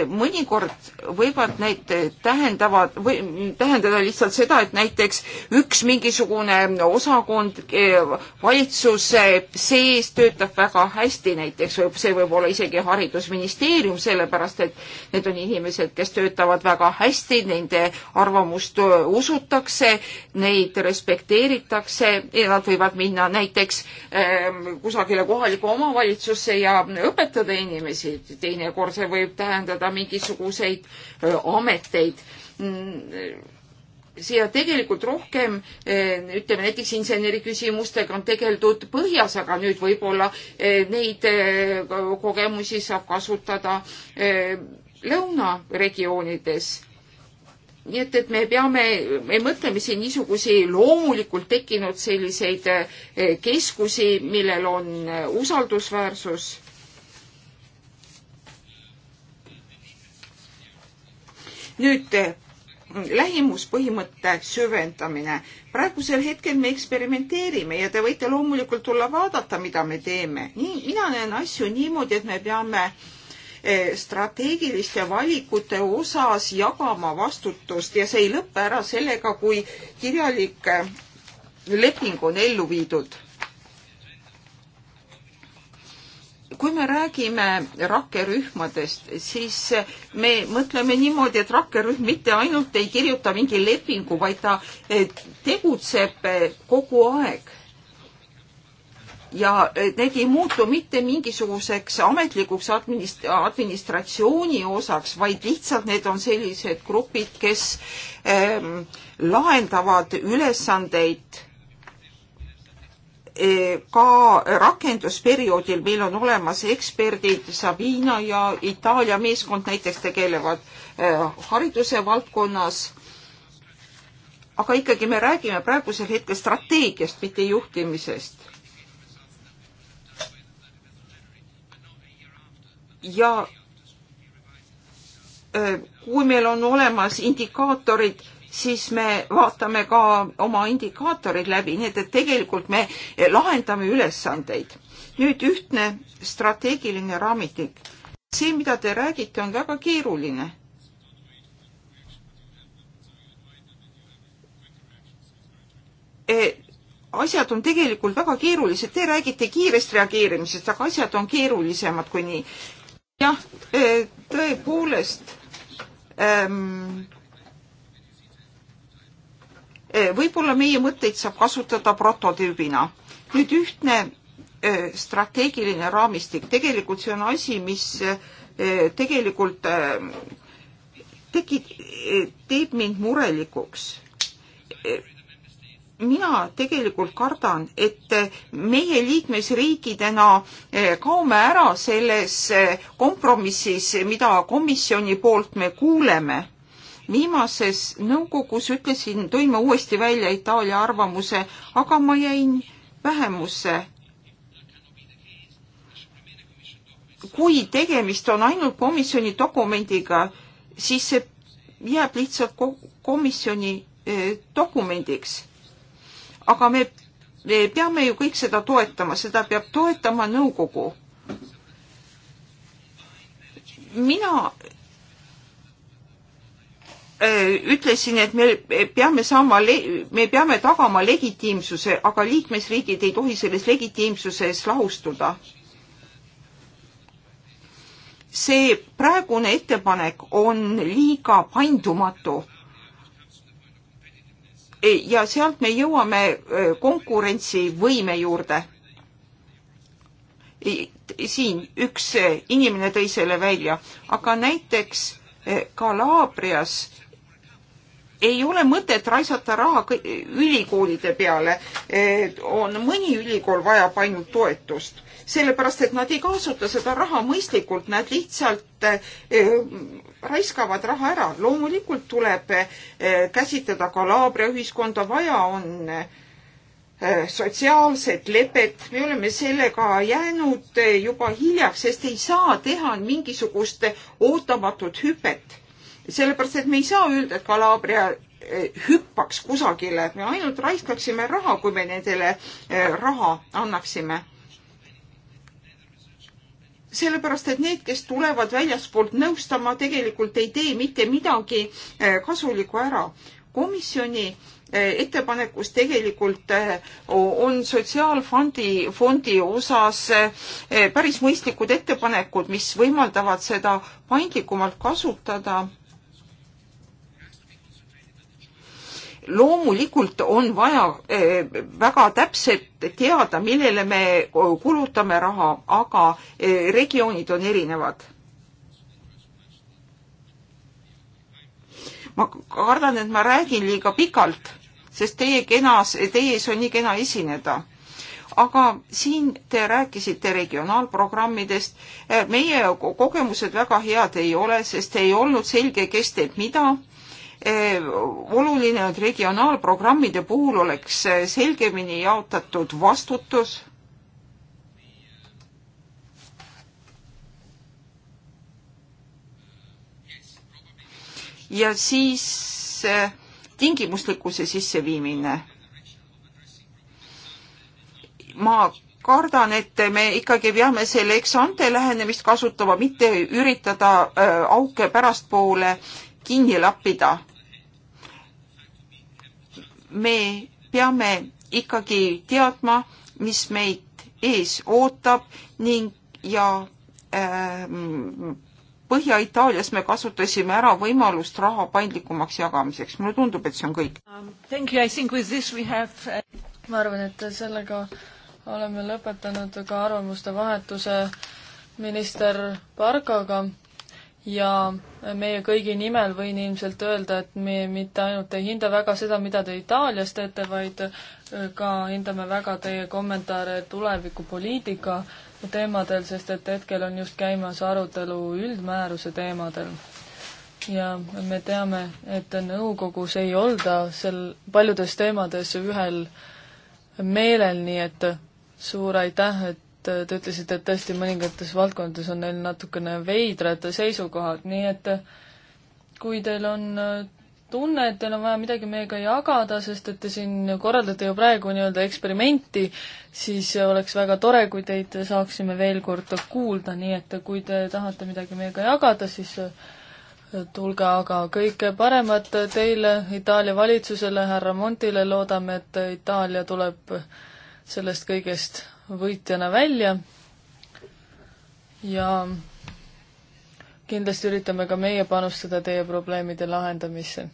mõnikord võivad need tähendavad või tähendada lihtsalt seda, et näiteks üks mingisugune osakond eh, valitsuse sees töötab väga hästi, näiteks võib, see võib olla isegi haridusministeerium, sellepärast et need on inimesed, kes töötavad väga hästi, nende arvamust usutakse, neid respekteeritakse ja nad võivad minna näiteks ehm, kusagile kohalikku omavalitsusse ja õpetada inimesi, teinekord see võib tähendada moodustada mingisuguseid ameteid siia mm, tegelikult rohkem ütleme näiteks inseneriküsimustega on tegeldud põhjas, aga nüüd võib-olla neid kogemusi saab kasutada lõunaregioonides. nii et, et me peame, me mõtleme siin niisugusi loomulikult tekkinud selliseid keskusi, millel on usaldusväärsus nüüd eh, lähimuspõhimõtte süvendamine. praegusel hetkel me eksperimenteerime ja te võite loomulikult tulla vaadata, mida me teeme. nii, mina näen asju niimoodi, et me peame eh, strateegiliste valikute osas jagama vastutust ja see ei lõpe ära sellega, kui kirjalik eh, leping on ellu viidud kui me räägime rakkerühmadest, siis me mõtleme niimoodi, et rakkerühm mitte ainult ei kirjuta mingi lepingu, vaid ta eh, tegutseb eh, kogu aeg. ja eh, need ei muutu mitte mingisuguseks ametlikuks administ-, administratsiooni osaks, vaid lihtsalt need on sellised grupid, kes ähm, lahendavad ülesandeid Eh, ka rakendusperioodil meil on olemas eksperdid, Sabina ja Itaalia meeskond näiteks tegelevad eh, hariduse valdkonnas. aga ikkagi me räägime praegusel hetkel strateegiast, mitte juhtimisest. ja eh, kui meil on olemas indikaatorid siis me vaatame ka oma indikaatorid läbi, nii et, et tegelikult me lahendame ülesandeid. nüüd ühtne strateegiline raamistik. see, mida te räägite, on väga keeruline. E, asjad on tegelikult väga keerulised, te räägite kiirest reageerimisest, aga asjad on keerulisemad kui nii. jah, e, tõepoolest ähm, võib-olla meie mõtteid saab kasutada prototüübina. nüüd ühtne strateegiline raamistik, tegelikult see on asi, mis tegelikult tegi, teeb mind murelikuks. mina tegelikult kardan, et meie liikmesriigidena kaome ära selles kompromissis, mida komisjoni poolt me kuuleme viimases nõukogus ütlesin, tõin ma uuesti välja Itaalia arvamuse, aga ma jäin vähemusse. kui tegemist on ainult komisjoni dokumendiga, siis see jääb lihtsalt komisjoni eh, dokumendiks. aga me, me peame ju kõik seda toetama, seda peab toetama nõukogu. mina Äh, ütlesin, et me peame saama, me peame tagama legitiimsuse, aga liikmesriigid ei tohi selles legitiimsuses lahustuda. see praegune ettepanek on liiga paindumatu. Äh, ja sealt me jõuame äh, konkurentsivõime juurde. siin üks inimene tõi selle välja, aga näiteks Kalaabrias ei ole mõtet raisata raha ülikoolide peale. on mõni ülikool vajab ainult toetust, sellepärast et nad ei kasuta seda raha mõistlikult, nad lihtsalt eh, raiskavad raha ära. loomulikult tuleb eh, käsitleda Kalabria ühiskonda, vaja on eh, sotsiaalset lepet, me oleme sellega jäänud juba hiljaks, sest ei saa teha mingisugust ootamatut hüpet sellepärast, et me ei saa öelda, et Kalabria eh, hüppaks kusagile, et me ainult raiskaksime raha, kui me nendele eh, raha annaksime. sellepärast, et need, kes tulevad väljaspoolt nõustama, tegelikult ei tee mitte midagi eh, kasulikku ära. komisjoni ettepanekus tegelikult on sotsiaalfondi, fondi osas päris mõistlikud ettepanekud, mis võimaldavad seda paindlikumalt kasutada loomulikult on vaja eh, väga täpselt teada, millele me kulutame raha, aga eh, regioonid on erinevad. ma kardan, et ma räägin liiga pikalt, sest teie kenas, teie ees on nii kena esineda aga siin te rääkisite regionaalprogrammidest. Eh, meie kogemused väga head ei ole, sest ei olnud selge, kes teeb mida. Eh, oluline on, et regionaalprogrammide puhul oleks eh, selgemini jaotatud vastutus ja siis eh, tingimuslikkuse sisseviimine. ma kardan, et me ikkagi peame selle eksante lähenemist kasutama, mitte üritada äh, auke pärastpoole kinni lappida me peame ikkagi teadma, mis meid ees ootab ning ja ähm, Põhja-Itaalias me kasutasime ära võimalust raha paindlikumaks jagamiseks. mulle tundub, et see on kõik um,. Have... Uh, ma arvan, et sellega oleme lõpetanud ka arvamuste vahetuse minister Parkaga ja meie kõigi nimel võin ilmselt öelda, et me mitte ainult ei hinda väga seda, mida te Itaalias teete, vaid äh, ka hindame väga teie kommentaare tulevikupoliitika teemadel, sest et hetkel on just käimas arutelu üldmääruse teemadel. ja me teame, et nõukogus ei olda sel, paljudes teemades ühel meelel, nii et suur aitäh, et te ütlesite, et tõesti mõningates valdkondades on neil natukene veidrad seisukohad, nii et kui teil on äh, tunne, et teil on vaja midagi meiega jagada, sest et te siin korraldate ju praegu nii-öelda eksperimenti, siis oleks väga tore, kui teid saaksime veel kord kuulda, nii et kui te tahate midagi meiega jagada, siis äh, tulge, aga kõike paremat teile, Itaalia valitsusele, härra Montile, loodame, et Itaalia tuleb sellest kõigest võitjana välja ja kindlasti üritame ka meie panustada teie probleemide lahendamisse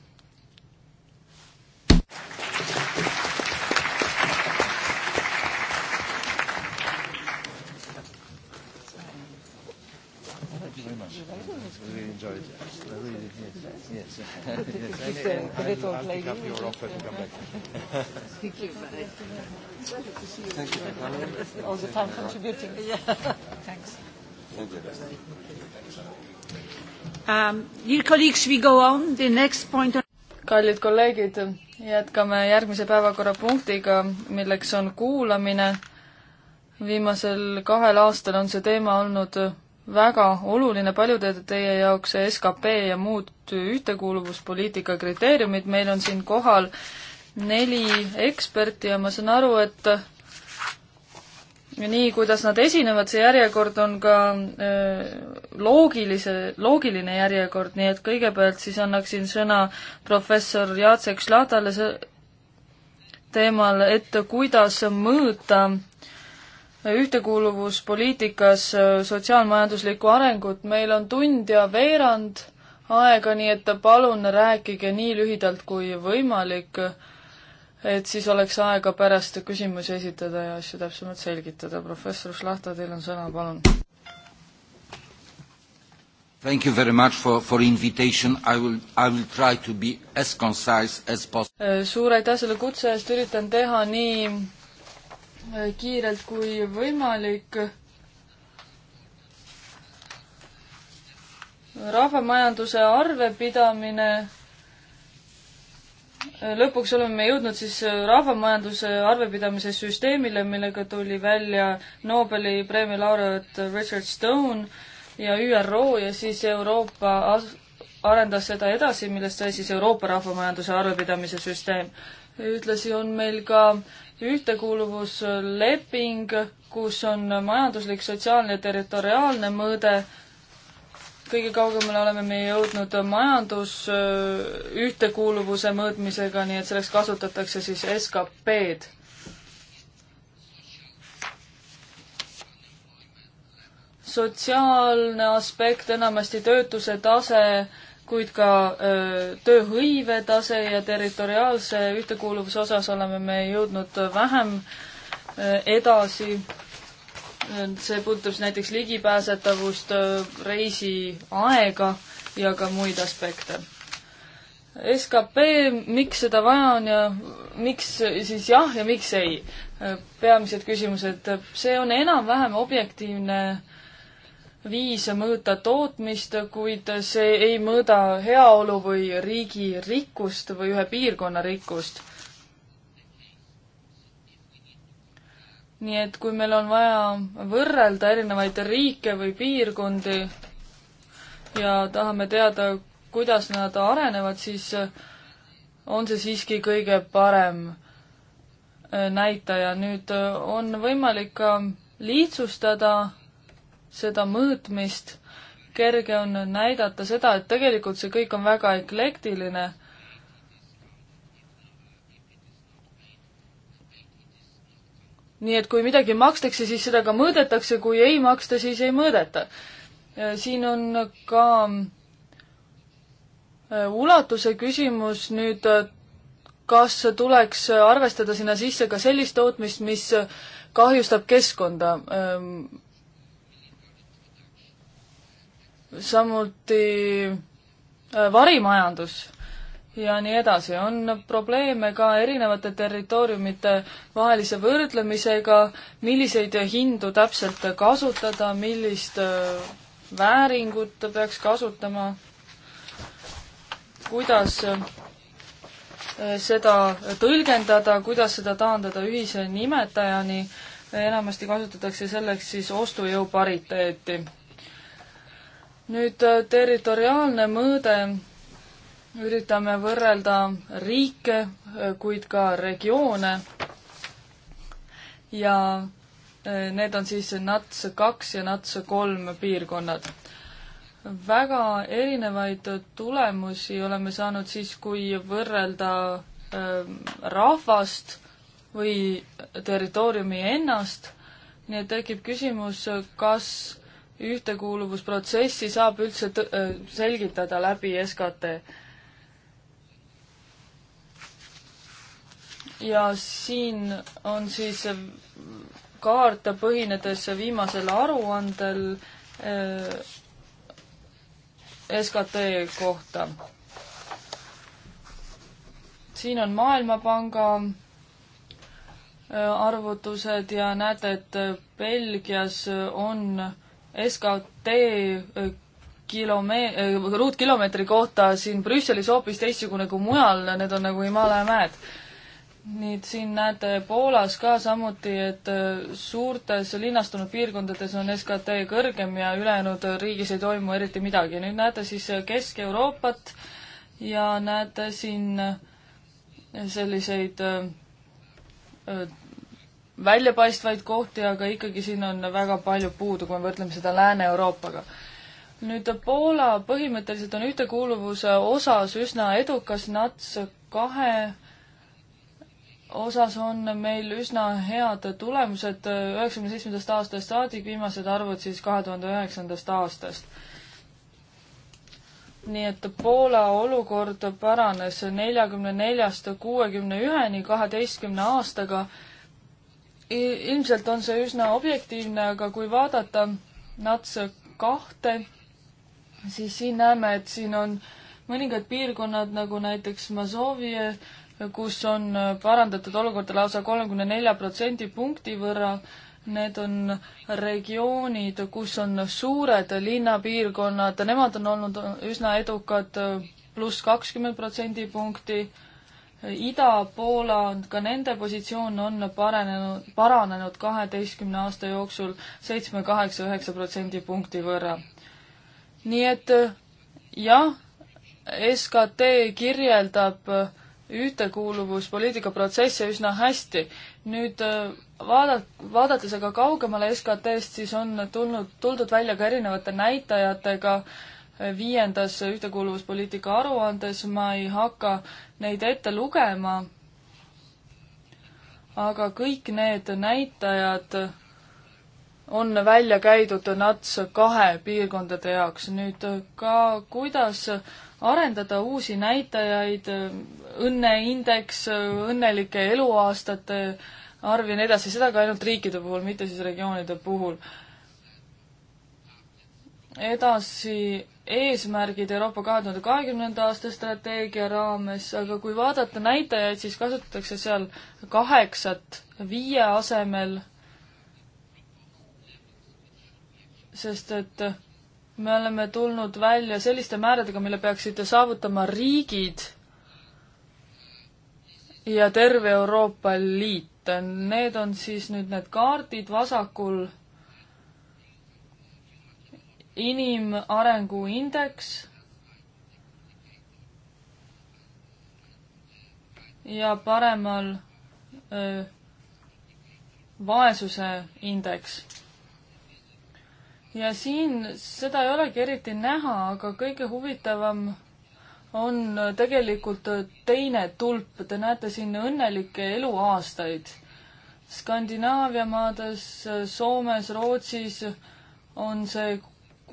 enjoyed it. I really did. Yes. Yes. yes. and, and, and I'll pick up your offer to come back. Thank you. Thank you for coming. All the time contributing. Yeah. Thanks. Thank you. Um, dear colleagues, we go on. The next point on kallid kolleegid, jätkame järgmise päevakorrapunktiga, milleks on kuulamine. viimasel kahel aastal on see teema olnud väga oluline, paljude teie jaoks SKP ja muud ühtekuuluvuspoliitika kriteeriumid, meil on siin kohal äh, neli eksperti ja ma saan aru, et ja nii, kuidas nad esinevad, see järjekord on ka öö, äh, loogilise, loogiline järjekord, nii et kõigepealt siis annaksin sõna professor Jacek Šladale teemal, et kuidas mõõta ühtekuuluvuspoliitikas äh, sotsiaalmajanduslikku arengut. meil on tund ja veerand aega, nii et palun rääkige nii lühidalt kui võimalik et siis oleks aega pärast küsimusi esitada ja asju täpsemalt selgitada. professor Šlahta, teil on sõna, palun. Thank you very much for, for invitation, I will, I will try to be as concise as possible. Äh, suur aitäh selle kutse eest, üritan teha nii äh, kiirelt kui võimalik. rahvamajanduse arvepidamine lõpuks oleme jõudnud siis äh, rahvamajanduse arvepidamise süsteemile, millega tuli välja Nobeli preemia laureaat Richard Stone ja ÜRO ja siis Euroopa arendas seda edasi, millest sai siis Euroopa rahvamajanduse arvepidamise süsteem. ühtlasi on meil ka ühtekuuluvusleping, kus on majanduslik, sotsiaalne ja territoriaalne mõõde kõige kaugemale oleme me jõudnud majandusühtekuuluvuse mõõtmisega, nii et selleks kasutatakse siis SKP-d. sotsiaalne aspekt, enamasti töötuse tase, kuid ka öö, tööhõive tase ja territoriaalse ühtekuuluvuse osas oleme me jõudnud vähem öö, edasi see puudutab siis näiteks ligipääsetavust, äh, reisiaega ja ka muid aspekte. skp, miks seda vaja on ja miks siis jah ja miks ei? Äh, peamised küsimused, see on enam-vähem objektiivne viis mõõta tootmist, kuid see ei mõõda heaolu või riigi rikkust või ühe piirkonna rikkust nii et kui meil on vaja võrrelda erinevaid riike või piirkondi ja tahame teada, kuidas nad arenevad, siis eh, on see siiski kõige parem eh, näitaja. nüüd eh, on võimalik ka lihtsustada seda mõõtmist, kerge on näidata seda, et tegelikult see kõik on väga eklektiline nii et kui midagi makstakse, siis seda ka mõõdetakse, kui ei maksta, siis ei mõõdeta. Äh, siin on ka äh, ulatuse küsimus nüüd, äh, kas tuleks arvestada sinna sisse ka sellist tootmist, mis kahjustab keskkonda? Ähm, samuti varimajandus ja nii edasi. on probleeme ka erinevate territooriumite vahelise võrdlemisega, milliseid hindu täpselt kasutada, millist äh, vääringut peaks kasutama, kuidas äh, seda tõlgendada, kuidas seda taandada ühise nimetajani, enamasti kasutatakse selleks siis ostujõu pariteeti. nüüd äh, territoriaalne mõõde üritame võrrelda riike, eh, kuid ka regioone ja eh, need on siis NATS kaks ja NATS kolm piirkonnad. väga erinevaid tulemusi oleme saanud siis, kui võrrelda eh, rahvast või territooriumi ennast, nii et tekib küsimus, kas ühtekuuluvusprotsessi saab üldse selgitada läbi SKT ja siin on siis kaarte põhinedes viimasel aruandel eh, äh, SKT kohta. siin on Maailmapanga äh, arvutused ja näete, et Belgias on SKT äh, kilome-, ruutkilomeetri kohta siin Brüsselis hoopis teistsugune kui mujal, need on nagu Himalaia mäed nii et siin näete Poolas ka samuti, et äh, suurtes linnastunud piirkondades on SKT kõrgem ja ülejäänud riigis ei toimu eriti midagi. nüüd näete siis äh, Kesk-Euroopat ja näete siin äh, selliseid väljapaistvaid kohti, aga ikkagi siin on väga palju puudu, kui me võrdleme seda Lääne-Euroopaga nüüd Poola põhimõtteliselt on ühtekuuluvuse osas üsna edukas, NATS kahe osas on meil üsna head tulemused üheksakümne seitsmendast aastast saadik, viimased arvud siis kahe tuhande üheksandast aastast. nii et Poola olukord paranes neljakümne neljast kuuekümne üheni kaheteistkümne aastaga. ilmselt on see üsna objektiivne, aga kui vaadata NATS kahte, siis siin näeme, et siin on mõningad piirkonnad nagu näiteks Mazovje, kus on parandatud olukorda lausa kolmekümne nelja protsendi punkti võrra. Need on regioonid, kus on suured linnapiirkonnad, nemad on olnud üsna edukad, pluss kakskümmend protsendipunkti. Ida-Poola, ka nende positsioon on paranenud, paranenud kaheteistkümne aasta jooksul seitsme, kaheksa, üheksa protsendipunkti võrra. nii et jah, SKT kirjeldab äh, ühtekuuluvuspoliitika protsesse üsna hästi. nüüd äh, vaada-, vaadates aga kaugemale SKT-st, siis on tulnud, tuldud välja ka erinevate näitajatega äh, viiendas ühtekuuluvuspoliitika aruandes, ma ei hakka neid ette lugema, aga kõik need näitajad on välja käidud NATS kahe piirkondade jaoks. nüüd äh, ka kuidas arendada uusi näitajaid, õnneindeks, õnnelike eluaastate arv ja nii edasi, seda ka ainult riikide puhul, mitte siis regioonide puhul. edasi, eesmärgid Euroopa kahe tuhande kahekümnenda aasta strateegia raames, aga kui vaadata näitajaid, siis kasutatakse seal kaheksat viie asemel, sest et me oleme tulnud välja selliste määradega, mille peaksid saavutama riigid ja terve Euroopa Liit. Need on siis nüüd need kaardid vasakul. inimarengu indeks ja paremal öö, vaesuse indeks ja siin seda ei olegi eriti näha, aga kõige huvitavam on tegelikult teine tulp, te näete siin õnnelikke eluaastaid. Skandinaavia maades, Soomes, Rootsis on see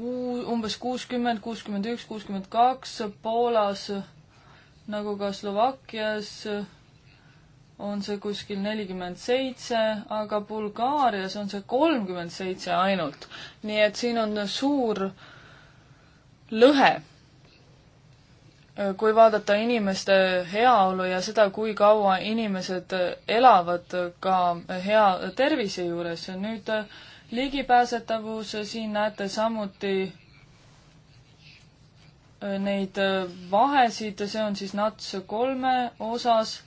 kuu, umbes kuuskümmend, kuuskümmend üks, kuuskümmend kaks, Poolas nagu ka Slovakkias on see kuskil nelikümmend seitse, aga Bulgaarias on see kolmkümmend seitse ainult. nii et siin on suur lõhe. kui vaadata inimeste heaolu ja seda, kui kaua inimesed elavad ka hea tervise juures, nüüd ligipääsetavus, siin näete samuti neid vahesid, see on siis NATS kolme osas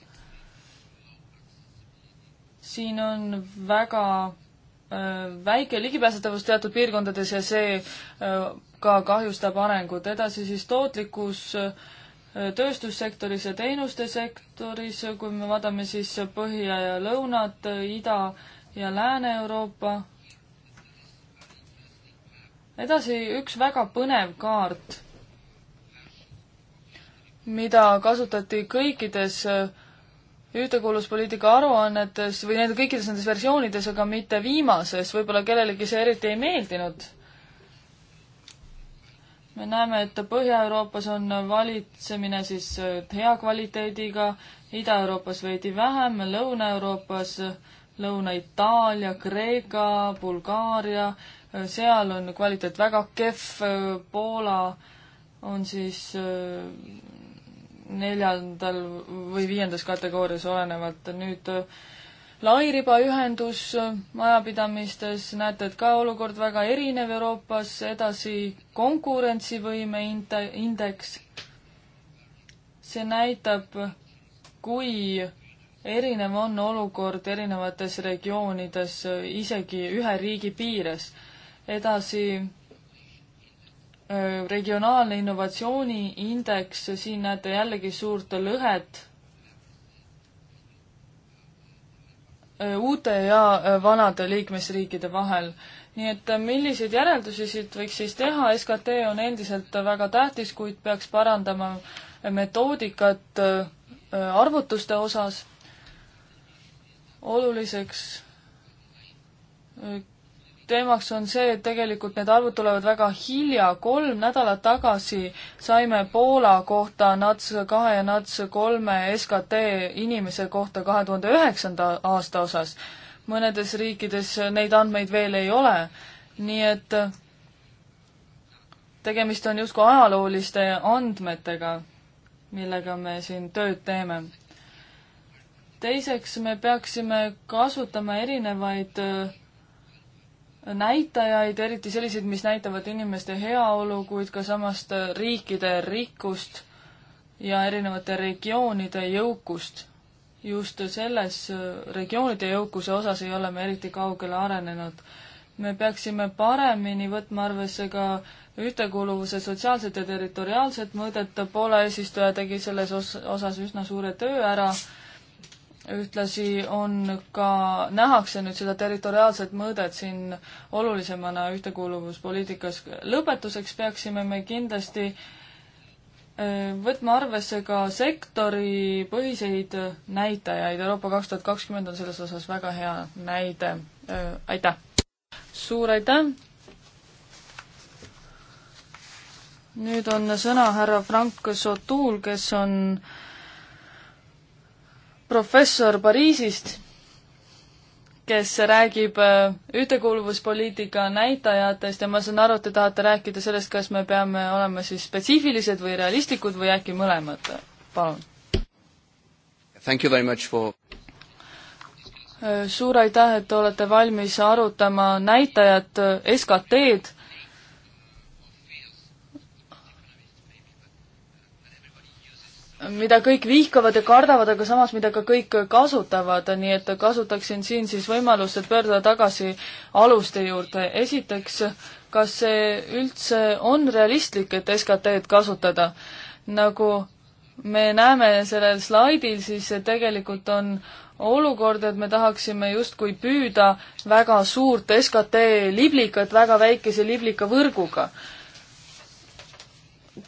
siin on väga äh, väike ligipääsetavus teatud piirkondades ja see äh, ka kahjustab arengut. edasi siis tootlikkus äh, tööstussektoris ja teenuste sektoris, kui me vaatame siis Põhja ja Lõunat, Ida ja Lääne-Euroopa. edasi üks väga põnev kaart, mida kasutati kõikides ühtekuuluvuspoliitika aruannetes või nende kõikides nendes versioonides, aga mitte viimases, võib-olla kellelegi see eriti ei meeldinud. me näeme, et Põhja-Euroopas on valitsemine siis äh, hea kvaliteediga, Ida-Euroopas veidi vähem, Lõuna-Euroopas Lõuna-Itaalia, Kreeka, Bulgaaria, äh, seal on kvaliteet väga kehv, äh, Poola on siis neljandal või viiendas kategoorias olenevalt, nüüd äh, lairibaühendus äh, majapidamistes, näete, et ka olukord väga erinev Euroopas, edasi konkurentsivõime inde-, indeks, see näitab, kui erinev on olukord erinevates regioonides, äh, isegi ühe riigi piires. edasi Äh, regionaalne innovatsiooniindeks, siin näete jällegi suurt lõhet äh, uute ja äh, vanade liikmesriikide vahel. nii et milliseid järeldusi siit võiks siis teha, SKT on endiselt väga tähtis, kuid peaks parandama metoodikat arvutuste osas. oluliseks teemaks on see, et tegelikult need arvud tulevad väga hilja, kolm nädalat tagasi saime Poola kohta NATS kahe ja NATS kolme SKT inimese kohta kahe tuhande üheksanda aasta osas. mõnedes riikides neid andmeid veel ei ole, nii et tegemist on justkui ajalooliste andmetega, millega me siin tööd teeme. teiseks, me peaksime kasutama erinevaid äh, näitajaid, eriti selliseid, mis näitavad inimeste heaolu, kuid ka samast riikide rikkust ja erinevate regioonide jõukust. just selles regioonide jõukuse osas ei ole me eriti kaugele arenenud. me peaksime paremini võtma arvesse ka ühtekuuluvuse sotsiaalset ja territoriaalset mõõdet, Poola eesistuja tegi selles os-, osas üsna suure töö ära ühtlasi on ka, nähakse nüüd seda territoriaalset mõõdet siin olulisemana ühtekuuluvuspoliitikas. lõpetuseks peaksime me kindlasti äh, võtma arvesse ka sektoripõhiseid näitajaid, Euroopa kaks tuhat kakskümmend on selles osas väga hea näide. Äh, aitäh! suur aitäh! nüüd on sõna härra Frank Sotul, kes on äh, professor Pariisist, kes räägib äh, ühtekuuluvuspoliitika näitajatest ja ma saan aru, et te tahate rääkida sellest, kas me peame olema siis spetsiifilised või realistlikud või äkki mõlemad. palun. Thank you very much for äh, suur aitäh, et olete valmis arutama näitajat, äh, SKT-d mida kõik vihkavad ja kardavad, aga samas, mida ka kõik kasutavad, nii et kasutaksin siin siis võimalust, et pöörduda tagasi aluste juurde. esiteks, kas see üldse on realistlik, et SKT-d kasutada? nagu me näeme sellel slaidil, siis tegelikult on olukord, et me tahaksime justkui püüda väga suurt SKT liblikat väga väikese liblikavõrguga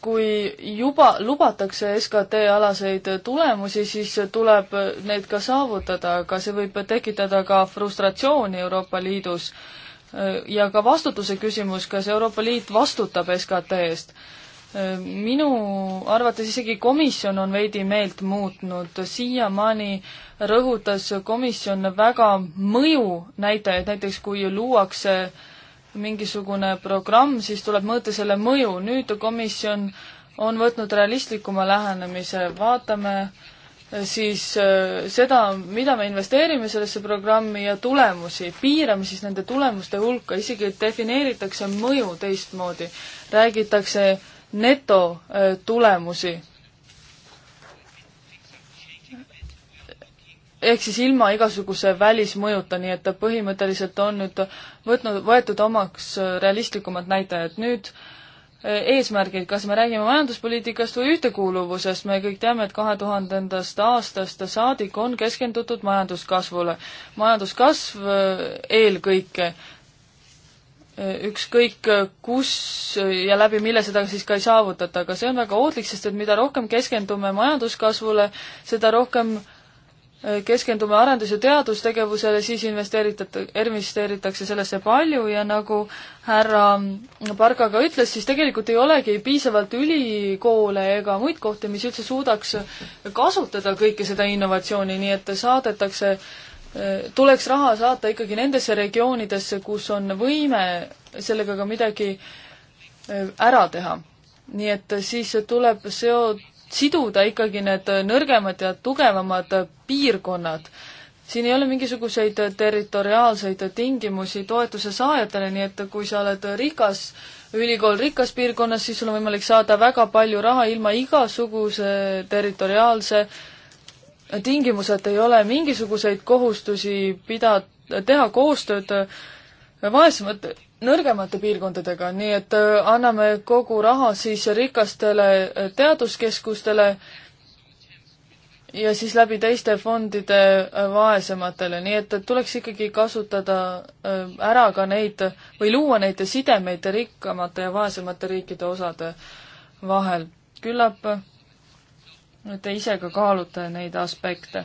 kui juba lubatakse SKT alaseid tulemusi, siis tuleb need ka saavutada, aga see võib tekitada ka frustratsiooni Euroopa Liidus ja ka vastutuse küsimus, kas Euroopa Liit vastutab SKT eest. minu arvates isegi komisjon on veidi meelt muutnud, siiamaani rõhutas komisjon väga mõjunäitajaid, näiteks kui luuakse äh, mingisugune programm, siis tuleb mõõta selle mõju. nüüd komisjon on võtnud realistlikuma lähenemise, vaatame eh, siis eh, seda, mida me investeerime sellesse programmi ja tulemusi, piirame siis nende tulemuste hulka, isegi defineeritakse mõju teistmoodi, räägitakse netotulemusi eh, ehk siis ilma igasuguse välismõjuta, nii et ta põhimõtteliselt on nüüd võtnud, võetud omaks realistlikumad näitajad. nüüd eh, eesmärgid, kas me räägime majanduspoliitikast või ühtekuuluvusest, me kõik teame, et kahe tuhandendast aastast saadik on keskendutud majanduskasvule. majanduskasv eh, eelkõike, eh, ükskõik kus ja läbi mille seda siis ka ei saavutata, aga see on väga ohtlik, sest et mida rohkem keskendume majanduskasvule, seda rohkem äh, keskendume arendus- ja teadustegevusele, siis investeeritate, investeeritakse sellesse palju ja nagu härra Parga ka ütles, siis tegelikult ei olegi piisavalt ülikoole ega muid kohti, mis üldse suudaks kasutada kõike seda innovatsiooni, nii et saadetakse, tuleks raha saata ikkagi nendesse regioonidesse, kus on võime sellega ka midagi ära teha. nii et siis tuleb seot-, siduda ikkagi need nõrgemad ja tugevamad piirkonnad. siin ei ole mingisuguseid territoriaalseid tingimusi toetuse saajatele, nii et kui sa oled rikas ülikool rikas piirkonnas, siis sul on võimalik saada väga palju raha ilma igasuguse territoriaalse tingimuseta, ei ole mingisuguseid kohustusi pida-, teha koostööd vaesemate nõrgemate piirkondadega, nii et äh, anname kogu raha siis rikastele äh, teaduskeskustele ja siis läbi teiste fondide äh, vaesematele, nii et tuleks ikkagi kasutada ära ka neid või luua neid sidemeid rikkamate ja vaesemate riikide osade vahel. küllap te ise ka kaalute neid aspekte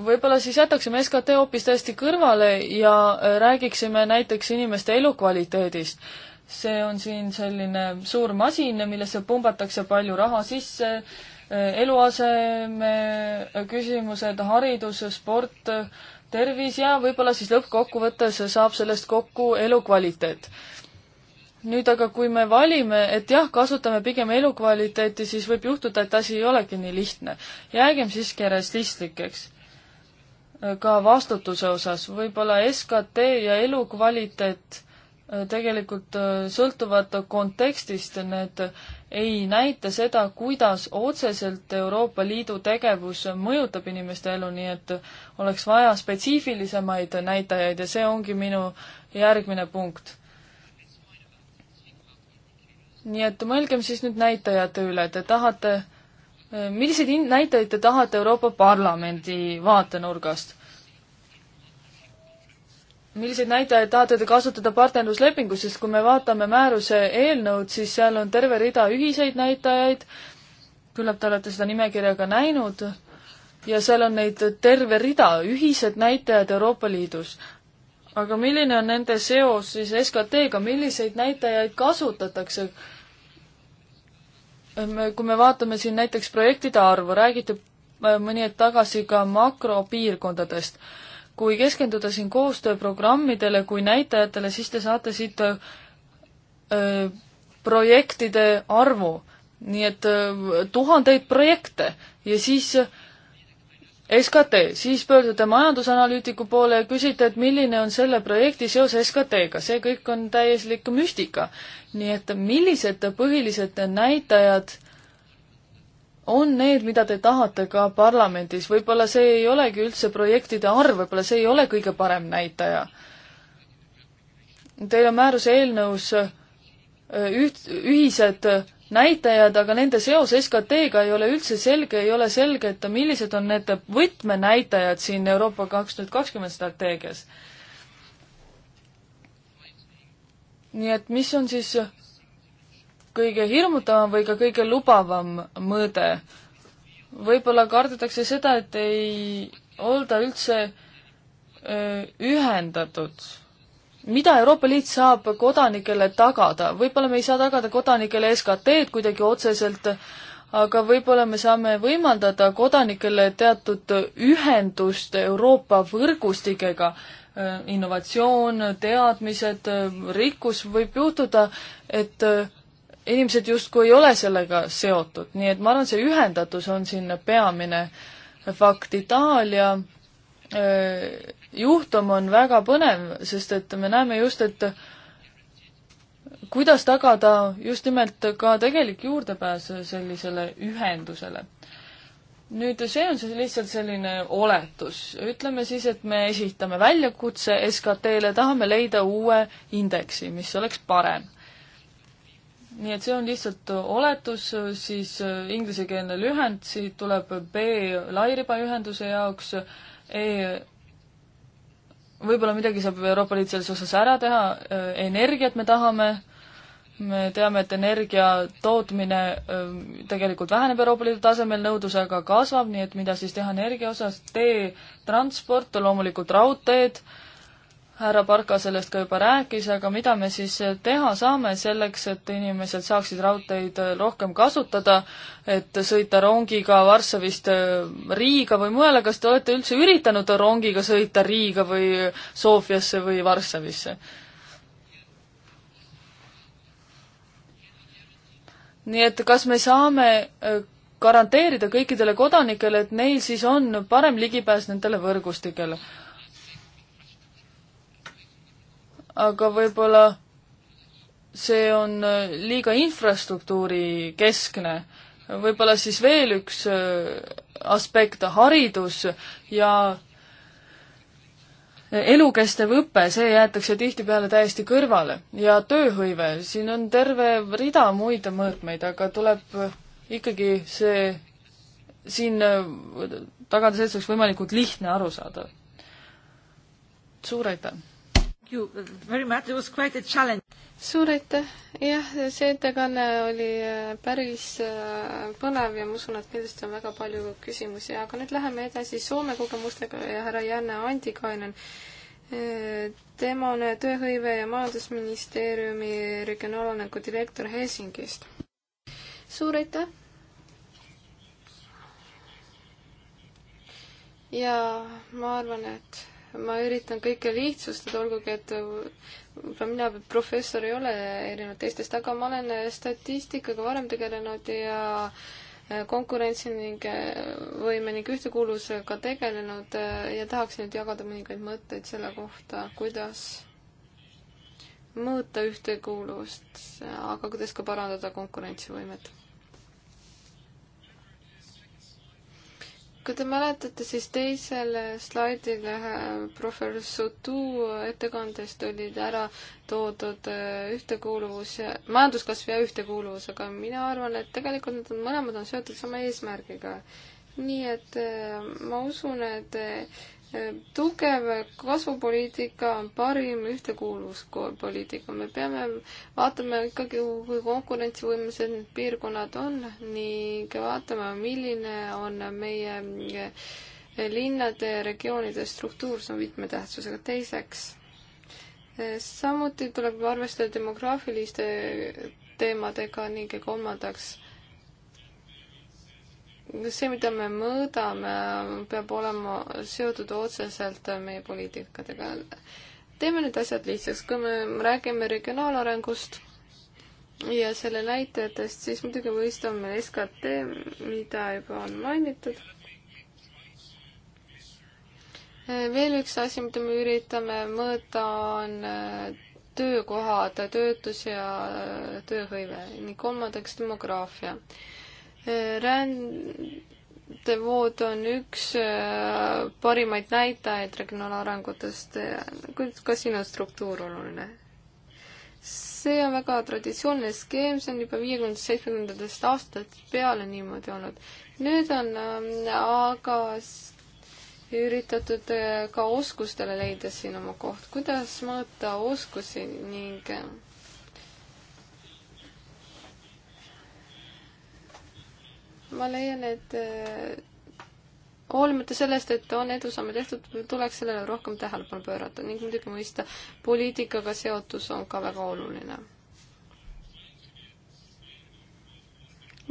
võib-olla siis jätaksime SKT hoopis täiesti kõrvale ja äh, räägiksime näiteks inimeste elukvaliteedist. see on siin selline suur masin, millesse pumbatakse palju raha sisse, äh, eluaseme äh, küsimused, haridus, sport, tervis ja võib-olla siis lõppkokkuvõttes saab sellest kokku elukvaliteet. nüüd aga, kui me valime, et jah, kasutame pigem elukvaliteeti, siis võib juhtuda, et asi ei olegi nii lihtne. jäägem siiski realistlikeks ka vastutuse osas, võib-olla SKT ja elukvaliteet äh, tegelikult äh, sõltuvad kontekstist, need ei näita seda, kuidas otseselt Euroopa Liidu tegevus mõjutab inimeste elu, nii et oleks vaja spetsiifilisemaid näitajaid ja see ongi minu järgmine punkt. nii et mõelgem siis nüüd näitajate üle, te tahate milliseid näiteid te tahate Euroopa Parlamendi vaatenurgast? milliseid näitajaid tahate te kasutada partnerluslepingus, sest kui me vaatame määruse eelnõud, siis seal on terve rida ühiseid näitajaid, küllap te olete seda nimekirja ka näinud, ja seal on neid terve rida, ühised näitajad Euroopa Liidus. aga milline on nende seos siis SKT-ga, milliseid näitajaid kasutatakse, Ehm, kui me vaatame siin näiteks projektide arvu, räägiti äh, mõni hetk tagasi ka makropiirkondadest. kui keskenduda siin koostööprogrammidele kui näitajatele, siis te saate siit öö, äh, projektide arvu, nii et öö, äh, tuhandeid projekte ja siis öö, SKT, siis pöördute majandusanalüütiku poole ja küsite, et milline on selle projekti seos SKT-ga, see kõik on täielik müstika. nii et millised põhilised näitajad on need, mida te tahate ka parlamendis, võib-olla see ei olegi üldse projektide arv, võib-olla see ei ole kõige parem näitaja. Teil on määruse eelnõus äh, üht, ühised näitajad, aga nende seos SKT-ga ei ole üldse selge, ei ole selge, et millised on need võtmenäitajad siin Euroopa kaks tuhat kakskümmend strateegias. nii et mis on siis kõige hirmutavam või ka kõige lubavam mõõde? võib-olla kardetakse seda, et ei olda üldse öö, ühendatud mida Euroopa Liit saab kodanikele tagada, võib-olla me ei saa tagada kodanikele SKT-d kuidagi otseselt, aga võib-olla me saame võimaldada kodanikele teatud ühendust Euroopa võrgustikega, äh, innovatsioon, teadmised, äh, rikkus, võib juhtuda, et äh, inimesed justkui ei ole sellega seotud, nii et ma arvan, see ühendatus on siin peamine fakt, Itaalia öö, juhtum on väga põnev, sest et me näeme just, et kuidas tagada just nimelt ka tegelik juurdepääs sellisele ühendusele. nüüd see on siis lihtsalt selline oletus, ütleme siis, et me esitame väljakutse SKT-le, tahame leida uue indeksi, mis oleks parem nii et see on lihtsalt oletus, siis inglisekeelne lühend, siit tuleb B lairibaühenduse jaoks, E võib-olla midagi saab Euroopa Liit selles osas ära teha, äh, energiat me tahame, me teame, et energia tootmine äh, tegelikult väheneb Euroopa Liidu tasemel, nõudlus aga kasvab, nii et mida siis teha energia osas, tee, transport, loomulikult raudteed, härra Parka sellest ka juba rääkis, aga mida me siis teha saame selleks, et inimesed saaksid raudteid rohkem kasutada, et sõita rongiga Varssavist äh, Riiga või mujale, kas te olete üldse üritanud rongiga sõita Riiga või Sofiasse või Varssavisse? nii et kas me saame äh, garanteerida kõikidele kodanikele, et neil siis on parem ligipääs nendele võrgustikele? aga võib-olla see on äh, liiga infrastruktuuri keskne. võib-olla siis veel üks äh, aspekt, haridus ja äh, elukestev õpe, see jäetakse tihtipeale täiesti kõrvale ja tööhõive, siin on terve rida muid mõõtmeid, aga tuleb ikkagi see siin tagada, see oleks võimalikult lihtne aru saada. suur aitäh! you very much, it was quite a challenge. suur aitäh, jah, see ettekanne oli äh, päris äh, põnev ja ma usun, et kindlasti on väga palju küsimusi, aga nüüd läheme edasi Soome kogemustega ja härra Janne Andikainen. Äh, tema on tööhõive ja majandusministeeriumi regionaalarengu direktor Helsingist. suur aitäh. ja ma arvan, et ma üritan kõike lihtsustada, olgugi et võib-olla äh, mina professor ei ole erinevalt teistest, aga ma olen äh, statistikaga varem tegelenud ja äh, konkurentsi ning võime ning ühtekuuluvusega tegelenud ja tahaks nüüd jagada mõningaid mõtteid selle kohta, kuidas mõõta ühtekuuluvust, aga kuidas ka parandada konkurentsivõimet kui te mäletate, siis teisel slaidil äh, professor Sotu ettekandest olid ära toodud äh, ühtekuuluvus ja majanduskasv ja ühtekuuluvus, aga mina arvan, et tegelikult need on mõlemad on seotud sama eesmärgiga. nii et äh, ma usun, et tugev kasvupoliitika on parim ühtekuuluvuspoliitika. me peame vaatama ikkagi, kui konkurentsivõimelised need piirkonnad on ning vaatama, milline on meie linnade ja regioonide struktuur, see on võtmetähtsusega. teiseks, samuti tuleb arvestada demograafiliste teemadega ning kolmandaks see, mida me mõõdame, peab olema seotud otseselt meie poliitikadega. teeme need asjad lihtsaks, kui me räägime regionaalarengust ja selle näitajatest, siis muidugi mõistame meil SKT, mida juba on mainitud. veel üks asi, mida me üritame mõõta, on äh, töökohad, töötus ja äh, tööhõive ning kolmandaks demograafia rändevood on üks äh, parimaid näitajaid regionaalarengutest, kuid ka siin on struktuur oluline. see on väga traditsiooniline skeem, see on juba viiekümnendast, seitsmekümnendatest aastatest peale niimoodi olnud. nüüd on ähm, aga üritatud äh, ka oskustele leida siin oma koht, kuidas mõõta oskusi ning äh, ma leian, et äh, hoolimata sellest, et on edusamme tehtud, tuleks sellele rohkem tähelepanu pöörata ning muidugi mõista, poliitikaga seotus on ka väga oluline.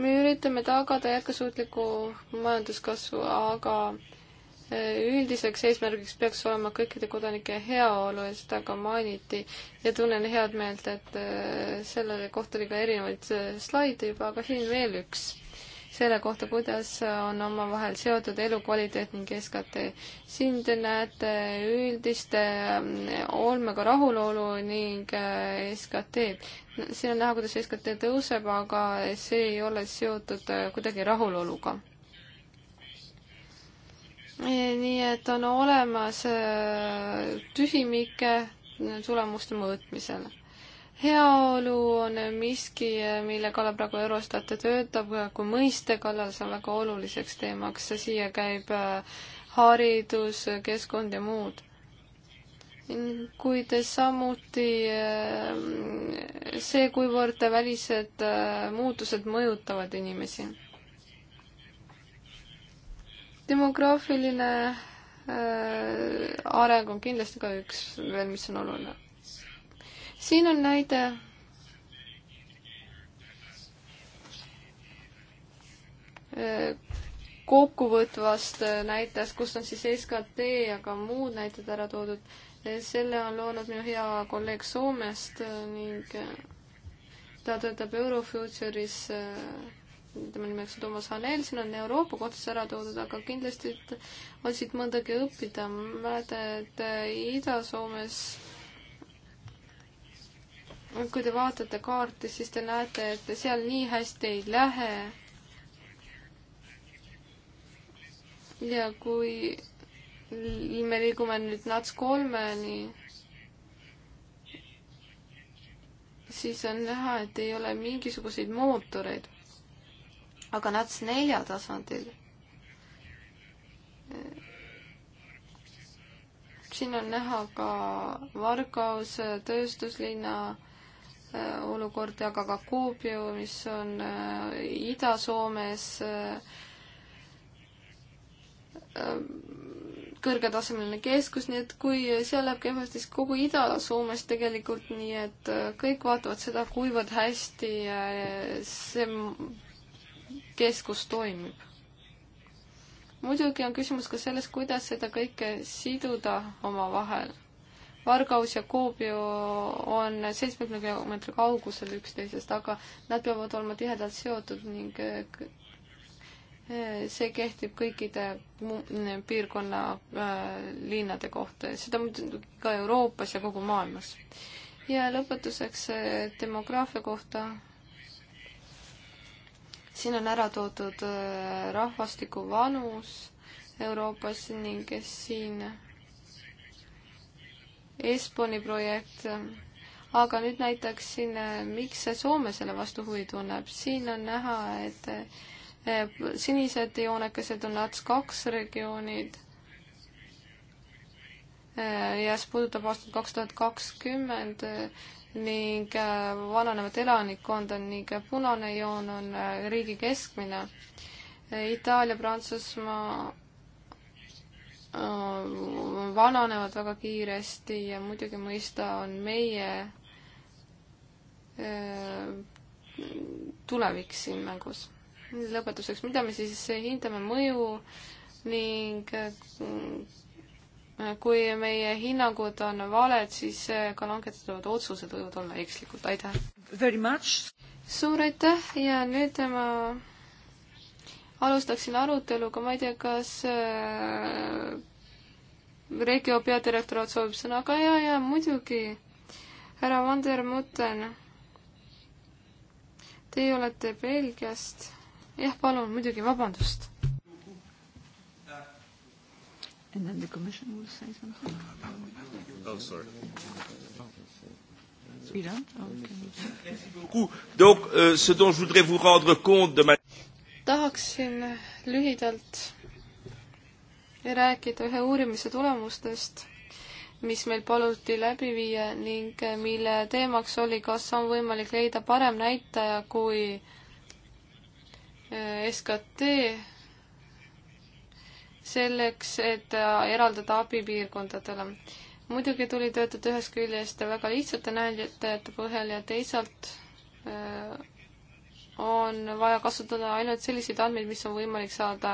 me üritame tagada jätkusuutliku majanduskasvu, aga äh, üldiseks eesmärgiks peaks olema kõikide kodanike heaolu ja seda ka mainiti ja tunnen head meelt, et äh, selle kohta oli ka erinevaid slaide juba, aga siin veel üks selle kohta, kuidas on omavahel seotud elukvaliteet ning SKT. siin te näete üldiste ähm, olmega rahulolu ning äh, SKT. siin on näha, kuidas SKT tõuseb, aga see ei ole seotud äh, kuidagi rahuloluga nii et on olemas äh, tühimike tulemuste mõõtmisel heaolu on miski, mille kallal praegu Eurostat töötab, kui mõiste kallal see on väga oluliseks teemaks, siia käib äh, haridus, keskkond ja muud. kuid samuti äh, see, kuivõrd välised äh, muutused mõjutavad inimesi. demograafiline areng on kindlasti ka üks veel, mis on oluline siin on näide kokkuvõtvast näitest, kus on siis SKT ja ka muud näited ära toodud. selle on loonud minu hea kolleeg Soomest ning ta töötab Eurofuturis, tema nimeks on Toomas Hanel, siin on Euroopa kohtus ära toodud, aga kindlasti on siit mõndagi õppida. ma mäletan, et Ida-Soomes kui te vaatate kaarti, siis te näete, et seal nii hästi ei lähe. ja kui me liigume nüüd Nats kolmeni, siis on näha, et ei ole mingisuguseid mootoreid. aga Nats nelja tasandil siin on näha ka Vargaus tööstuslinna Äh, olukord, aga ka Kuubju, mis on äh, Ida-Soomes äh, kõrgetasemeline keskus, nii et kui seal läheb kehvasti, siis kogu Ida-Soomes tegelikult, nii et kõik vaatavad seda, kuivõrd hästi see keskus toimib. muidugi on küsimus ka selles, kuidas seda kõike siduda omavahel Vargaus ja Kuubju on seitsmekümne kilomeetri kaugusel üksteisest, aga nad peavad olema tihedalt seotud ning eh, see kehtib kõikide piirkonna eh, linnade kohta, seda muidugi ka Euroopas ja kogu maailmas. ja lõpetuseks eh, demograafia kohta. siin on ära toodud rahvastiku vanus Euroopas ning siin Esponi projekt, aga nüüd näitaksin, miks Soome selle vastu huvi tunneb. siin on näha, et eh, sinised joonekesed on NATS kaks regioonid eh, ja see puudutab aastat kaks tuhat kakskümmend eh, ning vananevat elanikkonda ning punane joon on riigi keskmine. Itaalia, Prantsusmaa Äh, vananevad väga kiiresti ja muidugi mõista on meie äh, tulevik siin mängus. lõpetuseks, mida me siis hindame mõju ning äh, kui meie hinnangud on valed, siis ka langetatavad otsused võivad olla ekslikud, aitäh! suur aitäh ja nüüd ma alustaksin aruteluga, ma ei tea, kas äh, Regio peadirektoraat soovib sõna, aga jaa, jaa, muidugi. härra Vandermutten, teie olete Belgiast. jah, palun, muidugi, vabandust. And then the commission will say something. Oh, sorry. We don't? Oh, okay. Donc, euh, ce dont je voudrais vous rendre compte de ma tahaksin lühidalt rääkida ühe uurimise tulemustest, mis meil paluti läbi viia ning mille teemaks oli, kas on võimalik leida parem näitaja kui äh, SKT selleks, et äh, eraldada abi piirkondadele. muidugi tuli töötada ühest küljest väga lihtsate näitajate põhjal ja teisalt äh, on vaja kasutada ainult selliseid andmeid, mis on võimalik saada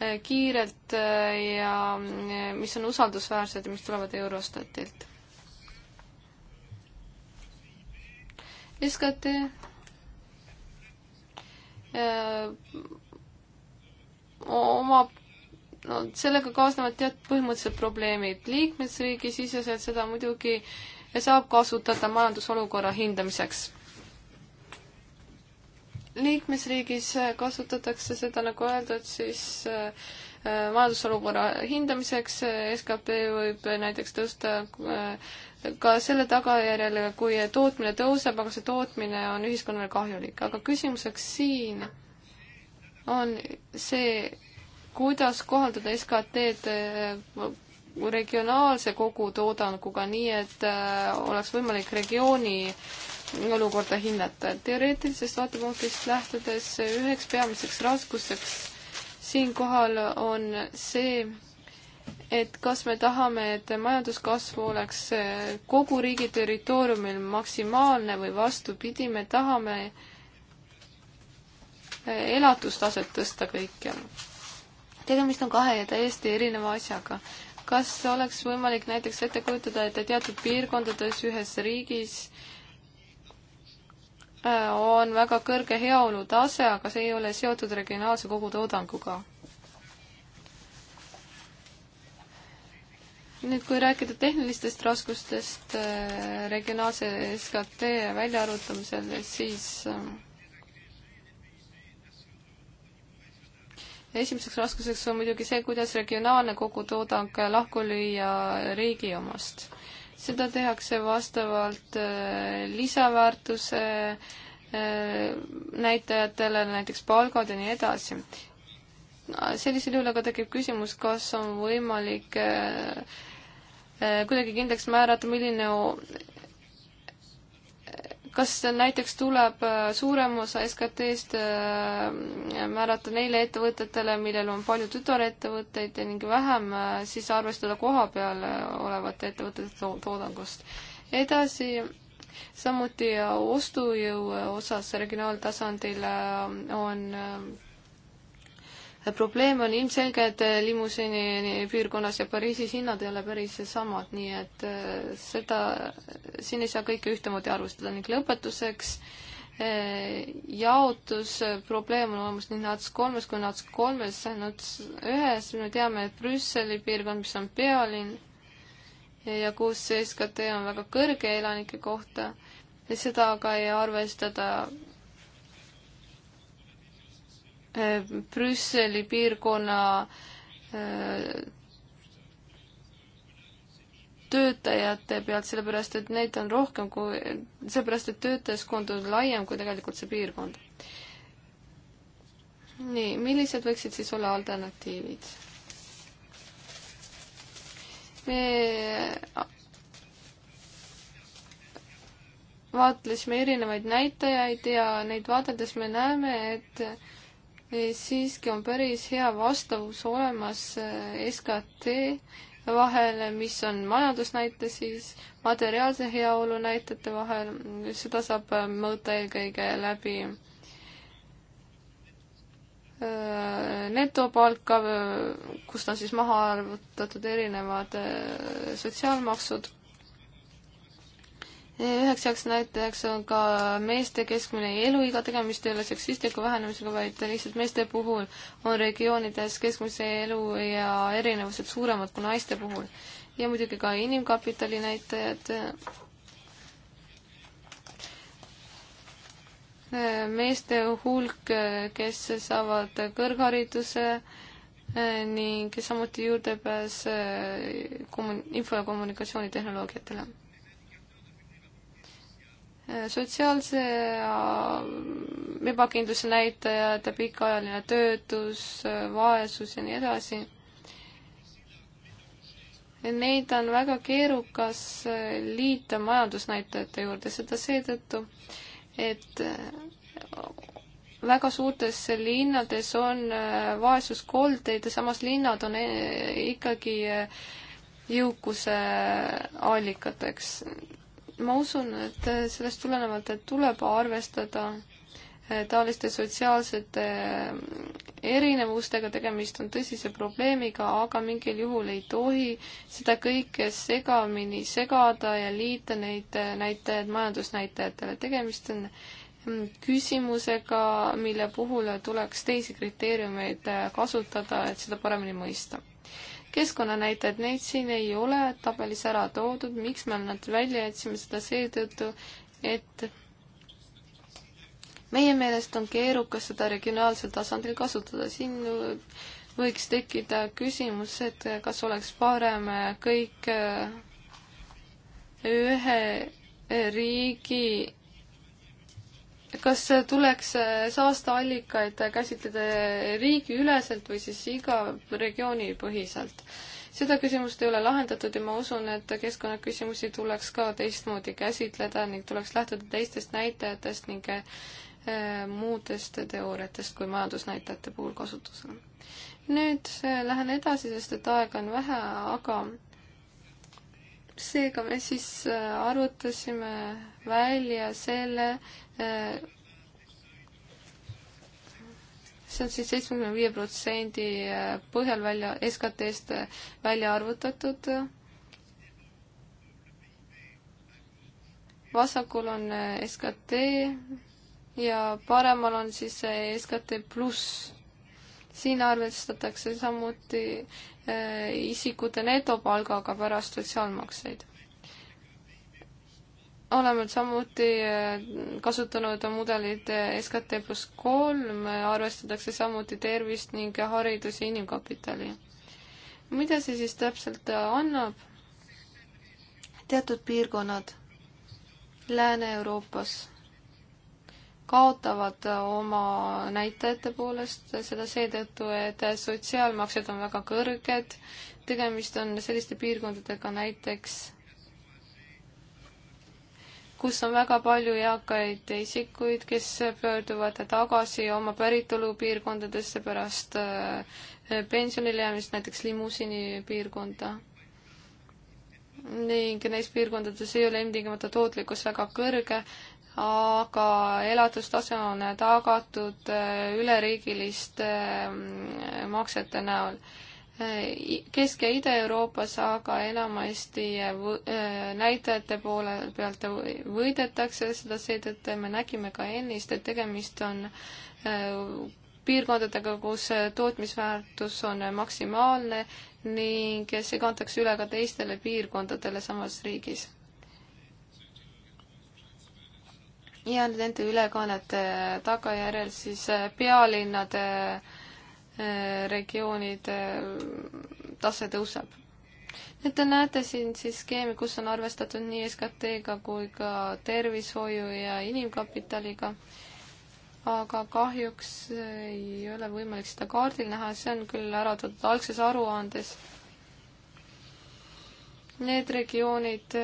eh, kiirelt eh, ja eh, mis on usaldusväärsed ja mis tulevad Eurostatilt. SKT omab no sellega kaasnevad teatud põhimõttelised probleemid. liikmesriigi siseselt seda muidugi saab kasutada majandusolukorra hindamiseks liikmesriigis äh, kasutatakse seda, nagu öeldud, siis äh, äh, majandusolukorra hindamiseks skp võib näiteks tõusta ka selle tagajärjel, kui tootmine tõuseb, aga see tootmine on ühiskonnale kahjulik. aga küsimuseks siin on see, kuidas kohaldada SKT-d regionaalse kogutoodanguga, nii et oleks võimalik regiooni olukorda hinnata. teoreetilisest vaatepunktist lähtudes üheks peamiseks raskuseks siinkohal on see, et kas me tahame, et majanduskasv oleks kogu riigi territooriumil maksimaalne või vastupidi, me tahame elatustaset tõsta kõikjal. tegemist on kahe täiesti erineva asjaga. kas oleks võimalik näiteks ette kujutada, et teatud piirkondades ühes riigis äh, on väga kõrge heaolu tase, aga see ei ole seotud regionaalse kogutoodanguga. nüüd, kui rääkida tehnilistest raskustest äh, regionaalse SKT väljaarvutamisel, siis äh, esimeseks raskuseks on muidugi see, kuidas regionaalne kogutoodang lahku lüüa riigi omast seda tehakse vastavalt äh, lisaväärtuse äh, näitajatele, näiteks palgad ja nii edasi. sellisel juhul aga tekib küsimus, kas on võimalik äh, kuidagi kindlaks määrata, milline kas näiteks tuleb äh, suurem osa SKT-st äh, määrata neile ettevõtetele, millel on palju tütarettevõtteid ning vähem äh, siis arvestada koha peal olevate ettevõtete toodangust. edasi, samuti ostujõu osas regionaaltasandil on probleem on ilmselge, et limusiini piirkonnas ja Pariisis hinnad ei ole päris samad, nii et äh, seda, siin ei saa kõike ühtemoodi arvestada ning lõpetuseks äh, jaotusprobleem äh, on olemas nii NATS kolmes kui NATS kolmes, NATS ühes me teame, et Brüsseli piirkond, mis on pealinn ja kus SKT on väga kõrge elanike kohta, seda aga ei arvestada Brüsseli piirkonna äh, töötajate pealt, sellepärast et neid on rohkem kui, sellepärast et töötajaskond on laiem kui tegelikult see piirkond. nii, millised võiksid siis olla alternatiivid? me vaatlesime erinevaid näitajaid ja neid vaadates me näeme, et siiski on päris hea vastavus olemas eh, SKT vahele, mis on majandusnäite siis, materiaalse heaolu näitajate vahel, seda saab eh, mõõta eelkõige läbi eh, netopalka, kust on siis maha arvutatud erinevad sotsiaalmaksud üheks heaks näitajaks on ka meeste keskmine eluiga, tegemist ei ole seksistliku vähenemisega, vaid lihtsalt meeste puhul on regioonides keskmise eluea erinevused suuremad kui naiste puhul. ja muidugi ka inimkapitali näitajad. meeste hulk, kes saavad kõrghariduse eh, ning samuti juurdepääs eh, kommun-, info- ja kommunikatsioonitehnoloogiatele sotsiaalse äh, ebakindluse näitajad, pikaajaline töötus, äh, vaesus ja nii edasi. Neid on väga keerukas äh, liita majandusnäitajate juurde, seda seetõttu, et väga suurtes linnades on vaesuskoldeid ja samas linnad on ikkagi jõukuse allikateks ma usun, et sellest tulenevalt, et tuleb arvestada eh, taoliste sotsiaalsete eh, erinevustega, tegemist on tõsise probleemiga, aga mingil juhul ei tohi seda kõike segamini segada ja liita neid eh, näitajaid majandusnäitajatele. tegemist on mm, küsimusega, mille puhul tuleks teisi kriteeriumeid kasutada, et seda paremini mõista keskkonnanäitajad, neid siin ei ole tabelis ära toodud, miks me nad välja jätsime, seda seetõttu, et meie meelest on keerukas seda regionaalsel tasandil kasutada, siin võiks tekkida küsimus, et kas oleks parem kõik äh, ühe riigi kas tuleks saasteallikaid käsitleda riigiüleselt või siis iga regiooni põhiselt? seda küsimust ei ole lahendatud ja ma usun, et keskkonnaküsimusi tuleks ka teistmoodi käsitleda ning tuleks lähtuda teistest näitajatest ning äh, muudest teooriatest kui majandusnäitajate puhul kasutusel. nüüd äh, lähen edasi, sest et aega on vähe, aga seega me siis äh, arutasime välja selle, äh, see on siis seitsmekümne viie protsendi äh, põhjal välja, SKT-st välja arvutatud. vasakul on SKT ja paremal on siis SKT pluss siin arvestatakse samuti äh, isikute netopalgaga pärast sotsiaalmakseid. oleme samuti äh, kasutanud mudelit äh, SKT pluss kolm, arvestatakse samuti tervist ning haridus ja inimkapitali. mida see siis täpselt annab? teatud piirkonnad Lääne-Euroopas kaotavad äh, oma näitajate poolest, seda seetõttu, et sotsiaalmaksed on väga kõrged, tegemist on selliste piirkondadega näiteks, kus on väga palju eakaid isikuid, kes pöörduvad tagasi oma päritolupiirkondadesse pärast äh, pensionile jäämist, näiteks limusiini piirkonda ning neis piirkondades ei ole ilmtingimata tootlikkus väga kõrge aga elatustase on tagatud eh, üleriigiliste mm, maksete näol eh, Kesk- ja Ida-Euroopas aga enamasti eh, näitajate poole pealt võidetakse seda seetõttu me nägime ka ennist, et tegemist on piirkondadega, kus tootmisväärtus on maksimaalne ning see kantakse üle ka teistele piirkondadele samas riigis ja nende ülekannete tagajärjel siis äh, pealinnade äh, regioonide äh, tase tõuseb. nüüd te näete siin siis skeemi, kus on arvestatud nii SKT-ga kui ka tervishoiu ja inimkapitaliga, aga kahjuks ei ole võimalik seda kaardil näha, see on küll ära toodud algses aruandes. Need regioonid,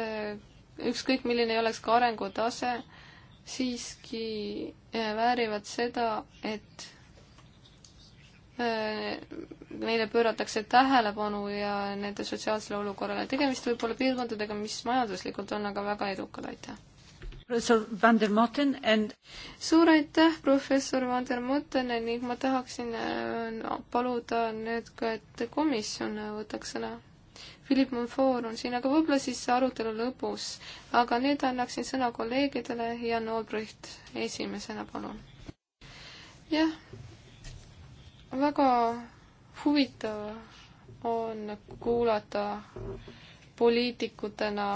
ükskõik milline ei oleks ka arengutase, siiski äh, väärivad seda, et äh, neile pööratakse tähelepanu ja nende sotsiaalsele olukorrale. tegemist võib olla piirkondadega, mis majanduslikult on aga väga edukad, aitäh. professor Van der Motten and suur aitäh, professor Van der Motten ning ma tahaksin äh, paluda nüüd ka, et komisjon võtaks sõna Philip Monfoor on siin, aga võib-olla siis arutelu lõpus. aga nüüd annaksin sõna kolleegidele, Jan Olbricht esimesena, palun. jah, väga huvitav on kuulata poliitikutena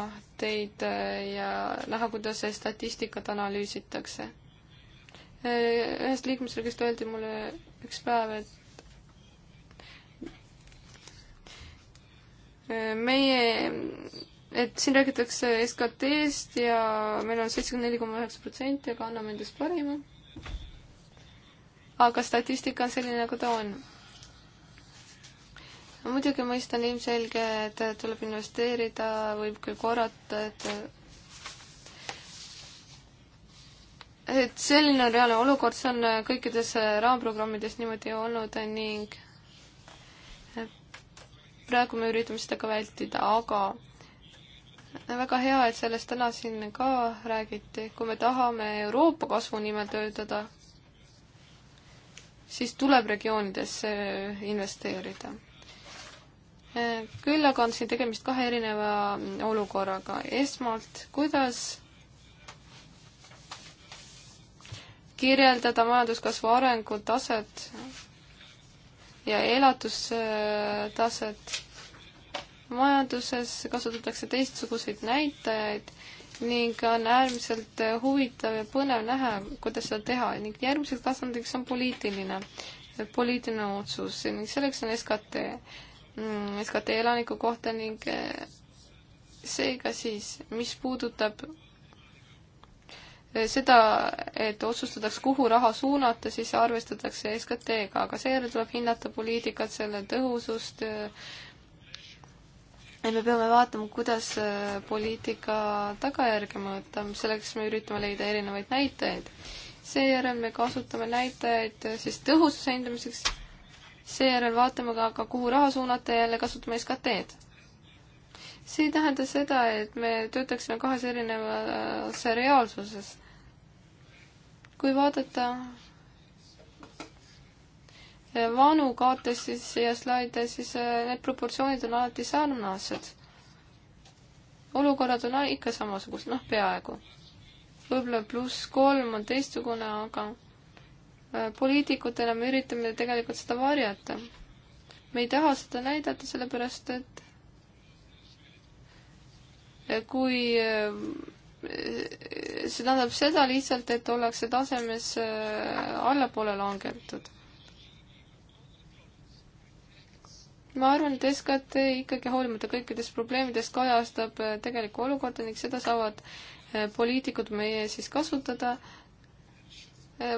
teid ja näha, kuidas statistikat analüüsitakse. ühest liikmesriigist öeldi mulle üks päev, et meie, et siin räägitakse SKT-st ja meil on seitsekümmend neli koma üheksa protsenti, aga anname endast parima. aga statistika on selline, nagu ta on. muidugi mõistan ilmselge, et tuleb investeerida, võib küll korrata, et et selline on reaalne olukord, see on kõikides raamprogrammides niimoodi olnud ning praegu me üritame seda ka vältida, aga väga hea, et sellest täna siin ka räägiti, kui me tahame Euroopa kasvu nimel töötada, siis tuleb regioonidesse investeerida. küll aga on siin tegemist kahe erineva olukorraga. esmalt, kuidas kirjeldada majanduskasvu arengutaset ja elatustaset. majanduses kasutatakse teistsuguseid näitajaid ning on äärmiselt huvitav ja põnev näha, kuidas seda teha ning järgmiseks tasandiks on poliitiline, poliitiline otsus ning selleks on SKT, mm, SKT elaniku kohta ning eh, seega siis, mis puudutab seda, et otsustatakse, kuhu raha suunata, siis arvestatakse SKT-ga, aga seejärel tuleb hinnata poliitikat, selle tõhusust, ja me peame vaatama, kuidas äh, poliitika tagajärge mõõta, selleks me üritame leida erinevaid näitajaid. seejärel me kasutame näitajaid äh, siis tõhususe hindamiseks, seejärel vaatame ka, aga kuhu raha suunata ja jälle kasutame SKT-d. see ei tähenda seda, et me töötaksime kahes erinevas äh, reaalsuses kui vaadata eh, vanu kaarte siis ja slaide, siis eh, need proportsioonid on alati sarnased. olukorrad on ikka samasugused, noh, peaaegu. võib-olla pluss kolm on teistsugune, aga eh, poliitikutena me üritame tegelikult seda varjata. me ei taha seda näidata, sellepärast et kui see tähendab seda lihtsalt, et ollakse tasemes äh, allapoole langetud. ma arvan, et SKT ikkagi hoolimata kõikidest probleemidest kajastab äh, tegelikku olukorda ning seda saavad äh, poliitikud meie siis kasutada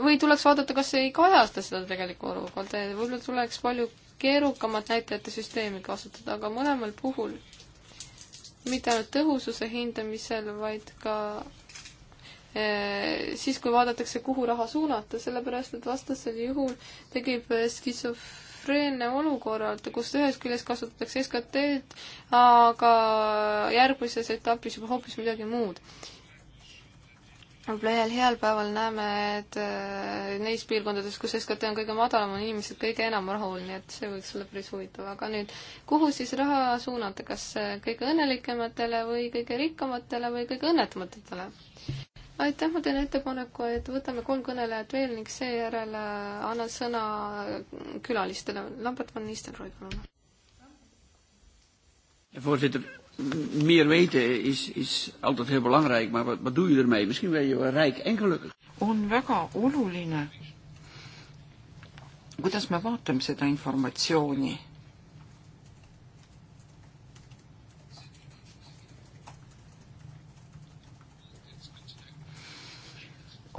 või tuleks vaadata, kas ei kajasta seda tegelikku olukorda ja võib-olla tuleks palju keerukamat näitajate süsteemi kasutada, aga mõlemal puhul mitte ainult tõhususe hindamisel, vaid ka eh, siis, kui vaadatakse, kuhu raha suunata, sellepärast et vastasel juhul tekib eh, skisofreenne olukorralt, kus ühest küljest kasutatakse SKT-d, aga järgmises etapis juba hoopis midagi muud võib-olla ühel heal päeval näeme, et äh, neis piirkondades, kus SKT on kõige madalam, on inimesed kõige enam rahul, nii et see võiks olla päris huvitav, aga nüüd, kuhu siis raha suunata, kas äh, kõige õnnelikematele või kõige rikkamatele või kõige õnnetumatele? aitäh, ma teen ettepaneku, et võtame kolm kõnelejat veel ning seejärel äh, annan sõna külalistele. Lambert van Nistelrooy, palun meer weten is, is altijd heel belangrijk, maar wat, wat doe je ermee? Misschien ben je wel rijk en gelukkig. on väga oluline, kuidas me vaatame seda informatsiooni.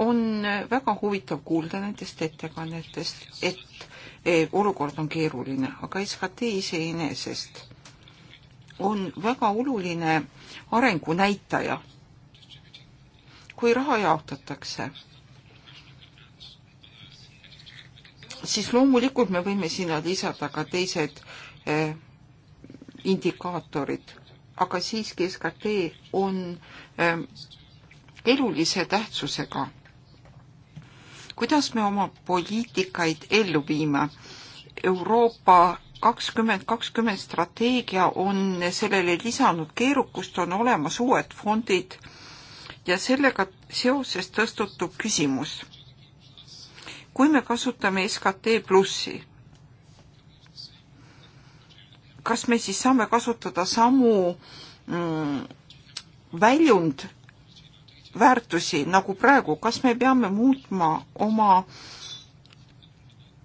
on väga huvitav kuulda nendest ettekannetest, et olukord on keeruline, aga SKT iseenesest on väga oluline arengunäitaja, kui raha jaotatakse. siis loomulikult me võime sinna lisada ka teised eh, indikaatorid, aga siiski SKT on eh, elulise tähtsusega. kuidas me oma poliitikaid ellu viime? Euroopa kakskümmend kakskümmend strateegia on sellele lisanud keerukust, on olemas uued fondid ja sellega seoses tõstatub küsimus. kui me kasutame SKT plussi, kas me siis saame kasutada samu mm, väljundväärtusi nagu praegu, kas me peame muutma oma mm,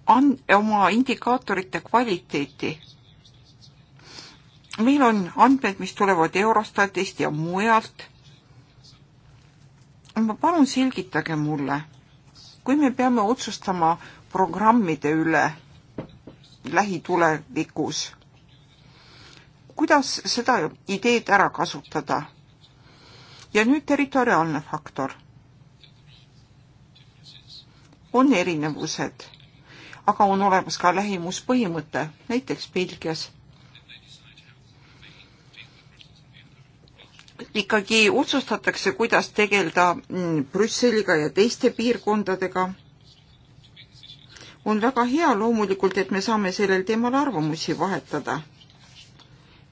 an-, oma indikaatorite kvaliteeti. meil on andmed, mis tulevad Eurostatist ja mujalt. ma palun selgitage mulle, kui me peame otsustama programmide üle lähitulevikus, kuidas seda ideed ära kasutada? ja nüüd territoriaalne faktor. on erinevused aga on olemas ka lähimuspõhimõte, näiteks Belgias. ikkagi otsustatakse, kuidas tegeleda mm, Brüsseliga ja teiste piirkondadega. on väga hea loomulikult, et me saame sellel teemal arvamusi vahetada.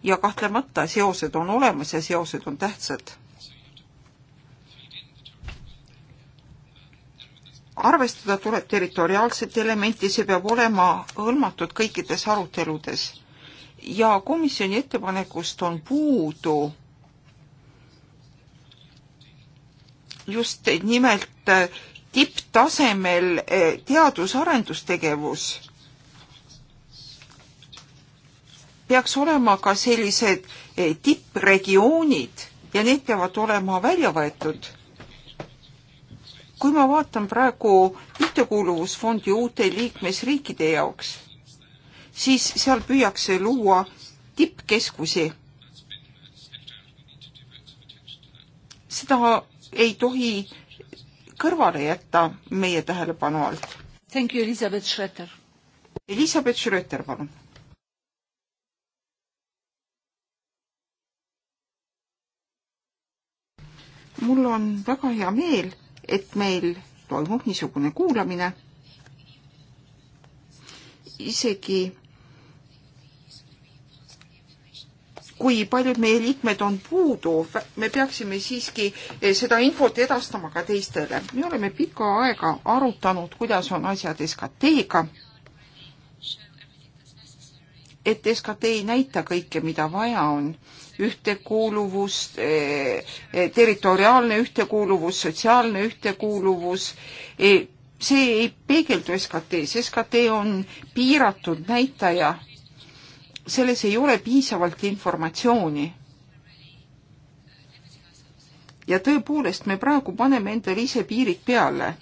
ja kahtlemata seosed on olemas ja seosed on tähtsad arvestada tuleb territoriaalset elementi, see peab olema hõlmatud kõikides aruteludes. ja komisjoni ettepanekust on puudu just nimelt äh, tipptasemel äh, teadus-arendustegevus peaks olema ka sellised äh, tippregioonid ja need peavad olema välja võetud kui ma vaatan praegu ühtekuuluvusfondi uute liikmesriikide jaoks, siis seal püüakse luua tippkeskusi. seda ei tohi kõrvale jätta meie tähelepanu alt. Thank you, Elizabeth Schröter. Elizabeth Schröter, palun. mul on väga hea meel et meil toimub niisugune kuulamine. isegi kui paljud meie liikmed on puudu, me peaksime siiski eh, seda infot edastama ka teistele. me oleme pikka aega arutanud, kuidas on asjad SKT-ga. et SKT ei näita kõike, mida vaja on ühtekuuluvus, eh, eh, territoriaalne ühtekuuluvus, sotsiaalne ühtekuuluvus, eh, see ei peegeldu SKT-s, SKT on piiratud näitaja, selles ei ole piisavalt informatsiooni. ja tõepoolest, me praegu paneme endale ise piirid peale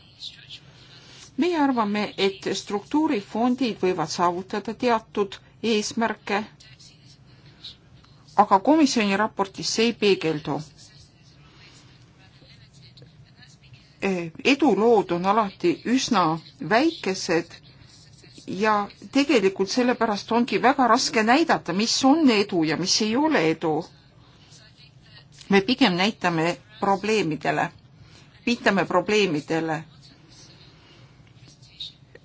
meie arvame, et struktuurifondid võivad saavutada teatud eesmärke aga komisjoni raportis see ei peegeldu. Äh, edulood on alati üsna väikesed ja tegelikult sellepärast ongi väga raske näidata, mis on edu ja mis ei ole edu. me pigem näitame probleemidele, viitame probleemidele.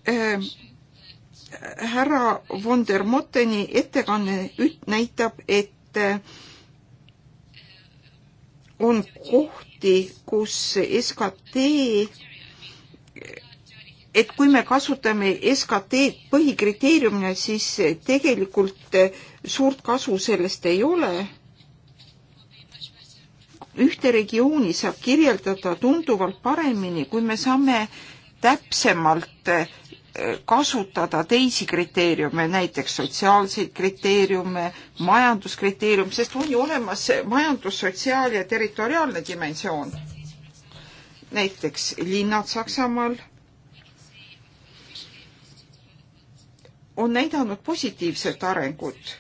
Äh, härra von der Motteni ettekanne näitab, et et on kohti, kus SKT, et kui me kasutame SKT-d põhikriteeriumina, siis tegelikult suurt kasu sellest ei ole. ühte regiooni saab kirjeldada tunduvalt paremini, kui me saame täpsemalt kasutada teisi kriteeriume, näiteks sotsiaalseid kriteeriume, majanduskriteeriume, sest on ju olemas majandus, sotsiaal ja territoriaalne dimensioon. näiteks linnad Saksamaal on näidanud positiivset arengut,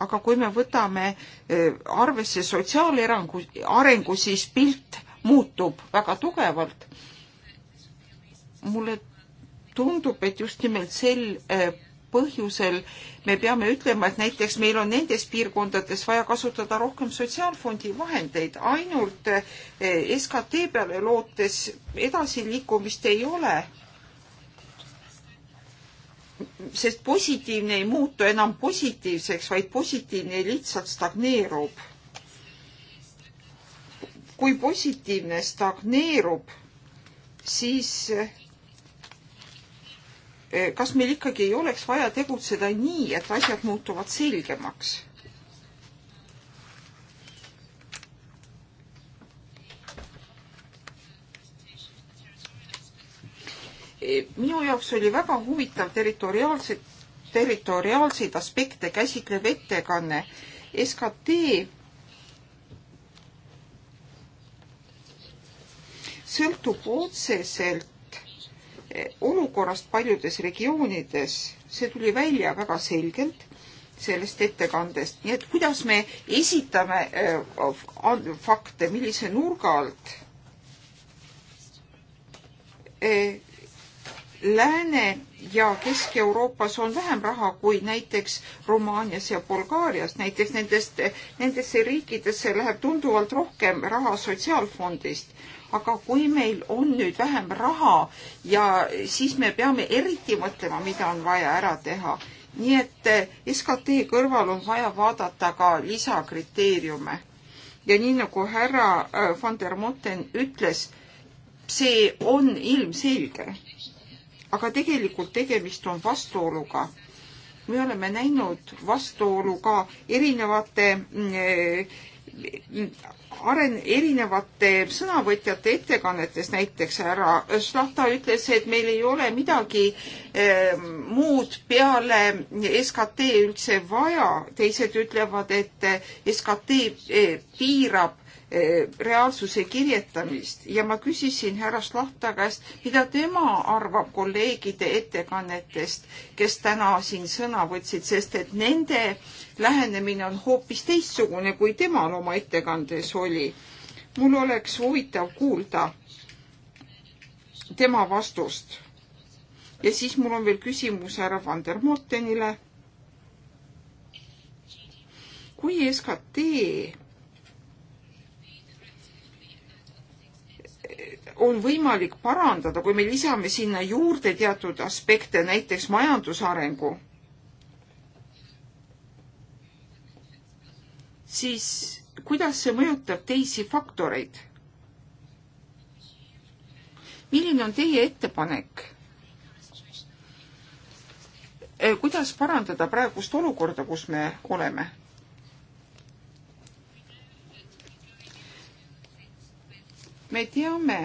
aga kui me võtame eh, arvesse sotsiaalerangu, arengu, siis pilt muutub väga tugevalt. mulle tundub, et just nimelt sel äh, põhjusel me peame ütlema, et näiteks meil on nendes piirkondades vaja kasutada rohkem sotsiaalfondi vahendeid, ainult äh, SKT peale lootes edasiliikumist ei ole. sest positiivne ei muutu enam positiivseks, vaid positiivne lihtsalt stagneerub. kui positiivne stagneerub, siis äh, Eh, kas meil ikkagi ei oleks vaja tegutseda nii, et asjad muutuvad selgemaks? Eh, minu jaoks oli väga huvitav territoriaalseid, territoriaalseid aspekte käsitlev ettekanne. SKT sõltub otseselt olukorrast paljudes regioonides, see tuli välja väga selgelt sellest ettekandest, nii et kuidas me esitame äh, fakte, millise nurga alt äh, Lääne ja Kesk-Euroopas on vähem raha kui näiteks Rumaanias ja Bulgaarias, näiteks nendest, nendesse riikidesse läheb tunduvalt rohkem raha sotsiaalfondist aga kui meil on nüüd vähem raha ja siis me peame eriti mõtlema, mida on vaja ära teha. nii et eh, SKT kõrval on vaja vaadata ka lisakriteeriume. ja nii nagu härra eh, van der Motten ütles, see on ilmselge. aga tegelikult tegemist on vastuoluga me oleme näinud vastuolu ka erinevate mm, eh, aren-, erinevate sõnavõtjate ettekannetes, näiteks härra Šlahta ütles, et meil ei ole midagi eh, muud peale SKT üldse vaja, teised ütlevad, et eh, SKT eh, piirab Eh, reaalsuse kirjetamist ja ma küsisin härra Slahta käest, mida tema arvab kolleegide ettekannetest, kes täna siin sõna võtsid, sest et nende lähenemine on hoopis teistsugune, kui temal oma ettekandes oli. mul oleks huvitav kuulda tema vastust. ja siis mul on veel küsimus härra Van der Mortenile. kui SKT on võimalik parandada, kui me lisame sinna juurde teatud aspekte, näiteks majandusarengu, siis kuidas see mõjutab teisi faktoreid? milline on teie ettepanek? Äh, kuidas parandada praegust olukorda, kus me oleme? me teame,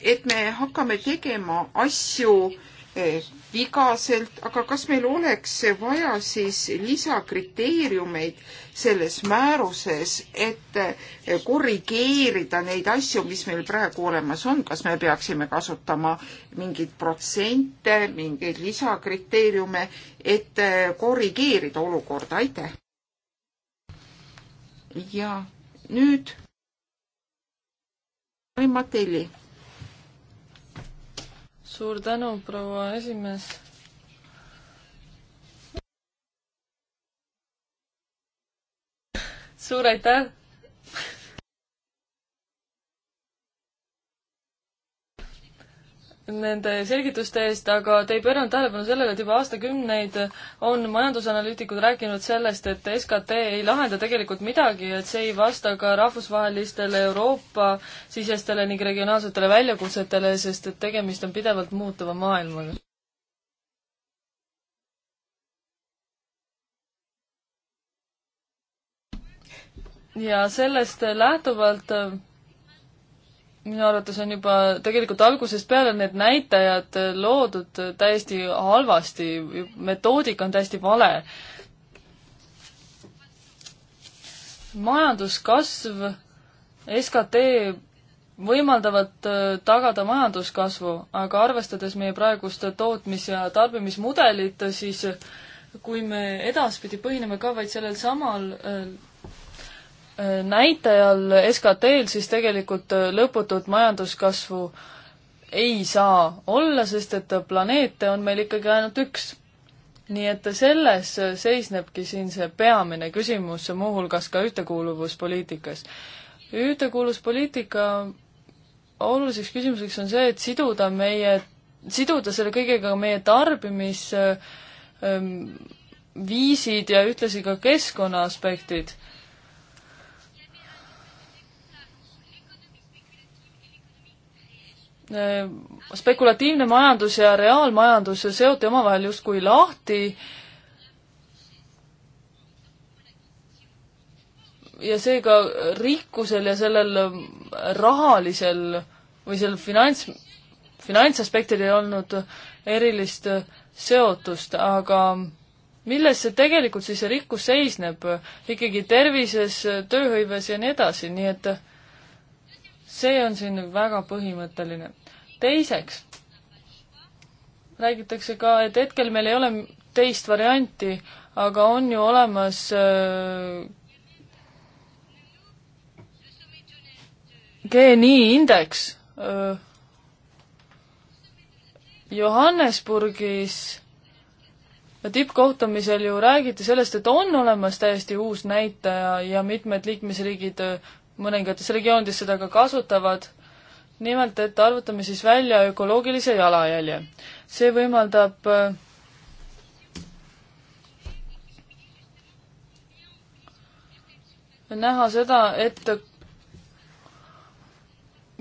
et me hakkame tegema asju eh, vigaselt, aga kas meil oleks vaja siis lisakriteeriumeid selles määruses, et eh, korrigeerida neid asju, mis meil praegu olemas on, kas me peaksime kasutama mingeid protsente, mingeid lisakriteeriume, et eh, korrigeerida olukorda, aitäh! ja nüüd Mari Matelli suur tänu, proua esimees. suur aitäh nende selgituste eest, aga te ei pööranud tähelepanu sellele, et juba aastakümneid on majandusanalüütikud rääkinud sellest, et SKT ei lahenda tegelikult midagi, et see ei vasta ka rahvusvahelistele Euroopa-sisestele ning regionaalsetele väljakutsetele, sest et tegemist on pidevalt muutuva maailmaga. ja sellest lähtuvalt minu arvates on juba tegelikult algusest peale need näitajad loodud täiesti halvasti, metoodika on täiesti vale. majanduskasv, SKT võimaldavad äh, tagada majanduskasvu, aga arvestades meie praegust tootmis- ja tarbimismudelit, siis kui me edaspidi põhineme ka vaid sellel samal äh, näitajal SKT-l siis tegelikult äh, lõputut majanduskasvu ei saa olla, sest et planeete on meil ikkagi ainult üks. nii et selles äh, seisnebki siin see peamine küsimus, muuhulgas ka ühtekuuluvuspoliitikas. ühtekuuluvuspoliitika oluliseks küsimuseks on see, et siduda meie, siduda selle kõigega meie tarbimis äh, ähm, viisid ja ühtlasi ka keskkonna aspektid Äh, spekulatiivne majandus ja reaalmajandus seoti omavahel justkui lahti. ja seega rikkusel ja sellel rahalisel või sellel finants, finantsaspektil ei olnud erilist seotust, aga milles see tegelikult siis see rikkus seisneb? ikkagi tervises, tööhõives ja nii edasi, nii et äh, see on siin väga põhimõtteline. teiseks räägitakse ka, et hetkel meil ei ole teist varianti, aga on ju olemas äh, Gini indeks. Äh, Johannesburgis tippkohtumisel ju räägiti sellest, et on olemas täiesti uus näitaja ja mitmed liikmesriigid äh, mõningates regioonides seda ka kasutavad, nimelt et arvutame siis välja ökoloogilise jalajälje. see võimaldab äh, näha seda, et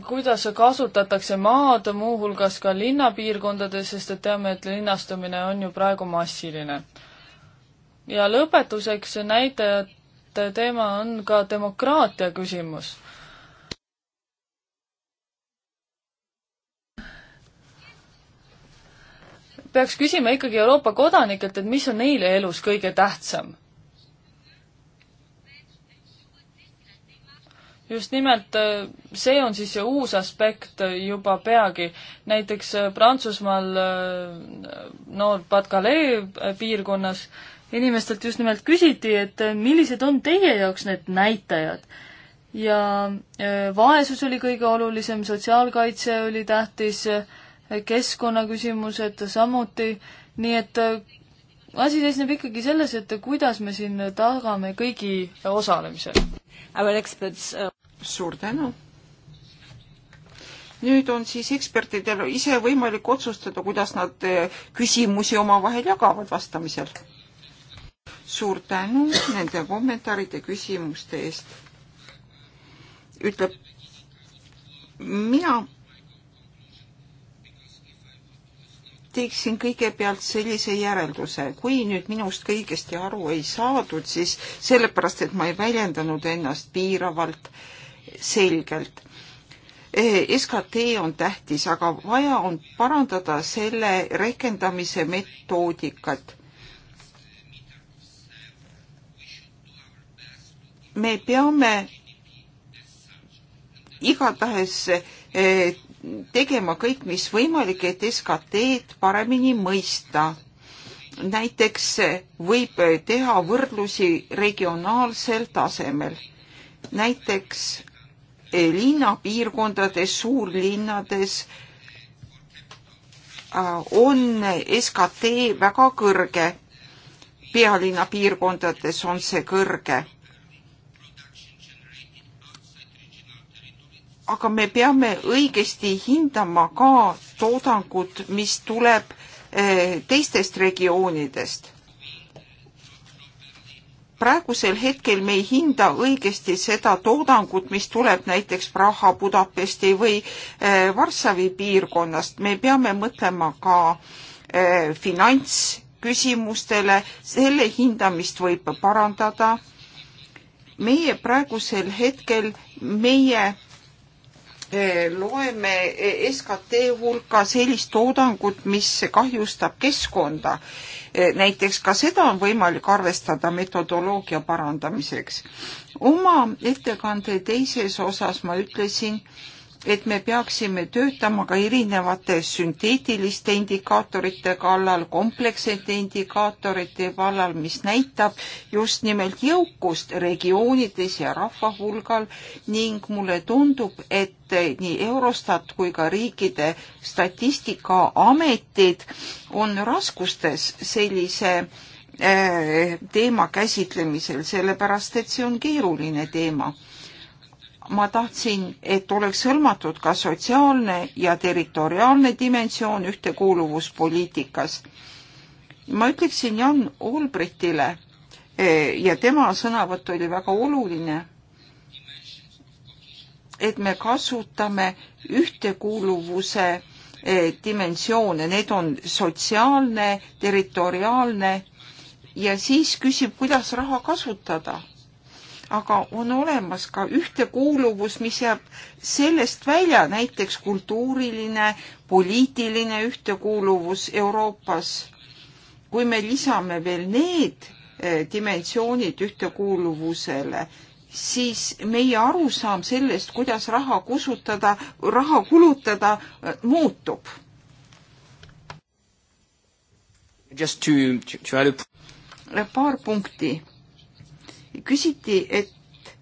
kuidas kasutatakse maad, muuhulgas ka linnapiirkondades, sest et teame, et linnastumine on ju praegu massiline. ja lõpetuseks näitajad et teema on ka demokraatia küsimus. peaks küsima ikkagi Euroopa kodanikelt, et mis on neile elus kõige tähtsam just nimelt see on siis see uus aspekt juba peagi. näiteks Prantsusmaal Nord-Pas-de-Calais piirkonnas inimestelt just nimelt küsiti, et äh, millised on teie jaoks need näitajad. ja äh, vaesus oli kõige olulisem, sotsiaalkaitse oli tähtis, äh, keskkonnaküsimused samuti, nii et asi seisneb ikkagi selles, et kuidas me siin tagame kõigi osalemise. Experts... Uh, suur tänu! nüüd on siis ekspertidel ise võimalik otsustada, kuidas nad küsimusi omavahel jagavad vastamisel suur tänu nende kommentaaride, küsimuste eest. ütleb mina teeksin kõigepealt sellise järelduse, kui nüüd minust kõigesti aru ei saadud, siis sellepärast, et ma ei väljendanud ennast piiravalt selgelt. Eh, SKT on tähtis, aga vaja on parandada selle rehkendamise metoodikat me peame igatahes eh, tegema kõik, mis võimalik, et SKT-d paremini mõista. näiteks eh, võib teha võrdlusi regionaalsel tasemel. näiteks eh, linnapiirkondades, suurlinnades on SKT väga kõrge. pealinna piirkondades on see kõrge aga me peame õigesti hindama ka toodangut, mis tuleb eh, teistest regioonidest. praegusel hetkel me ei hinda õigesti seda toodangut, mis tuleb näiteks Praha, Budapesti või eh, Varssavi piirkonnast, me peame mõtlema ka eh, finantsküsimustele, selle hindamist võib parandada. meie praegusel hetkel, meie Eh, loeme eh, SKT hulka sellist toodangut, mis kahjustab keskkonda. Eh, näiteks ka seda on võimalik arvestada metodoloogia parandamiseks. oma ettekande teises osas ma ütlesin, et me peaksime töötama ka erinevate sünteetiliste indikaatorite kallal, komplekssete indikaatorite kallal, mis näitab just nimelt jõukust regioonides ja rahva hulgal ning mulle tundub, et nii Eurostat kui ka riikide statistikaametid on raskustes sellise äh, teema käsitlemisel, sellepärast et see on keeruline teema ma tahtsin, et oleks hõlmatud ka sotsiaalne ja territoriaalne dimensioon ühtekuuluvuspoliitikas. ma ütleksin Jan Olbrichtile eh, ja tema sõnavõtt oli väga oluline, et me kasutame ühtekuuluvuse eh, dimensioone, need on sotsiaalne, territoriaalne ja siis küsib, kuidas raha kasutada aga on olemas ka ühtekuuluvus, mis jääb sellest välja, näiteks kultuuriline, poliitiline ühtekuuluvus Euroopas. kui me lisame veel need eh, dimensioonid ühtekuuluvusele, siis meie arusaam sellest, kuidas raha kusutada, raha kulutada, eh, muutub. paar punkti küsiti, et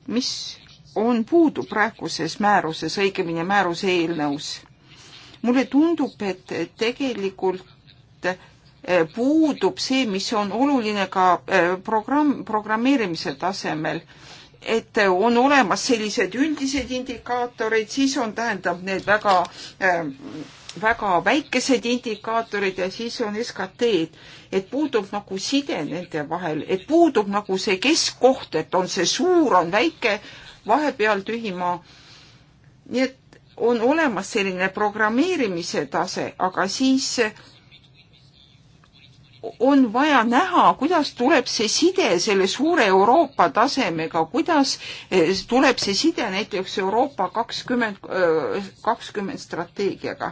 mis on puudu praeguses määruses, õigemini määruse eelnõus. mulle tundub, et tegelikult eh, puudub see, mis on oluline ka eh, programm, programmeerimise tasemel. et on olemas sellised üldised indikaatorid, siis on, tähendab, need väga äh, väga väikesed indikaatorid ja siis on SKT-d, et puudub nagu side nende vahel, et puudub nagu see keskkoht, et on see suur, on väike, vahepeal tühimaa. nii et on olemas selline programmeerimise tase, aga siis on vaja näha, kuidas tuleb see side selle suure Euroopa tasemega, kuidas eh, tuleb see side näiteks Euroopa kakskümmend, eh, kakskümmend strateegiaga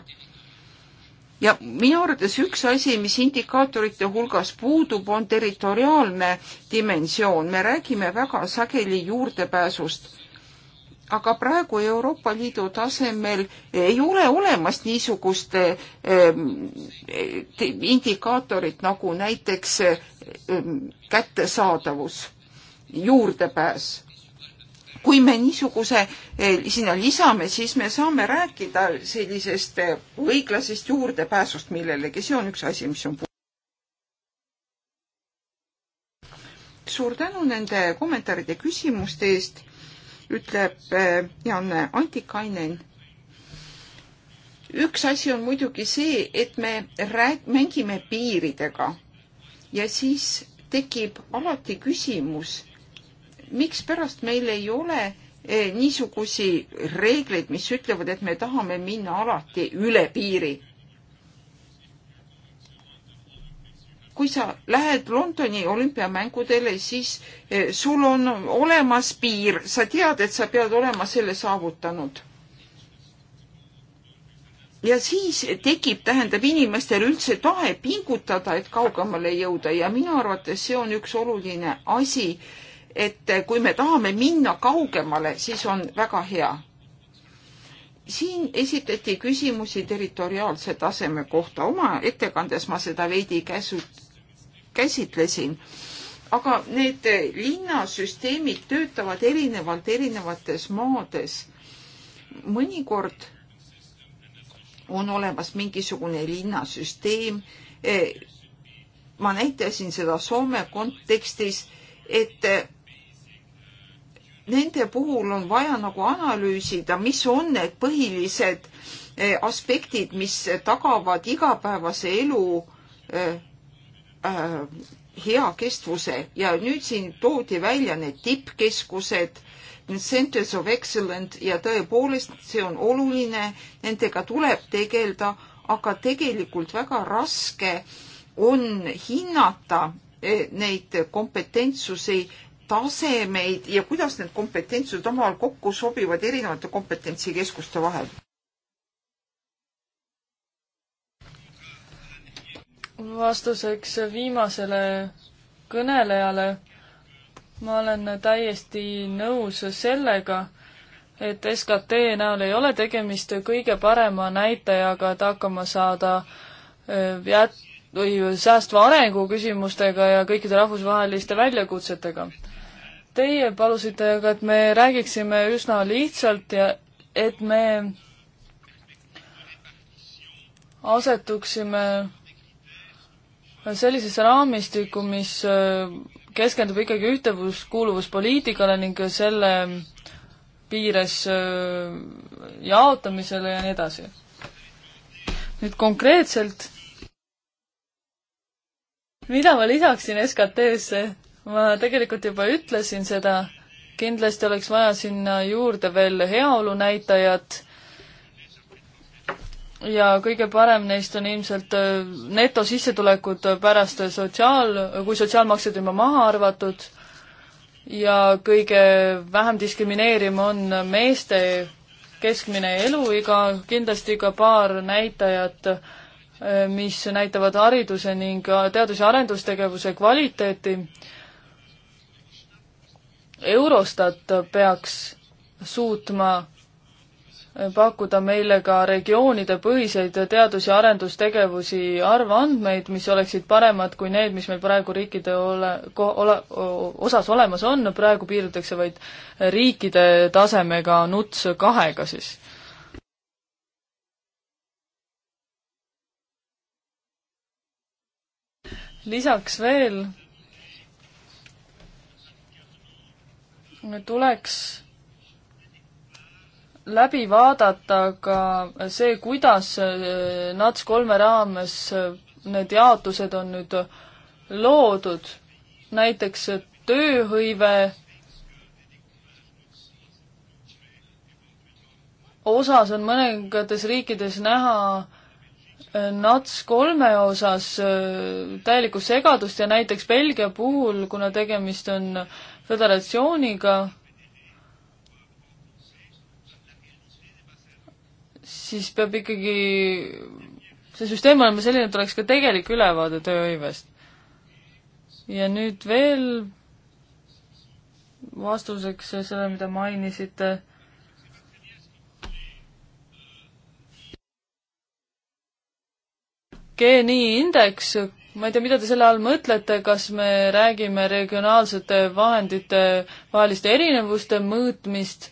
ja minu arvates üks asi, mis indikaatorite hulgas puudub, on territoriaalne dimensioon. me räägime väga sageli juurdepääsust aga praegu Euroopa Liidu tasemel ei ole olemas niisugust ehm, indikaatorit nagu näiteks ehm, kättesaadavus, juurdepääs kui me niisuguse eh, sinna lisame, siis me saame rääkida sellisest eh, õiglasest juurdepääsust millelegi, see on üks asi, mis on suur tänu nende kommentaaride küsimuste eest, ütleb eh, Janne Antikainen üks asi on muidugi see, et me rääg-, mängime piiridega ja siis tekib alati küsimus, mikspärast meil ei ole eh, niisugusi reegleid, mis ütlevad, et me tahame minna alati üle piiri. kui sa lähed Londoni olümpiamängudele, siis eh, sul on olemas piir, sa tead, et sa pead olema selle saavutanud ja siis tekib, tähendab inimestel üldse tahe pingutada, et kaugemale jõuda ja minu arvates see on üks oluline asi et kui me tahame minna kaugemale, siis on väga hea. siin esitati küsimusi territoriaalse taseme kohta, oma ettekandes ma seda veidi käsu, käsitlesin, aga need linnasüsteemid töötavad erinevalt erinevates maades. mõnikord on olemas mingisugune linnasüsteem, eh, ma näitasin seda Soome kontekstis, et nende puhul on vaja nagu analüüsida, mis on need põhilised eh, aspektid, mis tagavad igapäevase elu eh, eh, hea kestvuse ja nüüd siin toodi välja need tippkeskused, centers of excellence ja tõepoolest, see on oluline, nendega tuleb tegeleda, aga tegelikult väga raske on hinnata neid kompetentsusi tasemeid ja kuidas need kompetentsused omavahel kokku sobivad erinevate kompetentsikeskuste vahel? vastuseks viimasele kõnelejale ma olen täiesti nõus sellega, et SKT näol ei ole tegemist kõige parema näitajaga, et hakkama saada e, jät-, või säästva arengu küsimustega ja kõikide rahvusvaheliste väljakutsetega. Teie palusite aga, et me räägiksime üsna lihtsalt ja et me asetuksime sellisesse raamistikku, mis äh, keskendub ikkagi ühtekuuluvuspoliitikale ning selle piires äh, jaotamisele ja nii edasi. nüüd konkreetselt, mida ma lisaksin SKT-sse? ma tegelikult juba ütlesin seda, kindlasti oleks vaja sinna juurde veel heaolunäitajad ja kõige parem neist on ilmselt äh, netosissetulekud pärast sotsiaal, kui sotsiaalmaksed on juba maha arvatud ja kõige vähem diskrimineeriv on meeste keskmine eluiga, kindlasti ka paar näitajat, äh, mis näitavad hariduse ning teadus- ja arendustegevuse kvaliteeti Eurostat peaks suutma pakkuda meile ka regioonide põhiseid teadus- ja arendustegevusi arvandmeid, mis oleksid paremad kui need, mis meil praegu riikide ole, ole, osas olemas on, praegu piirdutakse vaid riikide tasemega NUTS kahega siis. lisaks veel tuleks läbi vaadata ka see, kuidas äh, NATS kolme raames äh, need jaotused on nüüd loodud. näiteks äh, tööhõive osas on mõningates riikides näha NATS kolme osas täielikku segadust ja näiteks Belgia puhul, kuna tegemist on äh, föderatsiooniga, siis peab ikkagi see süsteem olema selline, et oleks ka tegelik ülevaade tööhõivest. ja nüüd veel vastuseks sellele, mida mainisite. Gini indeks ma ei tea, mida te selle all mõtlete, kas me räägime regionaalsete vahendite vaheliste erinevuste mõõtmist,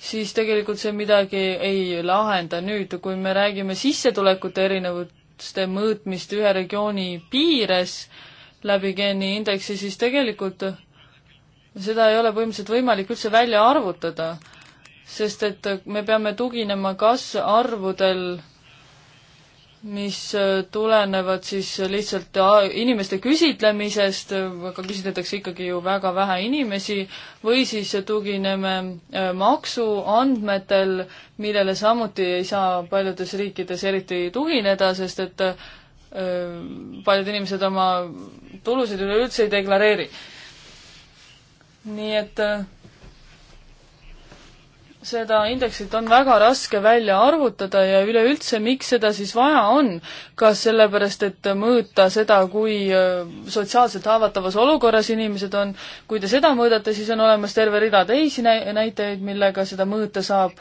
siis tegelikult see midagi ei lahenda nüüd, kui me räägime sissetulekute erinevuste mõõtmist ühe regiooni piires läbi geeniindeksi, siis tegelikult seda ei ole põhimõtteliselt võimalik üldse välja arvutada, sest et me peame tuginema kas arvudel mis äh, tulenevad siis lihtsalt äh, inimeste küsitlemisest, aga küsitletakse ikkagi ju väga vähe inimesi, või siis tugineme äh, maksuandmetel, millele samuti ei saa paljudes riikides eriti tugineda, sest et paljud inimesed oma tulusid üleüldse ei deklareeri. nii et äh, seda indeksit on väga raske välja arvutada ja üleüldse, miks seda siis vaja on? kas sellepärast, et mõõta seda, kui äh, sotsiaalselt haavatavas olukorras inimesed on, kui te seda mõõdate, siis on olemas terve rida teisi näitajaid, millega seda mõõta saab.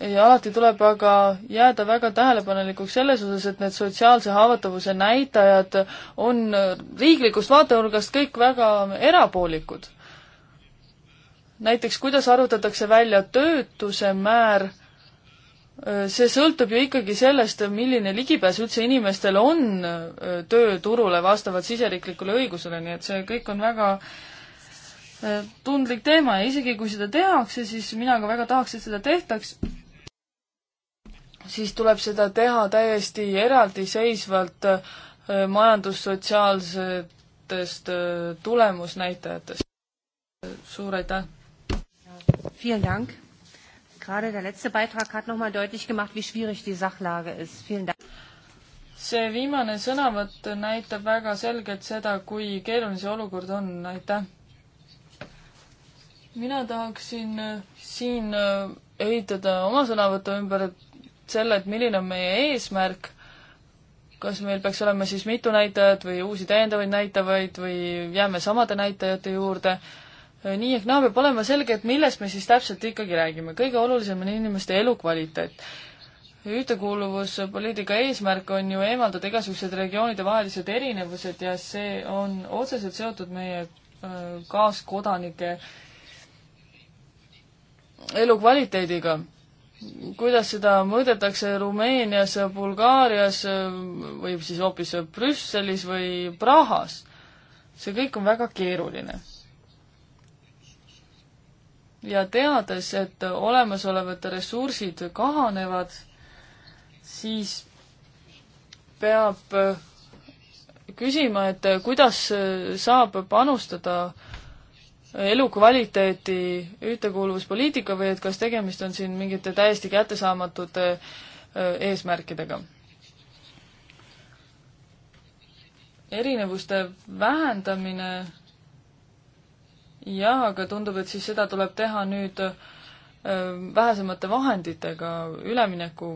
ja alati tuleb aga jääda väga tähelepanelikuks selles osas, et need sotsiaalse haavatavuse näitajad on äh, riiklikust vaatenurgast kõik väga erapoolikud näiteks kuidas arvutatakse välja töötuse määr, see sõltub ju ikkagi sellest, milline ligipääs üldse inimestel on tööturule vastavalt siseriiklikule õigusele, nii et see kõik on väga tundlik teema ja isegi kui seda tehakse, siis mina ka väga tahaks, et seda tehtaks, siis tuleb seda teha täiesti eraldiseisvalt majandussotsiaalsetest tulemusnäitajatest. suur aitäh! Vielen Dank. Gerade der letzte Beitrag hat nochmal deutlich gemacht, wie schwierig die Sachlage ist. Vielen Dank. see viimane sõnavõtt näitab väga selgelt seda, kui keeruline see olukord on, aitäh. mina tahaksin siin ehitada oma sõnavõtu ümber selle, et milline on meie eesmärk kas meil peaks olema siis mitu näitajat või uusi täiendavaid näitavaid või jääme samade näitajate juurde, Äh, nii ehk naa peab olema selge, et millest me siis täpselt ikkagi räägime. kõige olulisem on inimeste elukvaliteet. ühtekuuluvuspoliitika eesmärk on ju eemaldada igasugused regioonide vahelised erinevused ja see on otseselt seotud meie äh, kaaskodanike elukvaliteediga. kuidas seda mõõdetakse Rumeenias, Bulgaarias äh, või siis hoopis Brüsselis või Prahas, see kõik on väga keeruline ja teades, et olemasolevad ressursid kahanevad, siis peab küsima, et kuidas saab panustada elukvaliteeti ühtekuuluvuspoliitika või et kas tegemist on siin mingite täiesti kättesaamatute äh, eesmärkidega. erinevuste vähendamine jaa, aga tundub, et siis seda tuleb teha nüüd äh, vähesemate vahenditega ülemineku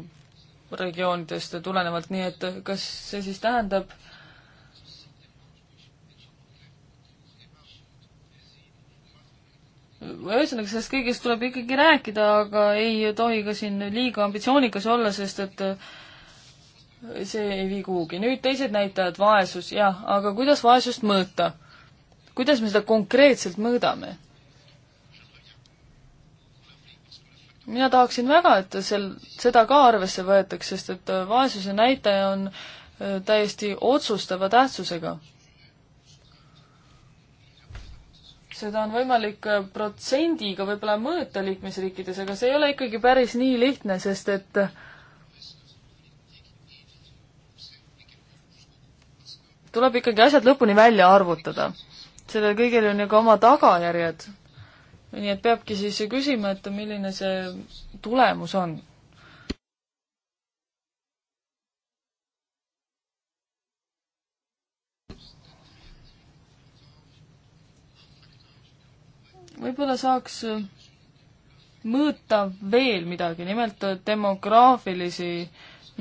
regioonidest tulenevalt, nii et äh, kas see siis tähendab, ühesõnaga, sellest kõigest tuleb ikkagi rääkida, aga ei tohi ka siin liiga ambitsioonikas olla, sest et äh, see ei vii kuhugi. nüüd teised näitajad, vaesus, jah, aga kuidas vaesust mõõta? kuidas me seda konkreetselt mõõdame? mina tahaksin väga, et sel, seda ka arvesse võetaks, sest et äh, vaesuse näitaja on äh, täiesti otsustava tähtsusega. seda on võimalik äh, protsendiga võib-olla mõõta liikmesriikides, aga see ei ole ikkagi päris nii lihtne, sest et tuleb ikkagi asjad lõpuni välja arvutada sellel kõigel on ju nagu ka oma tagajärjed. nii et peabki siis küsima, et milline see tulemus on võib-olla saaks mõõta veel midagi, nimelt demograafilisi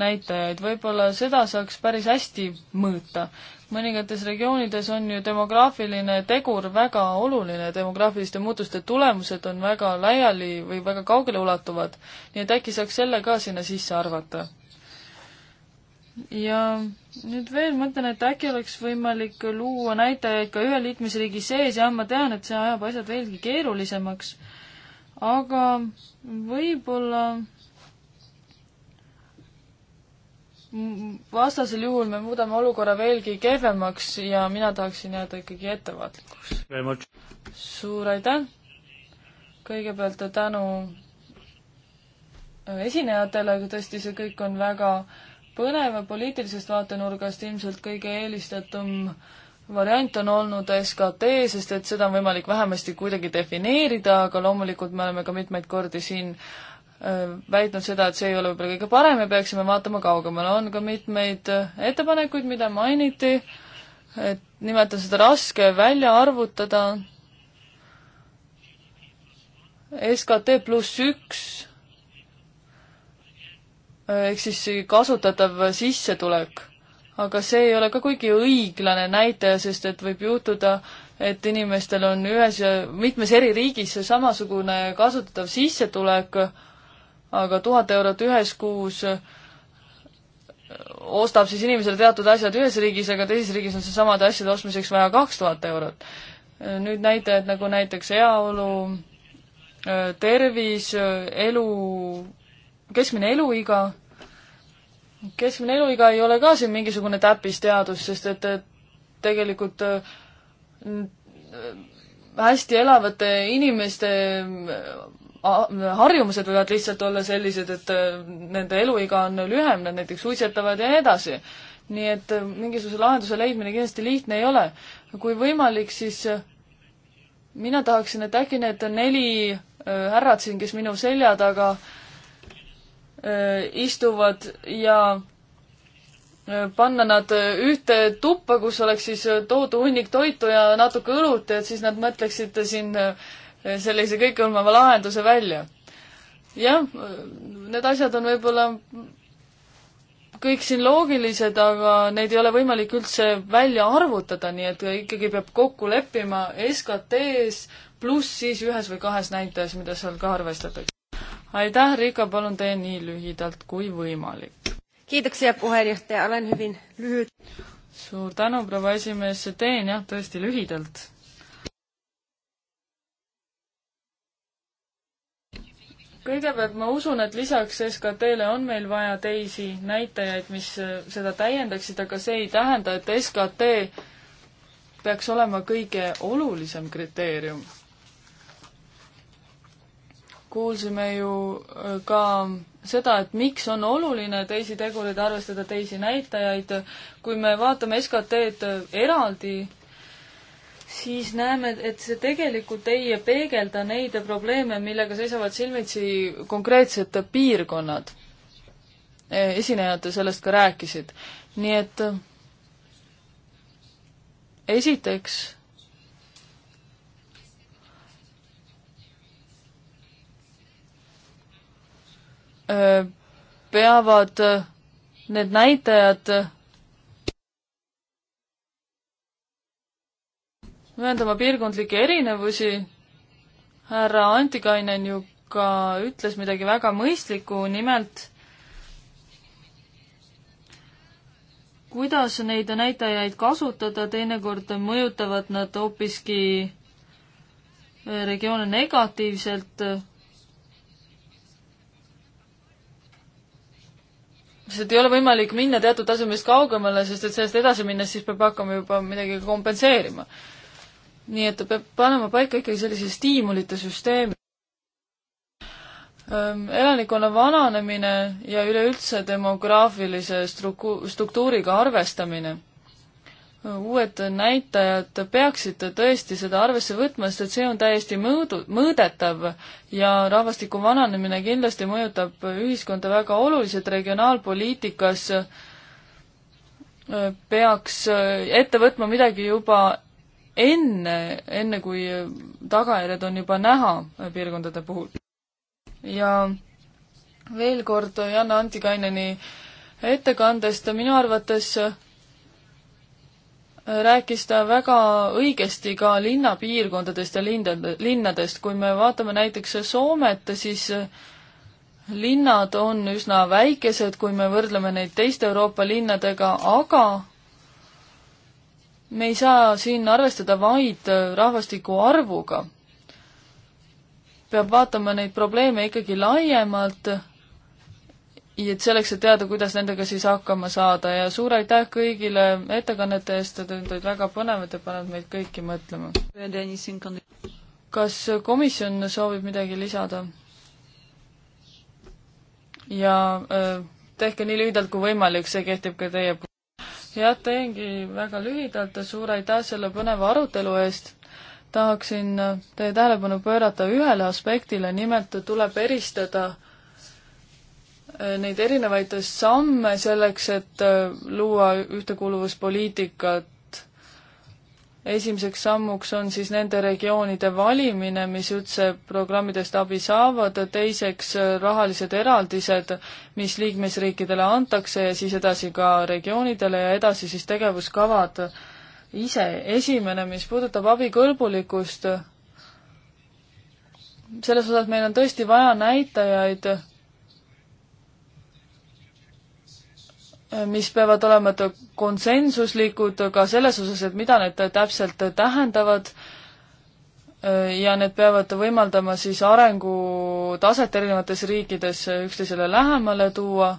näitajaid, võib-olla seda saaks päris hästi mõõta. mõningates regioonides on ju demograafiline tegur väga oluline, demograafiliste muutuste tulemused on väga laiali või väga kaugeleulatuvad, nii et äkki saaks selle ka sinna sisse arvata ja nüüd veel mõtlen, et äkki oleks võimalik luua näitajaid ka ühe liikmesriigi sees ja ma tean, et see ajab asjad veelgi keerulisemaks, aga võib-olla vastasel juhul me muudame olukorra veelgi kehvemaks ja mina tahaksin jääda ikkagi ettevaatlikuks. suur aitäh! kõigepealt tänu äh, esinejatele, tõesti, see kõik on väga põnev ja poliitilisest vaatenurgast ilmselt kõige eelistatum variant on olnud SKT, sest et seda on võimalik vähemasti kuidagi defineerida, aga loomulikult me oleme ka mitmeid kordi siin äh, väitnud seda, et see ei ole võib-olla kõige parem ja peaksime vaatama kaugemale. on ka mitmeid äh, ettepanekuid, mida mainiti, et nimelt on seda raske välja arvutada. SKT pluss üks äh, ehk siis kasutatav sissetulek. aga see ei ole ka kuigi õiglane näitaja, sest et võib juhtuda, et inimestel on ühes ja mitmes eri riigis samasugune kasutatav sissetulek aga tuhat eurot ühes kuus ostab siis inimesele teatud asjad ühes riigis, aga teises riigis on seesamade asjade ostmiseks vaja kaks tuhat eurot. nüüd näitajad nagu näiteks heaolu, tervis, elu, keskmine eluiga, keskmine eluiga ei ole ka siin mingisugune täppisteadus, sest et tegelikult äh, hästi elavate inimeste harjumused võivad lihtsalt olla sellised, et äh, nende eluiga on lühem, nad näiteks suitsetavad ja nii edasi. nii et äh, mingisuguse lahenduse leidmine kindlasti lihtne ei ole. kui võimalik, siis äh, mina tahaksin, et äkki need neli härrat siin, kes minu selja taga istuvad ja panna nad ühte tuppa, kus oleks siis toodud hunnik toitu ja natuke õlut, et siis nad mõtleksid siin sellise kõikehõlmava lahenduse välja. jah, need asjad on võib-olla kõik siin loogilised, aga neid ei ole võimalik üldse välja arvutada, nii et ikkagi peab kokku leppima SKT-s pluss siis ühes või kahes näitajas, mida seal ka arvestatakse. aitäh, Riika, palun tee nii lühidalt kui võimalik. kiitoksia, puhejuhataja, olen hüvin lühid. suur tänu, proua esimees, teen jah, tõesti lühidalt kõigepealt ma usun, et lisaks SKT-le on meil vaja teisi näitajaid, mis äh, seda täiendaksid, aga see ei tähenda, et SKT peaks olema kõige olulisem kriteerium. kuulsime ju äh, ka seda, et miks on oluline teisi tegureid arvestada, teisi näitajaid. kui me vaatame SKT-d äh, eraldi siis näeme, et see tegelikult ei peegelda neid probleeme, millega seisavad silmitsi konkreetsed piirkonnad. E, esinejad sellest ka rääkisid. nii et esiteks e, peavad need näitajad mööndama piirkondlikke erinevusi. härra Antikainen ju ka ütles midagi väga mõistlikku, nimelt kuidas neid näitajaid kasutada, teinekord mõjutavad nad hoopiski äh, regioone negatiivselt. sest ei ole võimalik minna teatud tasemest kaugemale, sest et sellest edasi minnes siis peab hakkama juba midagi kompenseerima nii et peab panema paika ikkagi sellise stiimulite süsteemi. Elanikkonna vananemine ja üleüldse demograafilise struktu-, struktuuriga arvestamine. uued näitajad peaksid tõesti seda arvesse võtma, sest et see on täiesti mõõdu, mõõdetav ja rahvastiku vananemine kindlasti mõjutab ühiskonda väga oluliselt regionaalpoliitikas peaks ette võtma midagi juba enne, enne kui tagajärjed on juba näha piirkondade puhul. ja veel kord Janne Antikaineni ettekandest, minu arvates rääkis ta väga õigesti ka linnapiirkondadest ja lindade, linnadest, kui me vaatame näiteks Soomet, siis linnad on üsna väikesed, kui me võrdleme neid teiste Euroopa linnadega, aga me ei saa siin arvestada vaid äh, rahvastiku arvuga. peab vaatama neid probleeme ikkagi laiemalt, et selleks, et teada, kuidas nendega siis hakkama saada ja suur aitäh kõigile ettekannete eest, te olete väga põnevad ja paned meid kõiki mõtlema. kas komisjon soovib midagi lisada? ja äh, tehke nii lühidalt kui võimalik, see kehtib ka teie puhul jah, teengi väga lühidalt ja suur aitäh selle põneva arutelu eest. tahaksin teie tähelepanu pöörata ühele aspektile, nimelt tuleb eristada eh, neid erinevaid samme selleks, et eh, luua ühtekuuluvuspoliitikat esimeseks sammuks on siis nende regioonide valimine, mis üldse programmidest abi saavad, teiseks äh, rahalised eraldised, mis liikmesriikidele antakse ja siis edasi ka regioonidele ja edasi siis tegevuskavad ise. esimene, mis puudutab abikõlbulikkust, selles osas meil on tõesti vaja näitajaid mis peavad olema konsensuslikud ka selles osas, et mida need täpselt tähendavad äh, ja need peavad võimaldama siis arengutaset erinevates riikides üksteisele lähemale tuua,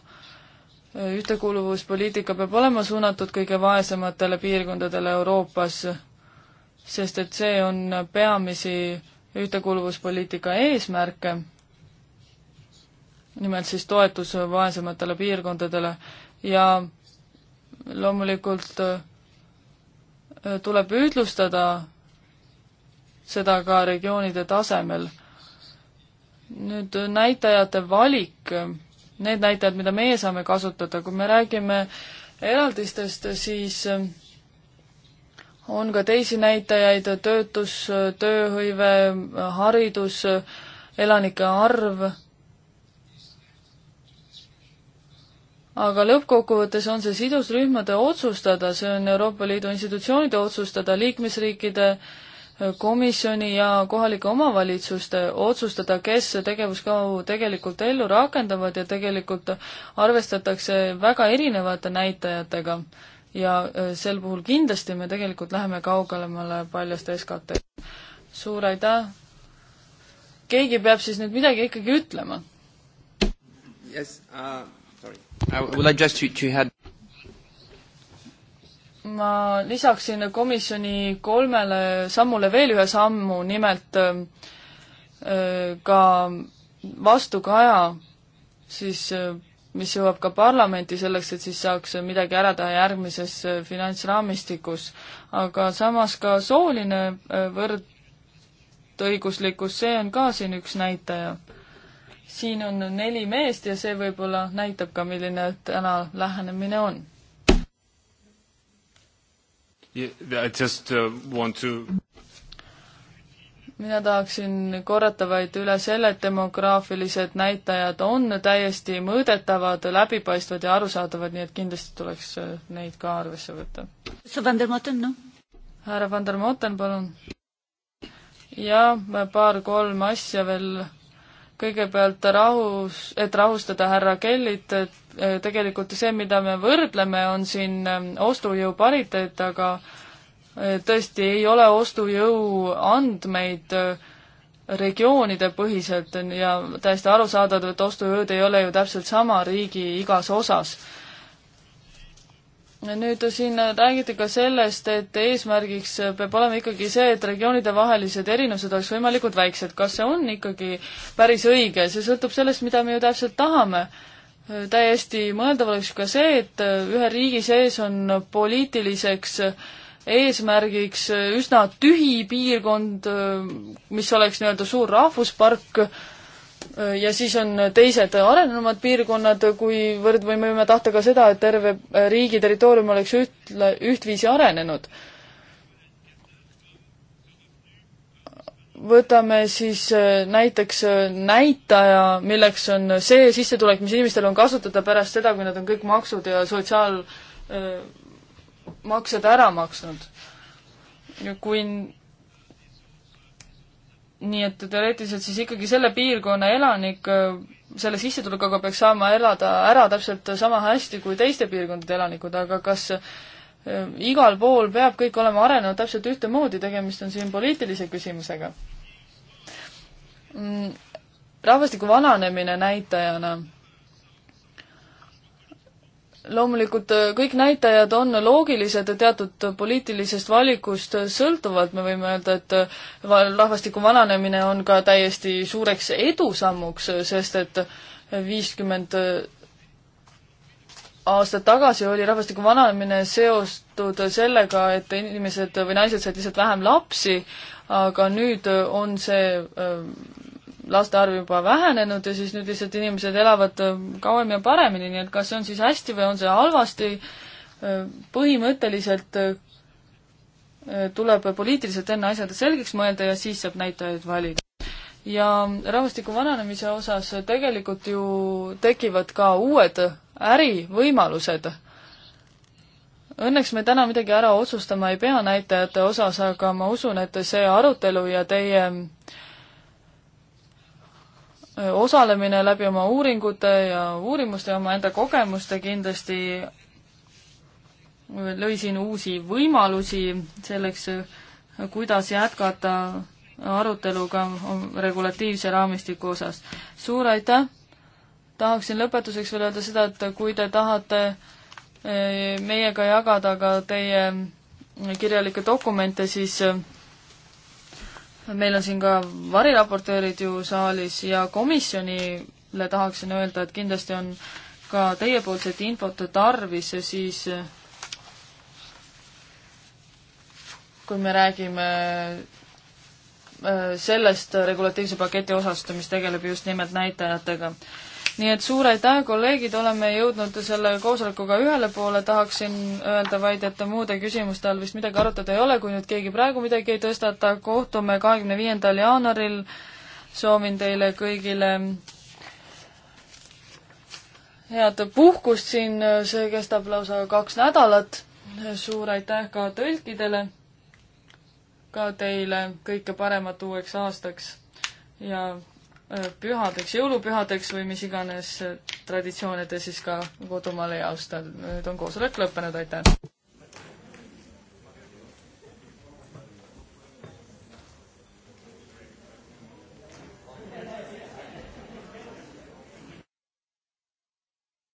äh, ühtekuuluvuspoliitika peab olema suunatud kõige vaesematele piirkondadele Euroopas, sest et see on peamisi ühtekuuluvuspoliitika eesmärke, nimelt siis toetus vaesematele piirkondadele ja loomulikult äh, tuleb ühtlustada seda ka regioonide tasemel. nüüd äh, näitajate valik, äh, need näitajad, mida meie saame kasutada, kui me räägime eraldistest, siis on ka teisi näitajaid, töötus, tööhõive, haridus, elanike arv aga lõppkokkuvõttes on see sidusrühmade otsustada, see on Euroopa Liidu institutsioonide otsustada, liikmesriikide äh, komisjoni ja kohalike omavalitsuste otsustada, kes tegevuskavu tegelikult ellu rakendavad ja tegelikult arvestatakse väga erinevate näitajatega. ja äh, sel puhul kindlasti me tegelikult läheme kaugemale paljast SKT-st. suur aitäh! keegi peab siis nüüd midagi ikkagi ütlema. Yes, uh ma lisaksin komisjoni kolmele sammule veel ühe sammu, nimelt äh, äh, ka vastukaja siis, äh, mis jõuab ka parlamenti selleks, et siis saaks midagi ära teha järgmises finantsraamistikus. aga samas ka sooline võrdõiguslikkus, see on ka siin üks näitaja siin on neli meest ja see võib-olla näitab ka, milline täna lähenemine on. Yeah, I just uh, want to mina tahaksin korrata vaid üle selle, et demograafilised näitajad on täiesti mõõdetavad, läbipaistvad ja arusaadavad, nii et kindlasti tuleks uh, neid ka arvesse võtta. härra Van der Moten, palun. ja paar-kolm asja veel kõigepealt rahus, et rahustada härra Kellit, et eh, tegelikult see, mida me võrdleme, on siin eh, ostujõu pariteet, aga eh, tõesti ei ole ostujõu andmeid regioonide põhiselt ja täiesti arusaadav, et ostujõud ei ole ju täpselt sama riigi igas osas nüüd siin räägiti ka sellest, et eesmärgiks peab olema ikkagi see, et regioonidevahelised erinevused oleks võimalikult väiksed. kas see on ikkagi päris õige, see sõltub sellest, mida me ju täpselt tahame. täiesti mõeldav oleks ka see, et ühe riigi sees on poliitiliseks eesmärgiks üsna tühi piirkond, mis oleks nii-öelda suur rahvuspark, ja siis on teised arenenumad piirkonnad, kuivõrd või me võime tahta ka seda, et terve riigi territoorium oleks üht, ühtviisi arenenud. võtame siis äh, näiteks äh, näitaja, milleks on see sissetulek, mis inimestel on kasutada pärast seda, kui nad on kõik maksud ja sotsiaalmaksed äh, ära maksnud. kui nii et teoreetiliselt siis ikkagi selle piirkonna elanik äh, selle sissetulekuga peaks saama elada ära täpselt sama hästi kui teiste piirkondade elanikud, aga kas äh, igal pool peab kõik olema arenenud täpselt ühtemoodi, tegemist on siin poliitilise küsimusega. Mm, rahvastiku vananemine näitajana loomulikult äh, kõik näitajad on loogilised teatud poliitilisest valikust sõltuvalt, me võime öelda, et äh, rahvastiku vananemine on ka täiesti suureks edusammuks, äh, sest et viiskümmend aastat tagasi oli rahvastiku vananemine seostud sellega, et inimesed või naised said lihtsalt vähem lapsi, aga nüüd on see laste arv juba vähenenud ja siis nüüd lihtsalt inimesed elavad äh, kauem ja paremini, nii et kas see on siis hästi või on see halvasti, äh, põhimõtteliselt äh, tuleb poliitiliselt enne asjad selgeks mõelda ja siis saab näitajaid valida. ja rahvastiku vananemise osas tegelikult ju tekivad ka uued ärivõimalused. Õnneks me täna midagi ära otsustama ei pea näitajate osas, aga ma usun, et see arutelu ja teie äh, osalemine läbi oma uuringute ja uurimuste ja omaenda kogemuste kindlasti lõi siin uusi võimalusi selleks, kuidas jätkata aruteluga regulatiivse raamistiku osas. suur aitäh! tahaksin lõpetuseks veel öelda seda, et kui te tahate eh, meiega jagada ka teie kirjalikke dokumente, siis eh, meil on siin ka variraportöörid ju saalis ja komisjonile tahaksin öelda, et kindlasti on ka teiepoolset infot tarvis ja siis kui me räägime äh, sellest regulatiivse paketi osast, mis tegeleb just nimelt näitajatega nii et suur aitäh, kolleegid, oleme jõudnud selle koosolekuga ühele poole, tahaksin öelda vaid, et muude küsimuste all vist midagi arutada ei ole, kui nüüd keegi praegu midagi ei tõstata, kohtume kahekümne viiendal jaanuaril, soovin teile kõigile head puhkust siin, see kestab lausa kaks nädalat, suur aitäh ka tõlkidele, ka teile kõike paremat uueks aastaks ja pühadeks, jõulupühadeks või mis iganes traditsioone te siis ka kodumaal ei austa. nüüd on koosolek lõppenud, aitäh!